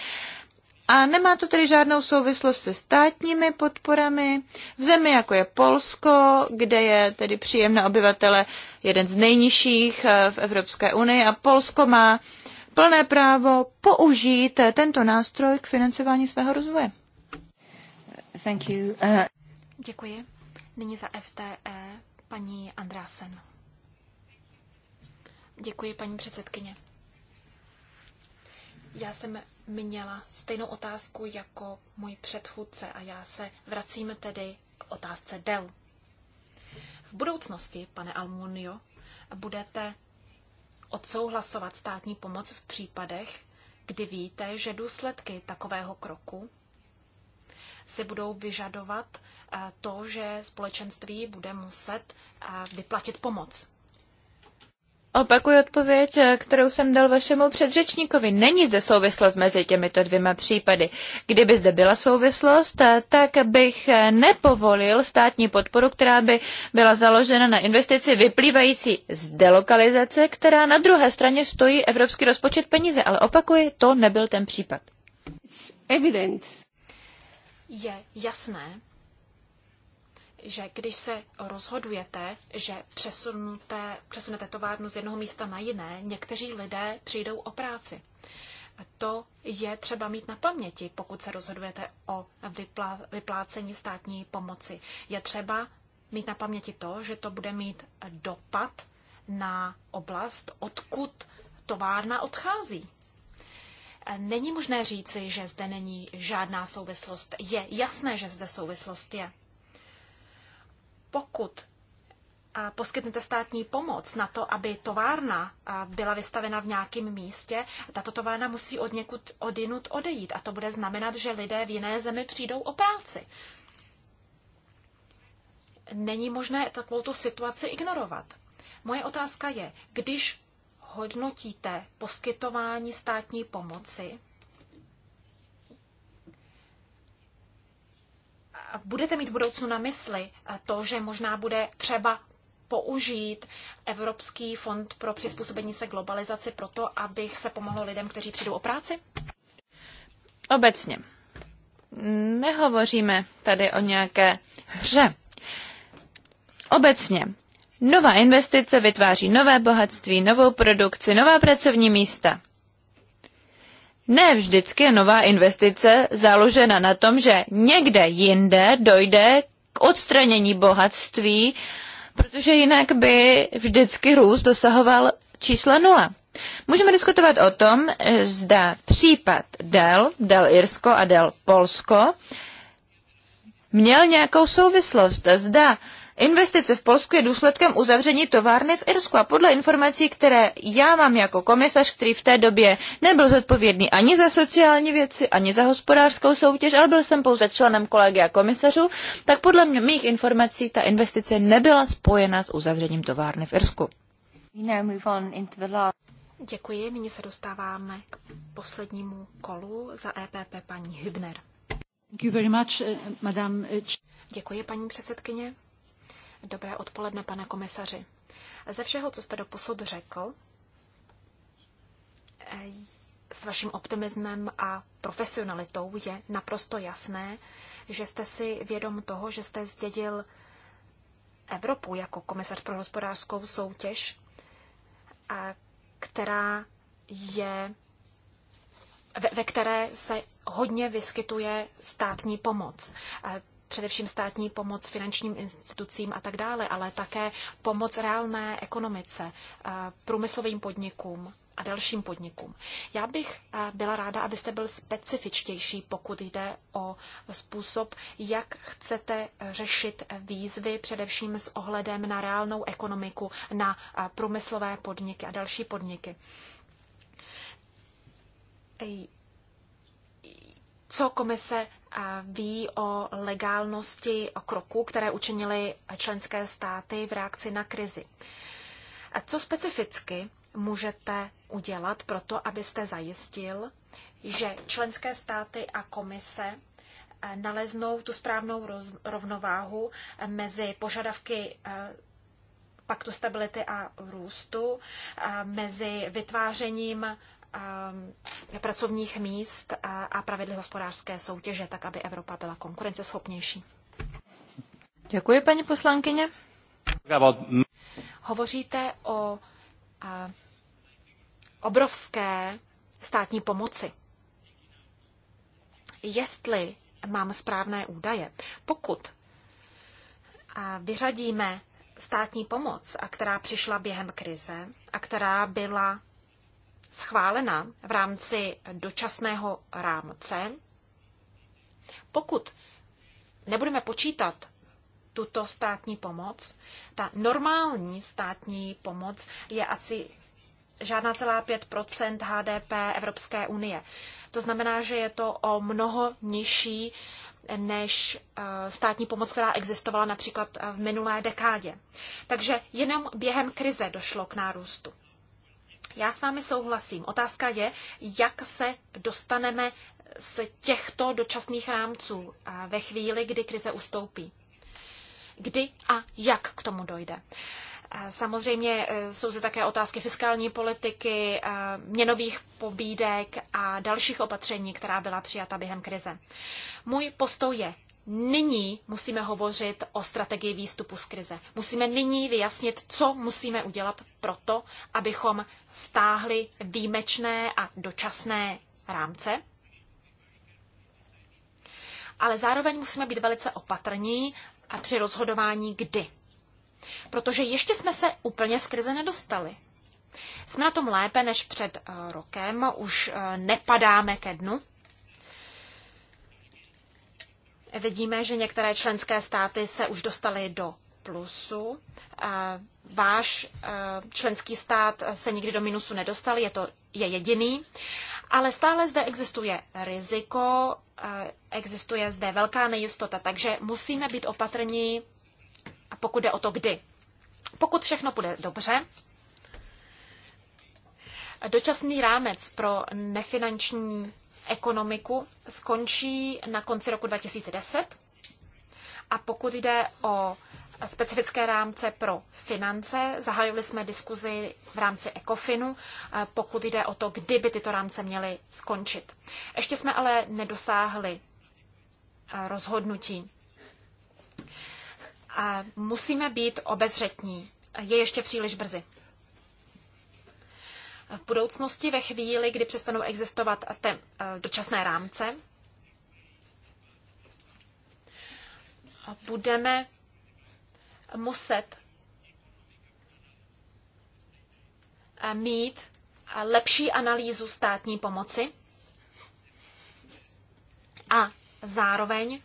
A nemá to tedy žádnou souvislost se státními podporami. V zemi, jako je Polsko, kde je tedy příjem na obyvatele jeden z nejnižších eh, v Evropské unii a Polsko má plné právo použít eh, tento nástroj k financování svého rozvoje. Thank you. Uh... Děkuji. Nyní za FTE paní Andrásen. Děkuji, paní předsedkyně. Já jsem měla stejnou otázku jako můj předchůdce a já se vracím tedy k otázce Dell. V budoucnosti, pane Almunio, budete odsouhlasovat státní pomoc v případech, kdy víte, že důsledky takového kroku si budou vyžadovat eh, to, že společenství bude muset eh, vyplatit pomoc. Opakuji odpověď, eh, kterou jsem dal vašemu předřečníkovi. Není zde souvislost mezi těmito dvěma případy. Kdyby zde byla souvislost, eh, tak bych eh, nepovolil státní podporu, která by byla založena na investici vyplývající z delokalizace, která na druhé straně stojí evropský rozpočet peníze. Ale opakuji, to nebyl ten případ. Je jasné, že když se rozhodujete, že přesunete, přesunete továrnu z jednoho místa na jiné, někteří lidé přijdou o práci. To je třeba mít na paměti, pokud se rozhodujete o vyplá, vyplácení státní pomoci. Je třeba mít na paměti to, že to bude mít dopad na oblast, odkud továrna odchází. Není možné říci, že zde není žádná souvislost. Je jasné, že zde souvislost je pokud poskytnete státní pomoc na to, aby továrna byla vystavena v nějakém místě, tato továrna musí od někud odinut odejít a to bude znamenat, že lidé v jiné zemi přijdou o práci. Není možné takovou tu situaci ignorovat. Moje otázka je, když hodnotíte poskytování státní pomoci, budete mít v budoucnu na mysli eh, to, že možná bude třeba použít Evropský fond pro přizpůsobení se globalizaci proto, abych se pomohlo lidem, kteří přijdou o práci? Obecně. Nehovoříme tady o nějaké hře. Obecně. Nová investice vytváří nové bohatství, novou produkci, nová pracovní místa. Ne vždycky je nová investice založena na tom, že někde jinde dojde k odstranění bohatství, protože jinak by vždycky růst dosahoval čísla nula. Můžeme diskutovat o tom, zda případ Del, Del Irsko a Del Polsko měl nějakou souvislost. Zda Investice v Polsku je důsledkem uzavření továrny v Irsku a podle informací, které já mám jako komisař, který v té době nebyl zodpovědný ani za sociální věci, ani za hospodářskou soutěž, ale byl jsem pouze členem kolegia komisařů, tak podle mě, mých informací ta investice nebyla spojena s uzavřením továrny v Irsku. Děkuji, nyní se dostáváme k poslednímu kolu za EPP paní Hübner. Eh, eh, Děkuji, paní předsedkyně. Dobré odpoledne, pane komisaři. Ze všeho, co jste doposud řekl, eh, s vaším optimismem a profesionalitou je naprosto jasné, že jste si vědom toho, že jste zdědil Evropu jako komisař pro hospodářskou soutěž, a která je, ve, ve které se hodně vyskytuje státní pomoc. Eh, především státní pomoc finančním institucím a tak dále, ale také pomoc reálné ekonomice, eh, průmyslovým podnikům a dalším podnikům. Já bych eh, byla ráda, abyste byl specifičtější, pokud jde o způsob, jak chcete řešit výzvy, především s ohledem na reálnou ekonomiku, na eh, průmyslové podniky a další podniky. Co komise ví o legálnosti kroku, které učinily členské státy v reakci na krizi. A co specificky můžete udělat pro to, abyste zajistil, že členské státy a komise eh, naleznou tu správnou rovnováhu eh, mezi požadavky eh, paktu stability a růstu, mezi vytvářením Um, pracovních míst a pravidly hospodářské soutěže, tak aby Evropa byla konkurenceschopnější. Děkuji, paní poslankyně. Hovoříte o obrovské státní pomoci. Jestli mám správné údaje, pokud vyřadíme státní pomoc, a která přišla během krize a která byla schválena v rámci dočasného rámce, pokud nebudeme počítat tuto státní pomoc, ta normální státní pomoc je asi žádná celá 5 HDP Evropské unie. To znamená, že je to o mnoho nižší než eh, státní pomoc, která existovala například v minulé dekádě. Takže jenom během krize došlo k nárůstu. Já s vámi souhlasím. Otázka je, jak se dostaneme z těchto dočasných rámců ve chvíli, kdy krize ustoupí. Kdy a jak k tomu dojde? Samozřejmě e, jsou zde také otázky fiskální politiky, e, měnových pobídek a dalších opatření, která byla přijata během krize. Můj postoj je nyní musíme hovořit o strategii výstupu z krize. Musíme nyní vyjasnit, co musíme udělat proto, abychom stáhli výjimečné a dočasné rámce. Ale zároveň musíme být velice opatrní a při rozhodování kdy. Protože ještě jsme se úplně z krize nedostali. Jsme na tom lépe než před eh, rokem, už eh, nepadáme ke dnu, Vidíme, že některé členské státy se už dostaly do plusu. Váš e, členský stát se nikdy do minusu nedostal, je to je jediný. Ale stále zde existuje riziko, e, existuje zde velká nejistota, takže musíme být opatrní, pokud jde o to kdy. Pokud všechno bude dobře, dočasný rámec pro nefinanční ekonomiku skončí na konci roku 2010. A pokud jde o specifické rámce pro finance, zahájili jsme diskuzi v rámci ECOFINu, eh, pokud jde o to, kdy by tyto rámce měly skončit. Ještě jsme ale nedosáhli eh, rozhodnutí. A eh, musíme být obezřetní. Je ještě příliš brzy. V budoucnosti ve chvíli, kdy přestanou existovat te, eh, dočasné rámce, budeme muset eh, mít eh, lepší analýzu státní pomoci a zároveň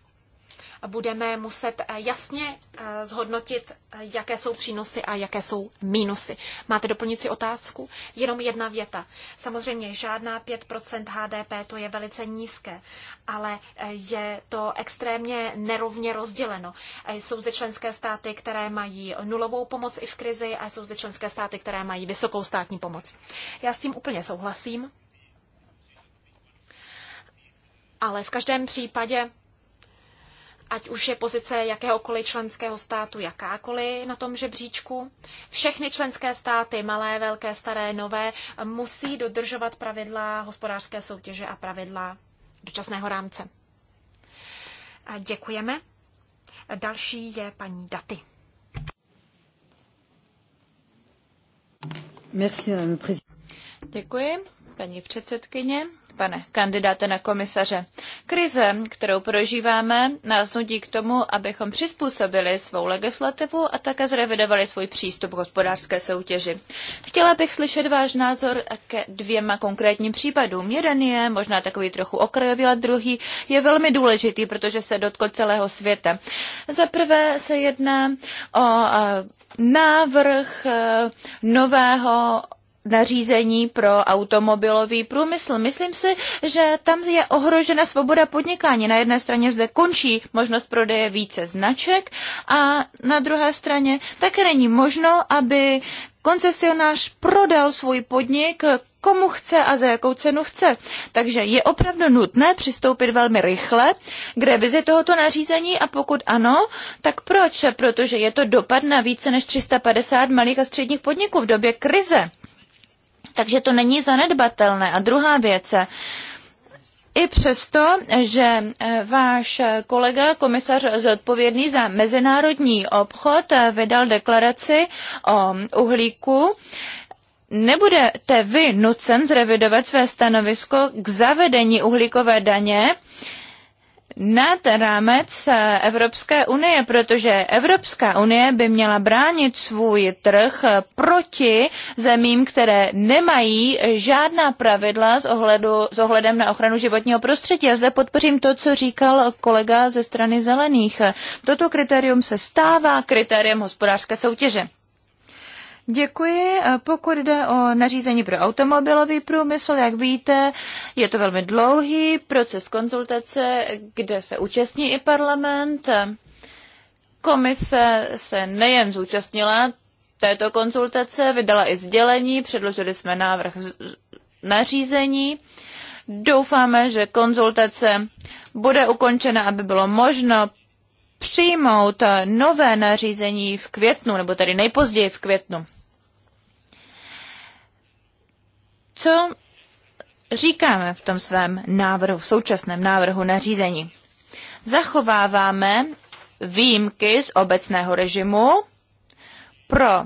budeme muset eh, jasně eh, zhodnotit, eh, jaké jsou přínosy a jaké jsou mínusy. Máte doplňující otázku? Jenom jedna věta. Samozřejmě žádná 5% HDP, to je velice nízké, ale je to extrémně nerovně rozděleno. Jsou zde členské státy, které mají nulovou pomoc i v krizi a jsou zde členské státy, které mají vysokou státní pomoc. Já s tím úplně souhlasím. Ale v každém případě ať už je pozice jakéhokoliv členského státu jakákoliv na tom žebříčku. Všechny členské státy, malé, velké, staré, nové, musí dodržovat pravidla hospodářské soutěže a pravidla dočasného rámce. A děkujeme. Další je paní Daty. Merci, Děkuji, paní předsedkyně pane kandidáte na komisaře. Krize, kterou prožíváme, nás nutí k tomu, abychom přizpůsobili svou legislativu a také zrevidovali svůj přístup k hospodářské soutěži. Chtěla bych slyšet váš názor ke dvěma konkrétním případům. Jeden je možná takový trochu okrajový, a druhý je velmi důležitý, protože se dotkl celého světa. Za prvé se jedná o eh, návrh eh, nového nařízení pro automobilový průmysl. Myslím si, že tam je ohrožena svoboda podnikání. Na jedné straně zde končí možnost prodeje více značek a na druhé straně také není možno, aby koncesionář prodal svůj podnik komu chce a za jakou cenu chce. Takže je opravdu nutné přistoupit velmi rychle k revizi tohoto nařízení a pokud ano, tak proč? Protože je to dopad na více než 350 malých a středních podniků v době krize. Takže to není zanedbatelné. A druhá věc, i přesto, že e, váš kolega, komisař zodpovědný za mezinárodní obchod, e, vydal deklaraci o uhlíku, nebudete vy nucen zrevidovat své stanovisko k zavedení uhlíkové daně, nad rámec eh, Evropské unie, protože Evropská unie by měla bránit svůj trh eh, proti zemím, které nemají žádná pravidla s, ohledu, s ohledem na ochranu životního prostředí. A zde podpořím to, co říkal kolega ze strany zelených. Toto kritérium se stává kritériem hospodářské soutěže. Děkuji. Eh, Pokud jde o nařízení pro automobilový průmysl, jak víte, je to velmi dlouhý proces konzultace, kde se účastní i parlament. Komise se nejen zúčastnila této konzultace, vydala i sdělení, předložili jsme návrh nařízení. Doufáme, že konzultace bude ukončena, aby bylo možno přijmout nové nařízení v květnu, nebo tedy nejpozději v květnu. Co říkáme v tom svém návrhu, v současném návrhu nařízení? Zachováváme výjimky z obecného režimu pro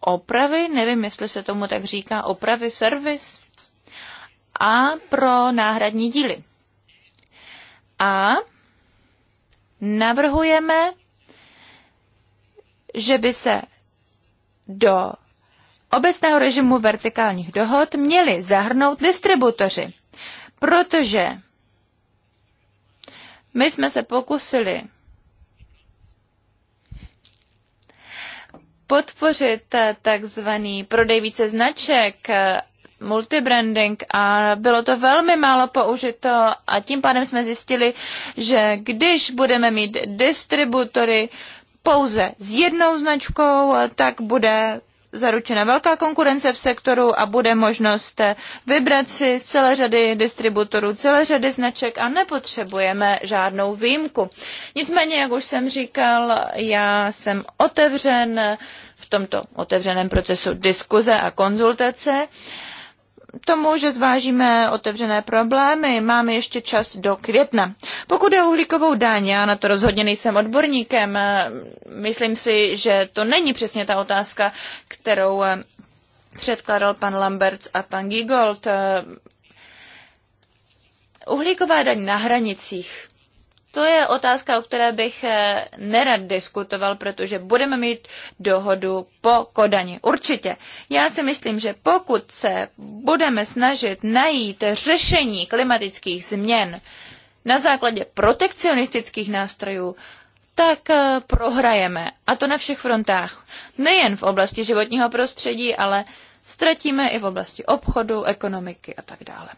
opravy, nevím, jestli se tomu tak říká, opravy, servis a pro náhradní díly. A navrhujeme, že by se do obecného režimu vertikálních dohod měli zahrnout distributoři, protože my jsme se pokusili podpořit eh, takzvaný prodej více značek, eh, multibranding a bylo to velmi málo použito a tím pádem jsme zjistili, že když budeme mít distributory, pouze s jednou značkou, tak bude zaručena velká konkurence v sektoru a bude možnost vybrat si z celé řady distributorů, celé řady značek a nepotřebujeme žádnou výjimku. Nicméně, jak už jsem říkal, já jsem otevřen v tomto otevřeném procesu diskuze a konzultace tomu, že zvážíme otevřené problémy. Máme ještě čas do května. Pokud je uhlíkovou daň, já na to rozhodně nejsem odborníkem. Myslím si, že to není přesně ta otázka, kterou eh, předkladal pan Lamberts a pan Gigold. Eh, uhlíková daň na hranicích. To je otázka, o které bych eh, nerad diskutoval, protože budeme mít dohodu po Kodani. Určitě. Já si myslím, že pokud se budeme snažit najít řešení klimatických změn na základě protekcionistických nástrojů, tak eh, prohrajeme. A to na všech frontách. Nejen v oblasti životního prostředí, ale ztratíme i v oblasti obchodu, ekonomiky a tak dále.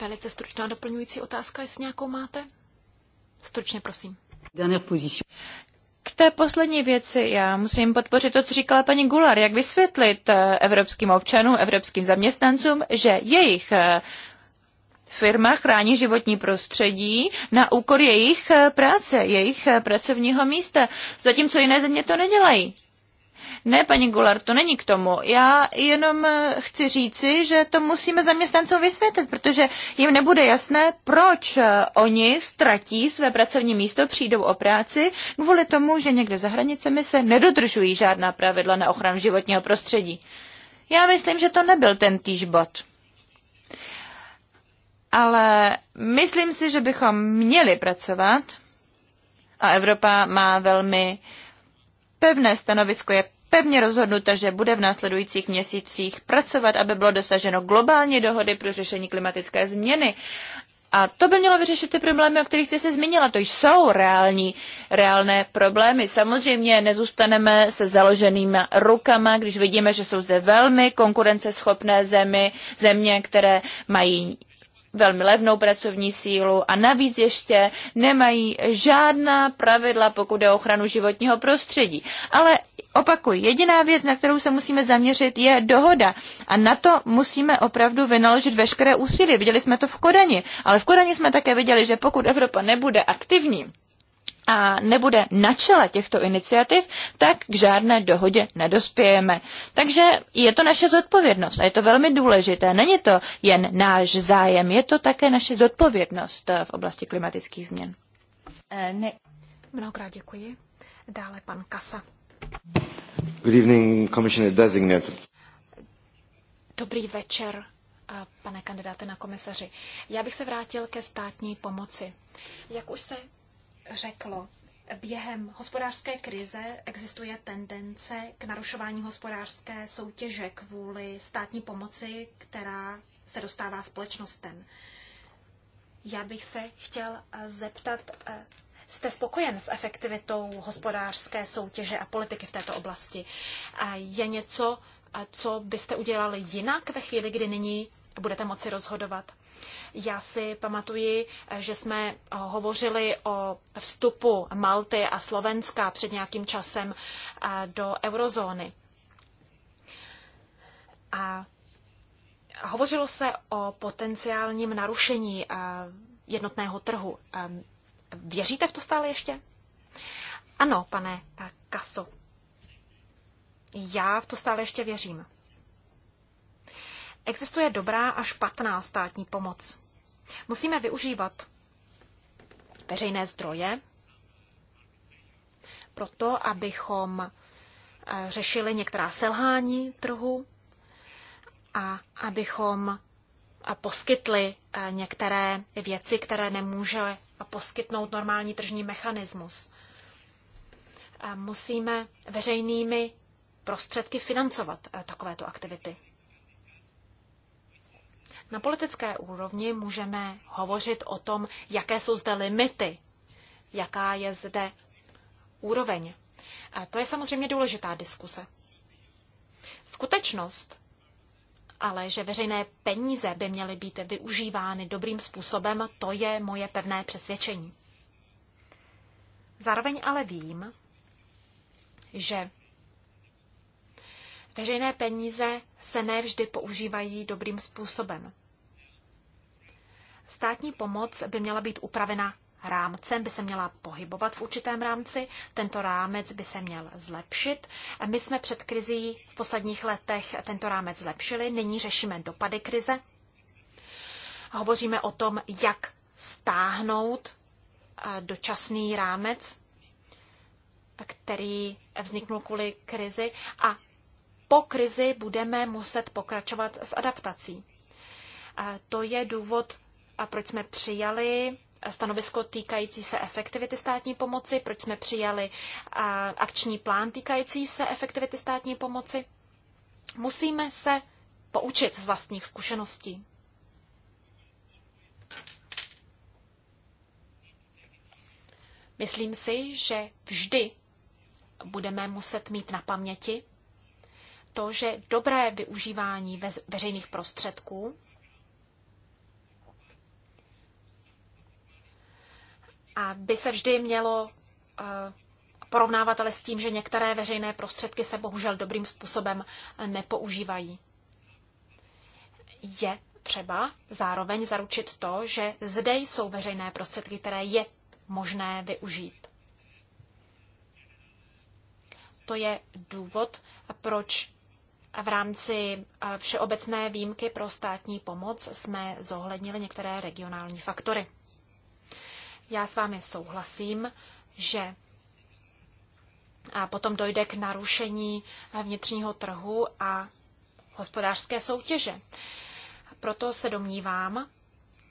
Velice stručná doplňující otázka, jestli nějakou máte? Stručně, prosím. K té poslední věci já musím podpořit to, co říkala paní Gular. Jak vysvětlit eh, evropským občanům, evropským zaměstnancům, že jejich eh, firma chrání životní prostředí na úkor jejich eh, práce, jejich pracovního místa, zatímco jiné země to nedělají. Ne, paní Gular, to není k tomu. Já jenom eh, chci říci, že to musíme zaměstnancům vysvětlit, protože jim nebude jasné, proč eh, oni ztratí své pracovní místo, přijdou o práci, kvůli tomu, že někde za hranicemi se nedodržují žádná pravidla na ochranu životního prostředí. Já myslím, že to nebyl ten týž bod ale myslím si, že bychom měli pracovat a Evropa má velmi pevné stanovisko, jak pevně rozhodnuta, že bude v následujících měsících pracovat, aby bylo dosaženo globální dohody pro řešení klimatické změny. A to by mělo vyřešit ty problémy, o kterých jste se zmínila. To jsou reální, reálné problémy. Samozřejmě nezůstaneme se založenými rukama, když vidíme, že jsou zde velmi konkurenceschopné zemi, země, které mají velmi levnou pracovní sílu a navíc ještě nemají žádná pravidla, pokud je o ochranu životního prostředí. Ale opakuj, jediná věc, na kterou se musíme zaměřit, je dohoda. A na to musíme opravdu vynaložit veškeré úsilí. Viděli jsme to v Kodani, ale v Kodani jsme také viděli, že pokud Evropa nebude aktivní, a nebude na čele těchto iniciativ, tak k žádné dohodě nedospějeme. Takže je to naše zodpovědnost a je to velmi důležité. Není to jen náš zájem, je to také naše zodpovědnost eh, v oblasti klimatických změn. Eh, ne. Mnohokrát děkuji. Dále pan Kasa. Good evening, Commissioner Designate. Dobrý večer, eh, pane kandidáte na komisaři. Já bych se vrátil ke státní pomoci. Jak už se řeklo, během hospodářské krize existuje tendence k narušování hospodářské soutěže kvůli státní pomoci, která se dostává společnostem. Já bych se chtěl eh, zeptat, eh, jste spokojen s efektivitou hospodářské soutěže a politiky v této oblasti? Je něco, eh, co byste udělali jinak ve chvíli, kdy nyní budete moci rozhodovat? Já si pamatuji, že jsme hovořili o vstupu Malty a Slovenska před nějakým časem do eurozóny. A hovořilo se o potenciálním narušení jednotného trhu. Věříte v to stále ještě? Ano, pane Kaso. Já v to stále ještě věřím. Existuje dobrá a špatná státní pomoc. Musíme využívat veřejné zdroje proto, abychom eh, řešili některá selhání trhu a abychom eh, poskytli eh, některé věci, které nemůže poskytnout normální tržní mechanismus. Musíme veřejnými prostředky financovat takovéto aktivity. Na politické úrovni můžeme hovořit o tom, jaké jsou zde limity, jaká je zde úroveň. A to je samozřejmě důležitá diskuse. Skutečnost, ale že veřejné peníze by měly být využívány dobrým způsobem, to je moje pevné přesvědčení. Zároveň ale vím, že Veřejné peníze se ne vždy používají dobrým způsobem. Státní pomoc by měla být upravena rámcem, by se měla pohybovat v určitém rámci, tento rámec by se měl zlepšit. My jsme před krizí v posledních letech tento rámec zlepšili, nyní řešíme dopady krize. Hovoříme o tom, jak stáhnout eh, dočasný rámec, který vzniknul kvůli krizi a po krizi budeme muset pokračovat s adaptací. A to je důvod, a proč jsme přijali stanovisko týkající se efektivity státní pomoci, proč jsme přijali akční plán týkající se efektivity státní pomoci. Musíme se poučit z vlastních zkušeností. Myslím si, že vždy budeme muset mít na paměti, to, že dobré využívání veřejných prostředků a by se vždy mělo eh, porovnávat ale s tím, že některé veřejné prostředky se bohužel dobrým způsobem eh, nepoužívají. Je třeba zároveň zaručit to, že zde jsou veřejné prostředky, které je možné využít. To je důvod, proč v rámci všeobecné výjimky pro státní pomoc jsme zohlednili některé regionální faktory. Já s vámi souhlasím, že a potom dojde k narušení vnitřního trhu a hospodářské soutěže. Proto se domnívám,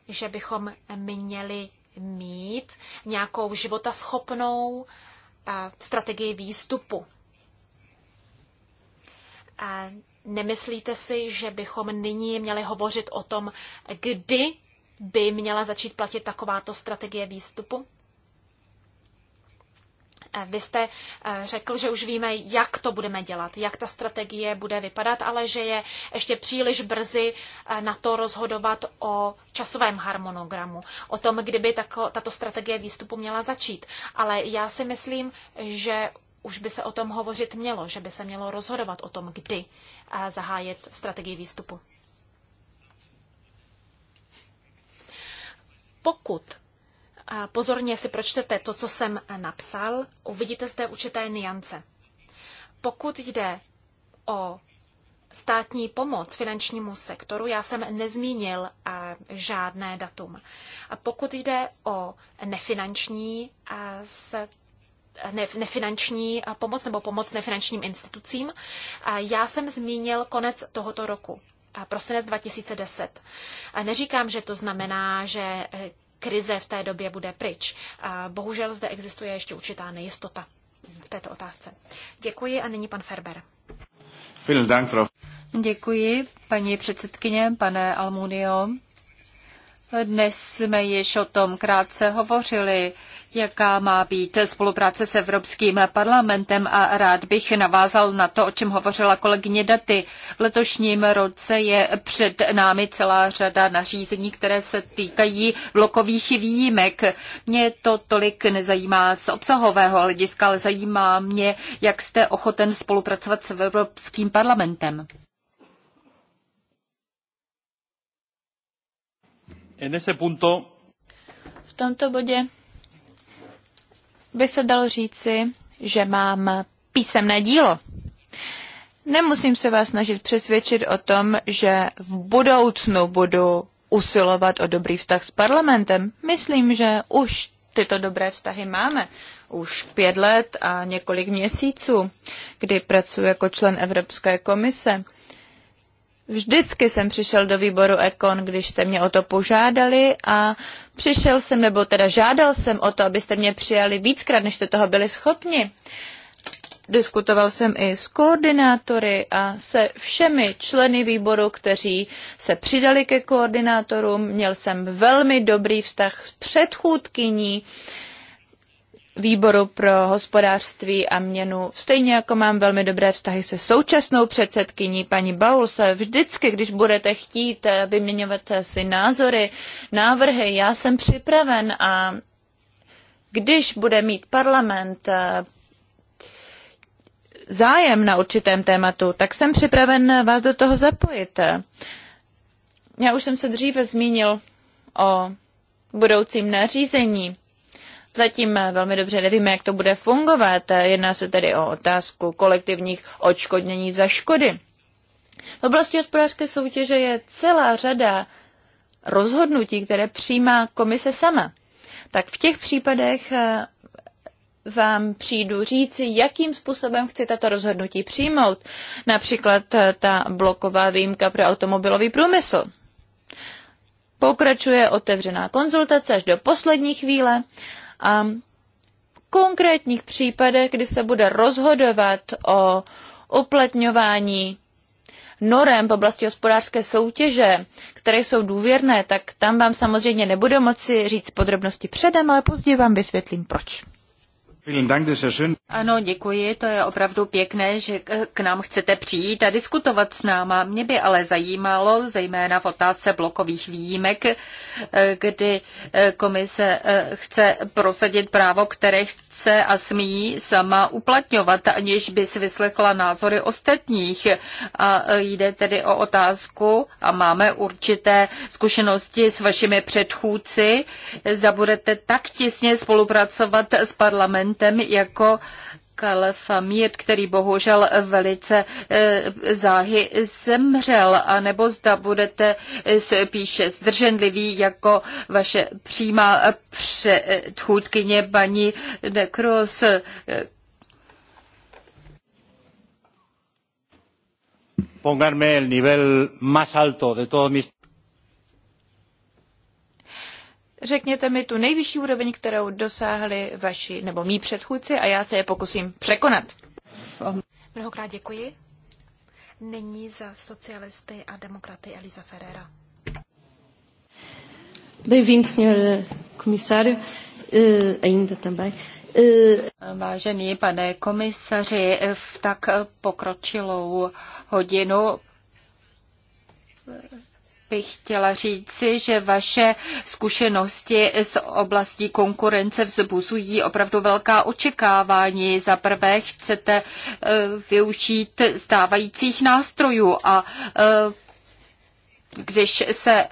že bychom měli mít nějakou životaschopnou strategii výstupu Nemyslíte si, že bychom nyní měli hovořit o tom, kdy by měla začít platit takováto strategie výstupu? Eh, vy jste eh, řekl, že už víme, jak to budeme dělat, jak ta strategie bude vypadat, ale že je ještě příliš brzy eh, na to rozhodovat o časovém harmonogramu, o tom, kdyby tato strategie výstupu měla začít. Ale já si myslím, že už by se o tom hovořit mělo, že by se mělo rozhodovat o tom, kdy zahájit strategii výstupu. Pokud pozorně si pročtete to, co jsem napsal, uvidíte zde určité niance. Pokud jde o státní pomoc finančnímu sektoru, já jsem nezmínil žádné datum. A pokud jde o nefinanční nefinanční pomoc nebo pomoc nefinančním institucím. Já jsem zmínil konec tohoto roku, prosinec 2010. Neříkám, že to znamená, že e, krize v té době bude pryč. Bohužel zde existuje ještě určitá nejistota v této otázce. Děkuji a nyní pan Ferber. Děkuji, paní předsedkyně, pane Almunio. Dnes jsme již o tom krátce hovořili jaká má být spolupráce s Evropským parlamentem a rád bych navázal na to, o čem hovořila kolegyně Daty. V letošním roce je před námi celá řada nařízení, které se týkají blokových výjimek. Mě to tolik nezajímá z obsahového hlediska, ale zajímá mě, jak jste ochoten spolupracovat s Evropským parlamentem. V tomto bodě by se dalo říci, že mám písemné dílo. Nemusím se vás snažit přesvědčit o tom, že v budoucnu budu usilovat o dobrý vztah s parlamentem. Myslím, že už tyto dobré vztahy máme. Už pět let a několik měsíců, kdy pracuji jako člen Evropské komise. Vždycky jsem přišel do výboru Ekon, když jste mě o to požádali a přišel jsem, nebo teda žádal jsem o to, abyste mě přijali víckrát, než jste toho byli schopni. Diskutoval jsem i s koordinátory a se všemi členy výboru, kteří se přidali ke koordinátorům. Měl jsem velmi dobrý vztah s předchůdkyní výboru pro hospodářství a měnu, stejně jako mám velmi dobré vztahy se současnou předsedkyní paní Baulse. Vždycky, když budete chtít eh, vyměňovat eh, si názory, návrhy, já jsem připraven a když bude mít parlament eh, zájem na určitém tématu, tak jsem připraven vás do toho zapojit. Já už jsem se dříve zmínil o budoucím nařízení Zatím eh, velmi dobře nevíme, jak to bude fungovat. Eh, Jedná se tedy o otázku kolektivních odškodnění za škody. V oblasti hospodářské soutěže je celá řada rozhodnutí, které přijímá komise sama. Tak v těch případech eh, vám přijdu říci, jakým způsobem chci tato rozhodnutí přijmout. Například ta bloková výjimka pro automobilový průmysl. Pokračuje otevřená konzultace až do poslední chvíle a konkrétních případech, kdy se bude rozhodovat o uplatňování norem v oblasti hospodářské soutěže, které jsou důvěrné, tak tam vám samozřejmě nebudu moci říct podrobnosti předem, ale později vám vysvětlím proč. Ano, děkuji, to je opravdu pěkné, že k nám chcete přijít a diskutovat s náma. Mě by ale zajímalo, zejména v otázce blokových výjimek, eh, kdy eh, komise eh, chce prosadit právo, které chce a smí sama uplatňovat, aniž by si vyslechla názory ostatních. A jde tedy o otázku a máme určité zkušenosti s vašimi předchůdci, zda budete tak těsně spolupracovat s parlamentem, parlamentem jako Kalefamir, který bohužel velice eh, záhy zemřel, anebo zda budete eh, spíše zdrženliví jako vaše přímá předchůdkyně paní Dekros. Eh, Pongarme el nivel más alto de todos mis řekněte mi tu nejvyšší úroveň, kterou dosáhli vaši nebo mý předchůdci a já se je pokusím překonat. Mnohokrát děkuji. Není za socialisty a demokraty Eliza Ferreira. Bem-vindo, senhor comissário, uh, ainda também. Eh, Vážený pane komisaři, v tak pokročilou hodinu bych chtěla říci, že vaše zkušenosti z oblasti konkurence vzbuzují opravdu velká očekávání. Za prvé chcete e, využít stávajících nástrojů a e, když se e,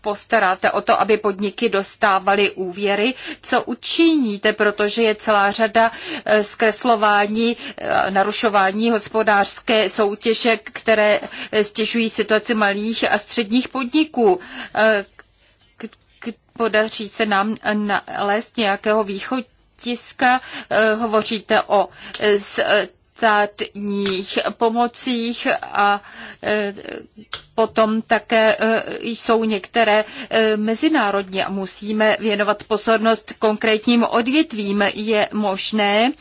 postaráte o to, aby podniky dostávaly úvěry? Co učiníte, protože je celá řada eh, zkreslování, eh, narušování hospodářské soutěže, které eh, stěžují situaci malých a středních podniků? Podaří se nám nalézt nějakého východu? tiska, hovoříte o státních pomocích a e, potom také e, jsou některé e, mezinárodně a musíme věnovat pozornost konkrétním odvětvím. Je možné,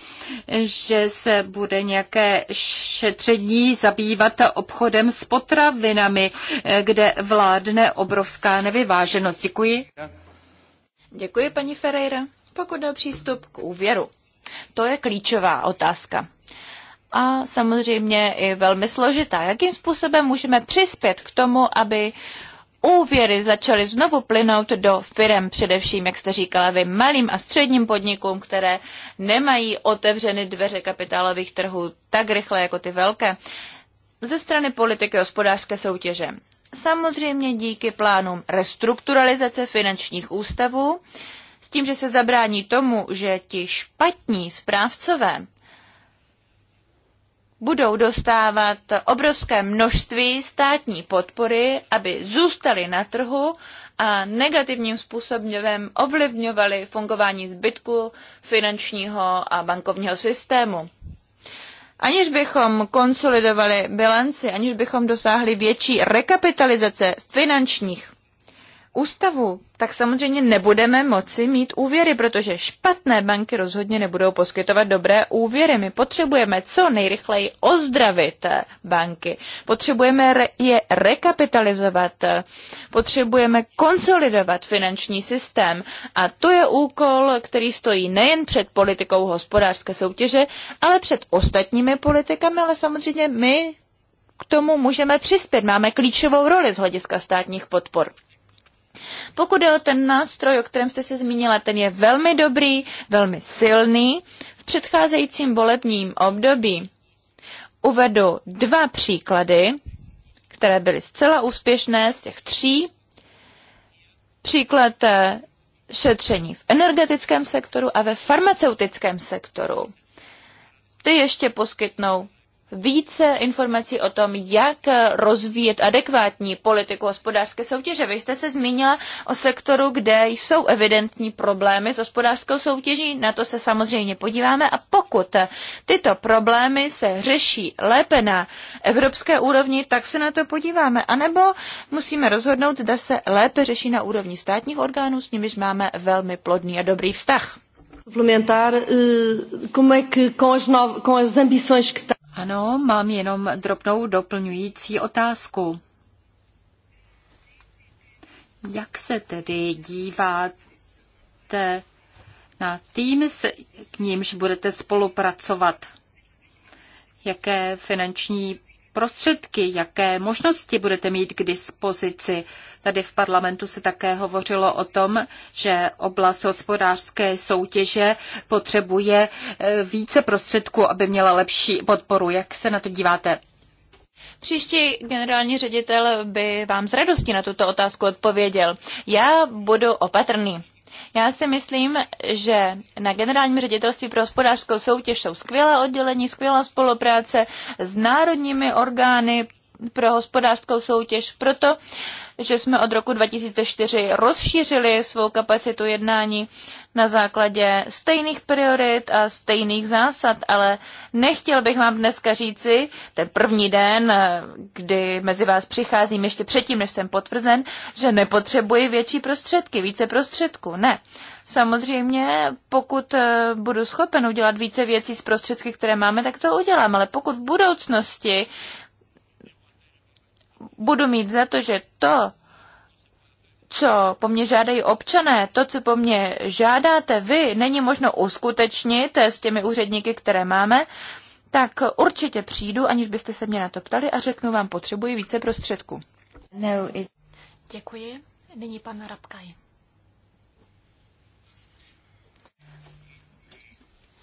že se bude nějaké šetření zabývat obchodem s potravinami, kde vládne obrovská nevyváženost. Děkuji. Děkuji, paní Ferreira. Pokud jde přístup k úvěru, to je klíčová otázka a samozřejmě i velmi složitá. Jakým způsobem můžeme přispět k tomu, aby úvěry začaly znovu plynout do firm, především, jak jste říkala vy, malým a středním podnikům, které nemají otevřeny dveře kapitálových trhů tak rychle jako ty velké, ze strany politiky hospodářské soutěže. Samozřejmě díky plánům restrukturalizace finančních ústavů, s tím, že se zabrání tomu, že ti špatní správcové budou dostávat obrovské množství státní podpory, aby zůstaly na trhu a negativním způsobem ovlivňovaly fungování zbytku finančního a bankovního systému. Aniž bychom konsolidovali bilanci, aniž bychom dosáhli větší rekapitalizace finančních ústavu, tak samozřejmě nebudeme moci mít úvěry, protože špatné banky rozhodně nebudou poskytovat dobré úvěry. My potřebujeme co nejrychleji ozdravit banky. Potřebujeme je rekapitalizovat, potřebujeme konsolidovat finanční systém. A to je úkol, který stojí nejen před politikou hospodářské soutěže, ale před ostatními politikami, ale samozřejmě my k tomu můžeme přispět. Máme klíčovou roli z hlediska státních podpor. Pokud je o ten nástroj, o kterém jste se zmínila, ten je velmi dobrý, velmi silný. V předcházejícím volebním období uvedu dva příklady, které byly zcela úspěšné z těch tří. Příklad eh, šetření v energetickém sektoru a ve farmaceutickém sektoru. Ty ještě poskytnou více informací o tom, jak rozvíjet adekvátní politiku hospodářské soutěže. Vy jste se zmínila o sektoru, kde jsou evidentní problémy s hospodářskou soutěží, na to se samozřejmě podíváme a pokud tyto problémy se řeší lépe na evropské úrovni, tak se na to podíváme. A nebo musíme rozhodnout, zda se lépe řeší na úrovni státních orgánů, s nimiž máme velmi plodný a dobrý vztah. Complementar, eh, como é que com as, com as ambições que tem ano, mám jenom drobnou doplňující otázku. Jak se tedy díváte na tým, s k nímž budete spolupracovat? Jaké finanční prostředky, jaké možnosti budete mít k dispozici. Tady v parlamentu se také hovořilo o tom, že oblast hospodářské soutěže potřebuje e, více prostředků, aby měla lepší podporu. Jak se na to díváte? Příští generální ředitel by vám s radostí na tuto otázku odpověděl. Já budu opatrný. Já si myslím, že na generálním ředitelství pro hospodářskou soutěž jsou skvělé oddělení, skvělá spolupráce s národními orgány pro hospodářskou soutěž. Proto že jsme od roku 2004 rozšířili svou kapacitu jednání na základě stejných priorit a stejných zásad, ale nechtěl bych vám dneska říci, ten první den, eh, kdy mezi vás přicházím ještě předtím, než jsem potvrzen, že nepotřebuji větší prostředky, více prostředků. Ne. Samozřejmě, pokud eh, budu schopen udělat více věcí z prostředky, které máme, tak to udělám, ale pokud v budoucnosti budu mít za to, že to, co po mně žádají občané, to, co po mně žádáte vy, není možno uskutečnit eh, s těmi úředníky, které máme, tak určitě přijdu, aniž byste se mě na to ptali a řeknu vám, potřebuji více prostředků. No, it... Děkuji. Nyní pan Rabkaj.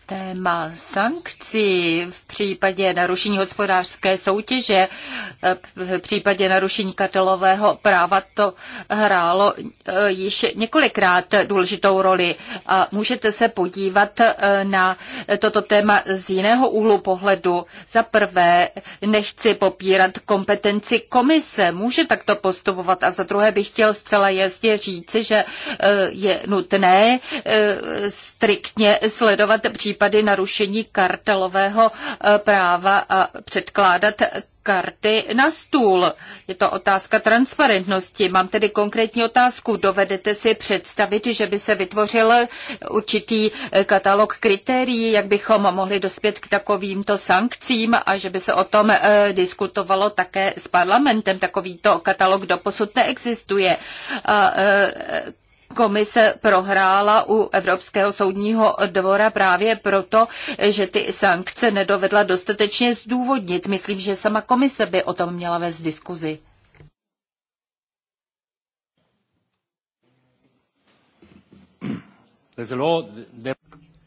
téma sankcí v případě narušení hospodářské soutěže, v případě narušení kartelového práva to hrálo eh, již několikrát důležitou roli. A můžete se podívat eh, na toto téma z jiného úhlu pohledu. Za prvé, nechci popírat kompetenci komise, může takto postupovat. A za druhé bych chtěl zcela jasně říci, že eh, je nutné striktně sledovat případ případy narušení kartelového e, práva a předkládat karty na stůl. Je to otázka transparentnosti. Mám tedy konkrétní otázku. Dovedete si představit, že by se vytvořil určitý e, katalog kritérií, jak bychom mohli dospět k takovýmto sankcím a že by se o tom e, diskutovalo také s parlamentem. Takovýto katalog doposud neexistuje. A komise prohrála u Evropského soudního dvora právě proto, že ty sankce nedovedla dostatečně zdůvodnit. Myslím, že sama komise by o tom měla vést diskuzi.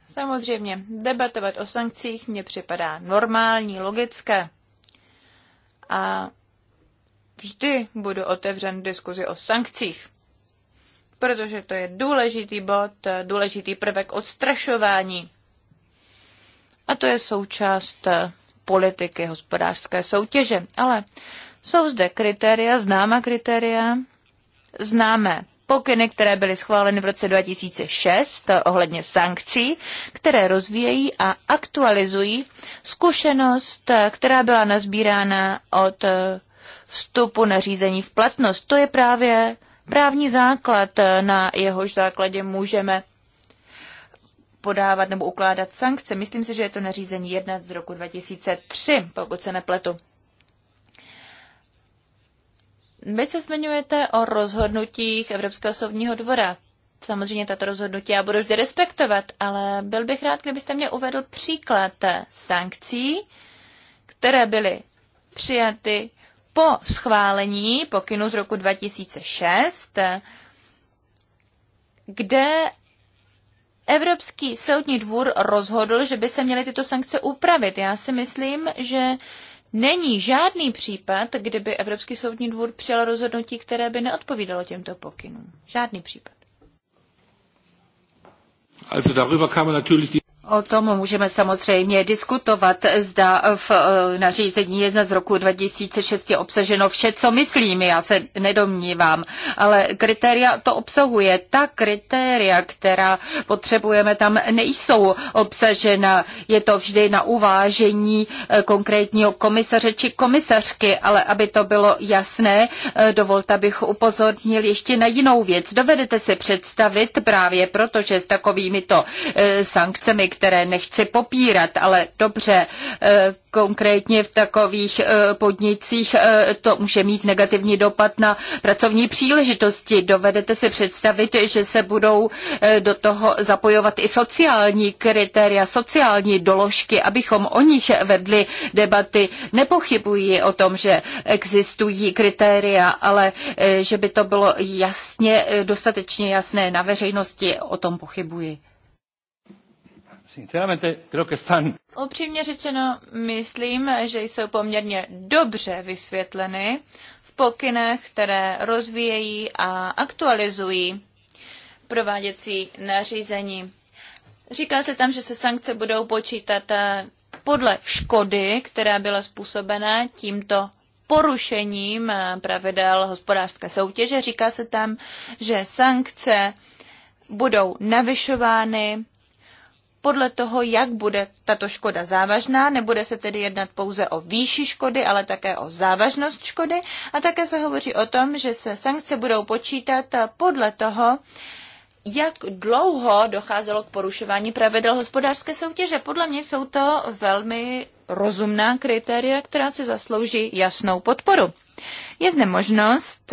Samozřejmě, debatovat o sankcích mně připadá normální, logické. A vždy budu otevřen diskuzi o sankcích protože to je důležitý bod, důležitý prvek odstrašování. A to je součást politiky hospodářské soutěže. Ale jsou zde kritéria, známa kritéria, známe pokyny, které byly schváleny v roce 2006 ohledně sankcí, které rozvíjejí a aktualizují zkušenost, která byla nazbírána od vstupu nařízení v platnost. To je právě právní základ, eh, na jehož základě můžeme podávat nebo ukládat sankce. Myslím si, že je to nařízení 1 z roku 2003, pokud se nepletu. Vy se zmiňujete o rozhodnutích Evropského soudního dvora. Samozřejmě tato rozhodnutí já budu vždy respektovat, ale byl bych rád, kdybyste mě uvedl příklad sankcí, které byly přijaty po schválení pokynu z roku 2006, kde Evropský soudní dvůr rozhodl, že by se měly tyto sankce upravit. Já si myslím, že není žádný případ, kdyby Evropský soudní dvůr přijal rozhodnutí, které by neodpovídalo těmto pokynům. Žádný případ. Also darüber natürlich die O tom můžeme samozřejmě diskutovat. Zda v e, nařízení 1 z roku 2006 je obsaženo vše, co myslím, já se nedomnívám. Ale kritéria to obsahuje. Ta kritéria, která potřebujeme, tam nejsou obsažena. Je to vždy na uvážení e, konkrétního komisaře či komisařky, ale aby to bylo jasné, e, dovolte, abych upozornil ještě na jinou věc. Dovedete si představit právě proto, že s takovými to sankcemi, které nechci popírat, ale dobře, eh, konkrétně v takových eh, podnicích eh, to může mít negativní dopad na pracovní příležitosti. Dovedete si představit, že se budou do toho zapojovat i sociální kritéria, sociální doložky, abychom o nich vedli debaty. Nepochybuji o tom, že existují kritéria, ale že by to bylo jasně, dostatečně jasné na veřejnosti, o tom pochybuji. Sinceramente, creo que están... Upřímně řečeno, myslím, že jsou poměrně dobře vysvětleny v pokynech, které rozvíjejí a aktualizují prováděcí nařízení. Říká se tam, že se sankce budou počítat eh, podle škody, která byla způsobena tímto porušením eh, pravidel hospodářské soutěže. Říká se tam, že sankce budou navyšovány podle toho, jak bude tato škoda závažná. Nebude se tedy jednat pouze o výši škody, ale také o závažnost škody. A také se hovoří o tom, že se sankce budou počítat podle toho, jak dlouho docházelo k porušování pravidel hospodářské soutěže. Podle mě jsou to velmi rozumná kritéria, která si zaslouží jasnou podporu. Je zde možnost,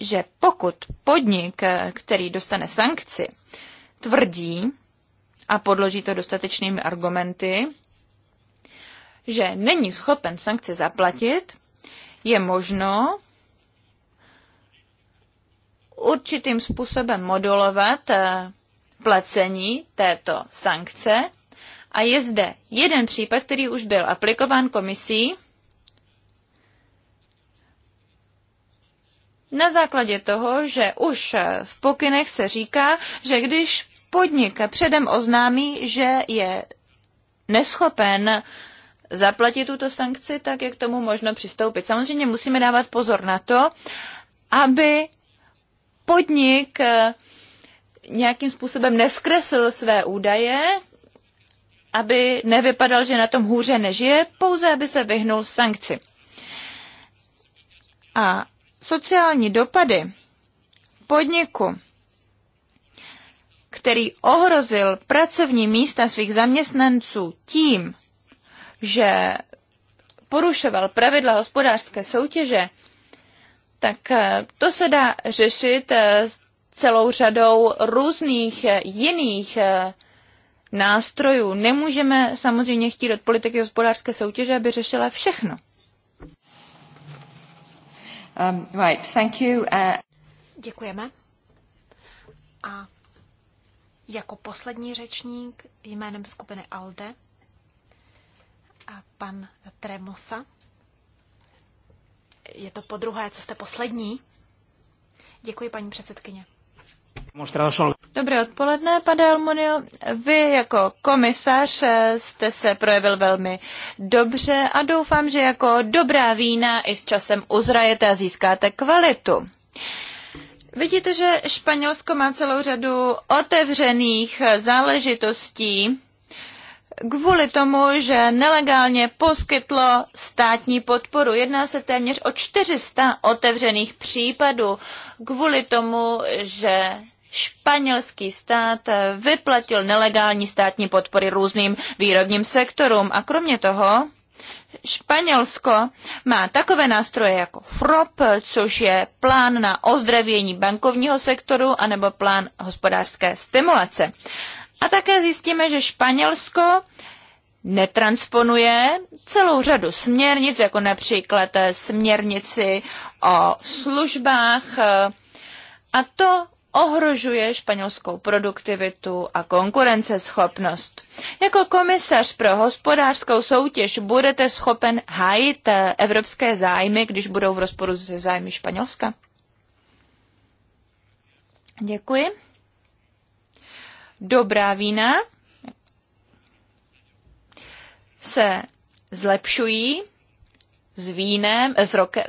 že pokud podnik, který dostane sankci, tvrdí, a podloží to dostatečnými argumenty, že není schopen sankce zaplatit, je možno určitým způsobem modulovat eh, placení této sankce. A je zde jeden případ, který už byl aplikován komisí na základě toho, že už v pokynech se říká, že když podnik předem oznámí, že je neschopen zaplatit tuto sankci, tak je k tomu možno přistoupit. Samozřejmě musíme dávat pozor na to, aby podnik eh, nějakým způsobem neskresl své údaje, aby nevypadal, že na tom hůře než je, pouze aby se vyhnul sankci. A sociální dopady podniku, který ohrozil pracovní místa svých zaměstnanců tím, že porušoval pravidla hospodářské soutěže, tak eh, to se dá řešit eh, celou řadou různých eh, jiných nástrojů. Nemůžeme samozřejmě chtít od politiky hospodářské soutěže, aby řešila všechno. Um, uh, Děkujeme. A jako poslední řečník jménem skupiny ALDE a pan Tremosa. Je to po druhé, co jste poslední. Děkuji, paní předsedkyně. Dobré odpoledne, pane Almonio. Vy jako komisař eh, jste se projevil velmi dobře a doufám, že jako dobrá vína i s časem uzrajete a získáte kvalitu. Vidíte, že Španělsko má celou řadu otevřených eh, záležitostí kvůli tomu, že nelegálně poskytlo státní podporu. Jedná se téměř o 400 otevřených případů kvůli tomu, že španělský stát vyplatil nelegální státní podpory různým výrobním sektorům a kromě toho Španělsko má takové nástroje jako FROP, což je plán na ozdravění bankovního sektoru anebo plán hospodářské stimulace. A také zjistíme, že Španělsko netransponuje celou řadu směrnic, jako například směrnici o službách, a to ohrožuje španělskou produktivitu a konkurenceschopnost. Jako komisař pro hospodářskou soutěž budete schopen hájit eh, evropské zájmy, když budou v rozporu se zájmy Španělska? Děkuji. Dobrá vína se zlepšují s vínem, s rokem,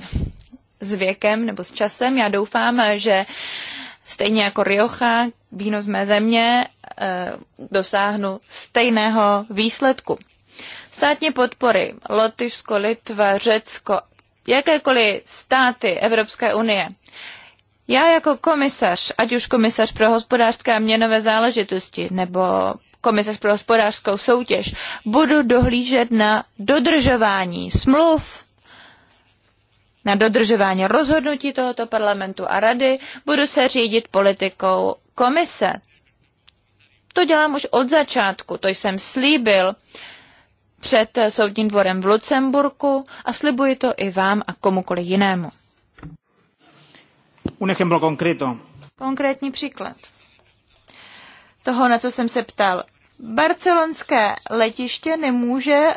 s věkem nebo s časem. Já doufám, že Stejně jako Rioja, víno z mé země, eh, dosáhnu stejného výsledku. Státní podpory Lotyšsko, Litva, Řecko, jakékoliv státy Evropské unie. Já jako komisař, ať už komisař pro hospodářské a měnové záležitosti nebo komisař pro hospodářskou soutěž, budu dohlížet na dodržování smluv, na dodržování rozhodnutí tohoto parlamentu a rady, budu se řídit politikou komise. To dělám už od začátku, to jsem slíbil před soudním dvorem v Lucemburku a slibuji to i vám a komukoli jinému. Un ejemplo concreto. Konkrétní příklad toho, na co jsem se ptal. Barcelonské letiště nemůže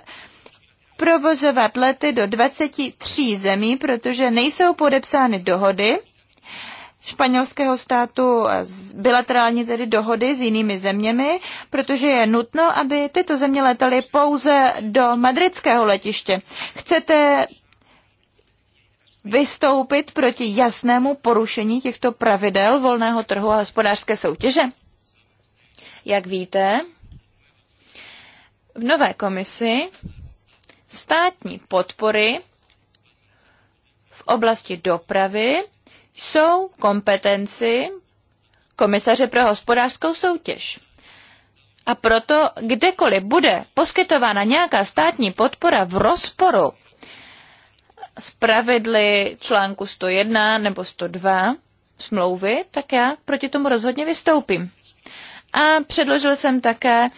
provozovat lety do 23 zemí, protože nejsou podepsány dohody španělského státu bilaterální tedy dohody s jinými zeměmi, protože je nutno, aby tyto země letaly pouze do madridského letiště. Chcete vystoupit proti jasnému porušení těchto pravidel volného trhu a hospodářské soutěže? Jak víte, v nové komisi státní podpory v oblasti dopravy jsou kompetenci komisaře pro hospodářskou soutěž. A proto kdekoliv bude poskytována nějaká státní podpora v rozporu s pravidly článku 101 nebo 102 smlouvy, tak já proti tomu rozhodně vystoupím. A předložil jsem také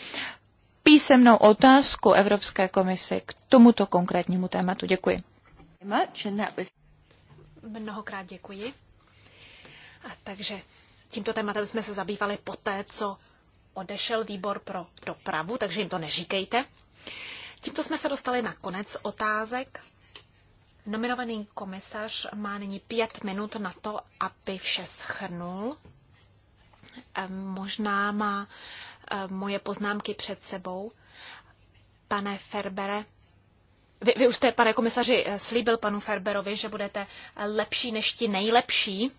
písemnou otázku Evropské komisi k tomuto konkrétnímu tématu. Děkuji. Mnohokrát děkuji. A takže tímto tématem jsme se zabývali poté, co odešel výbor pro dopravu, takže jim to neříkejte. Tímto jsme se dostali na konec otázek. Nominovaný komisař má nyní pět minut na to, aby vše schrnul. Ehm, možná má Eh, moje poznámky před sebou. Pane Ferbere, vy, vy už jste, pane komisaři, eh, slíbil panu Ferberovi, že budete eh, lepší než ti nejlepší,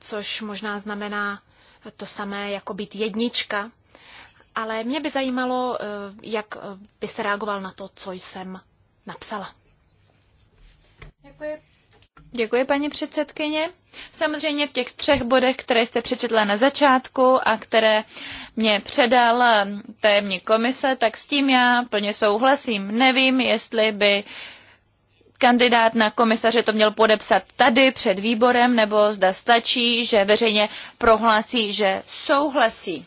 což možná znamená to samé jako být jednička. Ale mě by zajímalo, jak byste reagoval na to, co jsem napsala. Děkuji. Děkuji, paní předsedkyně. Samozřejmě v těch třech bodech, které jste přečetla na začátku a které mě předal tajemník komise, tak s tím já plně souhlasím. Nevím, jestli by kandidát na komisaře to měl podepsat tady před výborem, nebo zda stačí, že veřejně prohlásí, že souhlasí.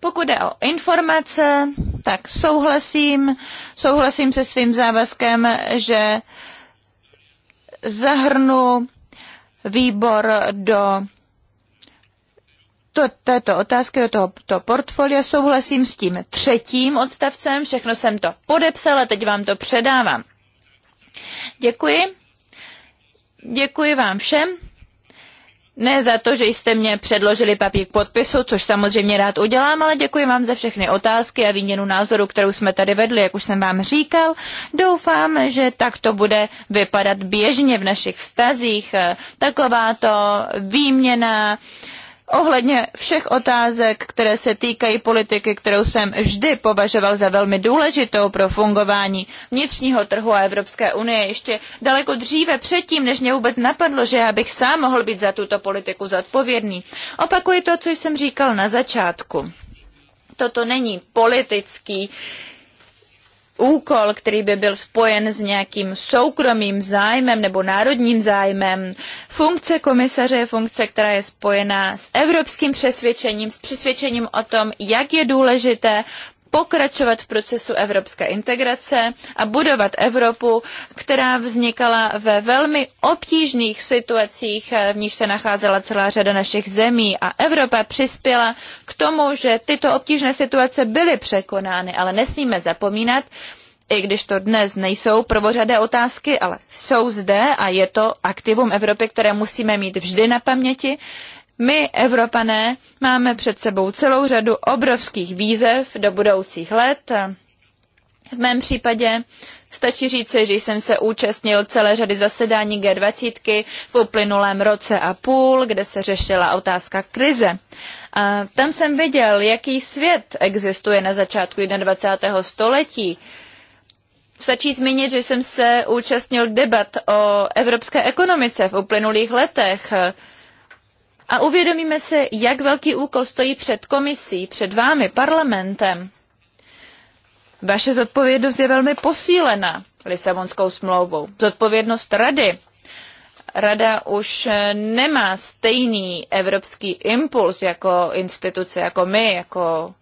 Pokud jde o informace, tak souhlasím. Souhlasím se svým závazkem, že zahrnu výbor do to, této otázky, do toho toho portfolia. Souhlasím s tím třetím odstavcem, všechno jsem to podepsala, teď vám to předávám. Děkuji. Děkuji vám všem ne za to, že jste mě předložili papír k podpisu, což samozřejmě rád udělám, ale děkuji vám za všechny otázky a výměnu názoru, kterou jsme tady vedli, jak už jsem vám říkal. Doufám, že tak to bude vypadat běžně v našich vztazích. Takováto výměna uh, ohledně všech otázek, které se týkají politiky, kterou jsem vždy považoval za velmi důležitou pro fungování vnitřního trhu a Evropské unie ještě daleko dříve předtím, než mě vůbec napadlo, že já bych sám mohl být za tuto politiku zodpovědný. Opakuji to, co jsem říkal na začátku. Toto není politický úkol, který by byl spojen s nějakým soukromým zájmem nebo národním zájmem. Funkce komisaře je funkce, která je spojená s evropským přesvědčením, s přesvědčením o tom, jak je důležité pokračovat v procesu evropské integrace a budovat Evropu, která vznikala ve velmi obtížných situacích, eh, v níž se nacházela celá řada našich zemí. A Evropa přispěla k tomu, že tyto obtížné situace byly překonány, ale nesmíme zapomínat, i když to dnes nejsou prvořadé otázky, ale jsou zde a je to aktivum Evropy, které musíme mít vždy na paměti, my, Evropané, máme před sebou celou řadu obrovských výzev do budoucích let. V mém případě stačí říci, že jsem se účastnil celé řady zasedání G20 v uplynulém roce a půl, kde se řešila otázka krize. A tam jsem viděl, jaký svět existuje na začátku 21. století. Stačí zmínit, že jsem se účastnil debat o evropské ekonomice v uplynulých letech a uvědomíme se, jak velký úkol stojí před komisí, před vámi, parlamentem. Vaše zodpovědnost je velmi posílena Lisabonskou smlouvou. Zodpovědnost rady. Rada už eh, nemá stejný evropský impuls jako instituce, jako my, jako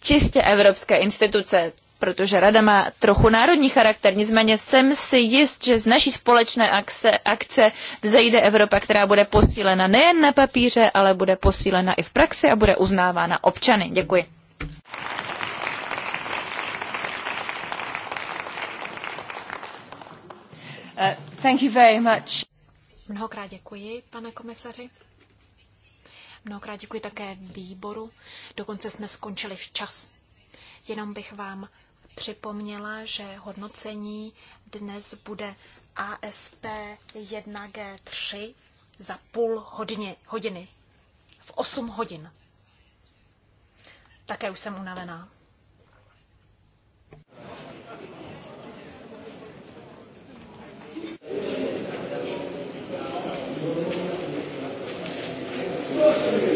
čistě evropské instituce protože rada má trochu národní charakter, nicméně jsem si jist, že z naší společné akce, akce vzejde Evropa, která bude posílena nejen na papíře, ale bude posílena i v praxi a bude uznávána občany. Děkuji. Uh, thank you very much. Mnohokrát děkuji, pane komisaři. Mnohokrát děkuji také výboru. Dokonce jsme skončili včas. Jenom bych vám připomněla, že hodnocení dnes bude ASP 1G3 za půl hodině, hodiny. V 8 hodin. Také už jsem unavená. Thank you.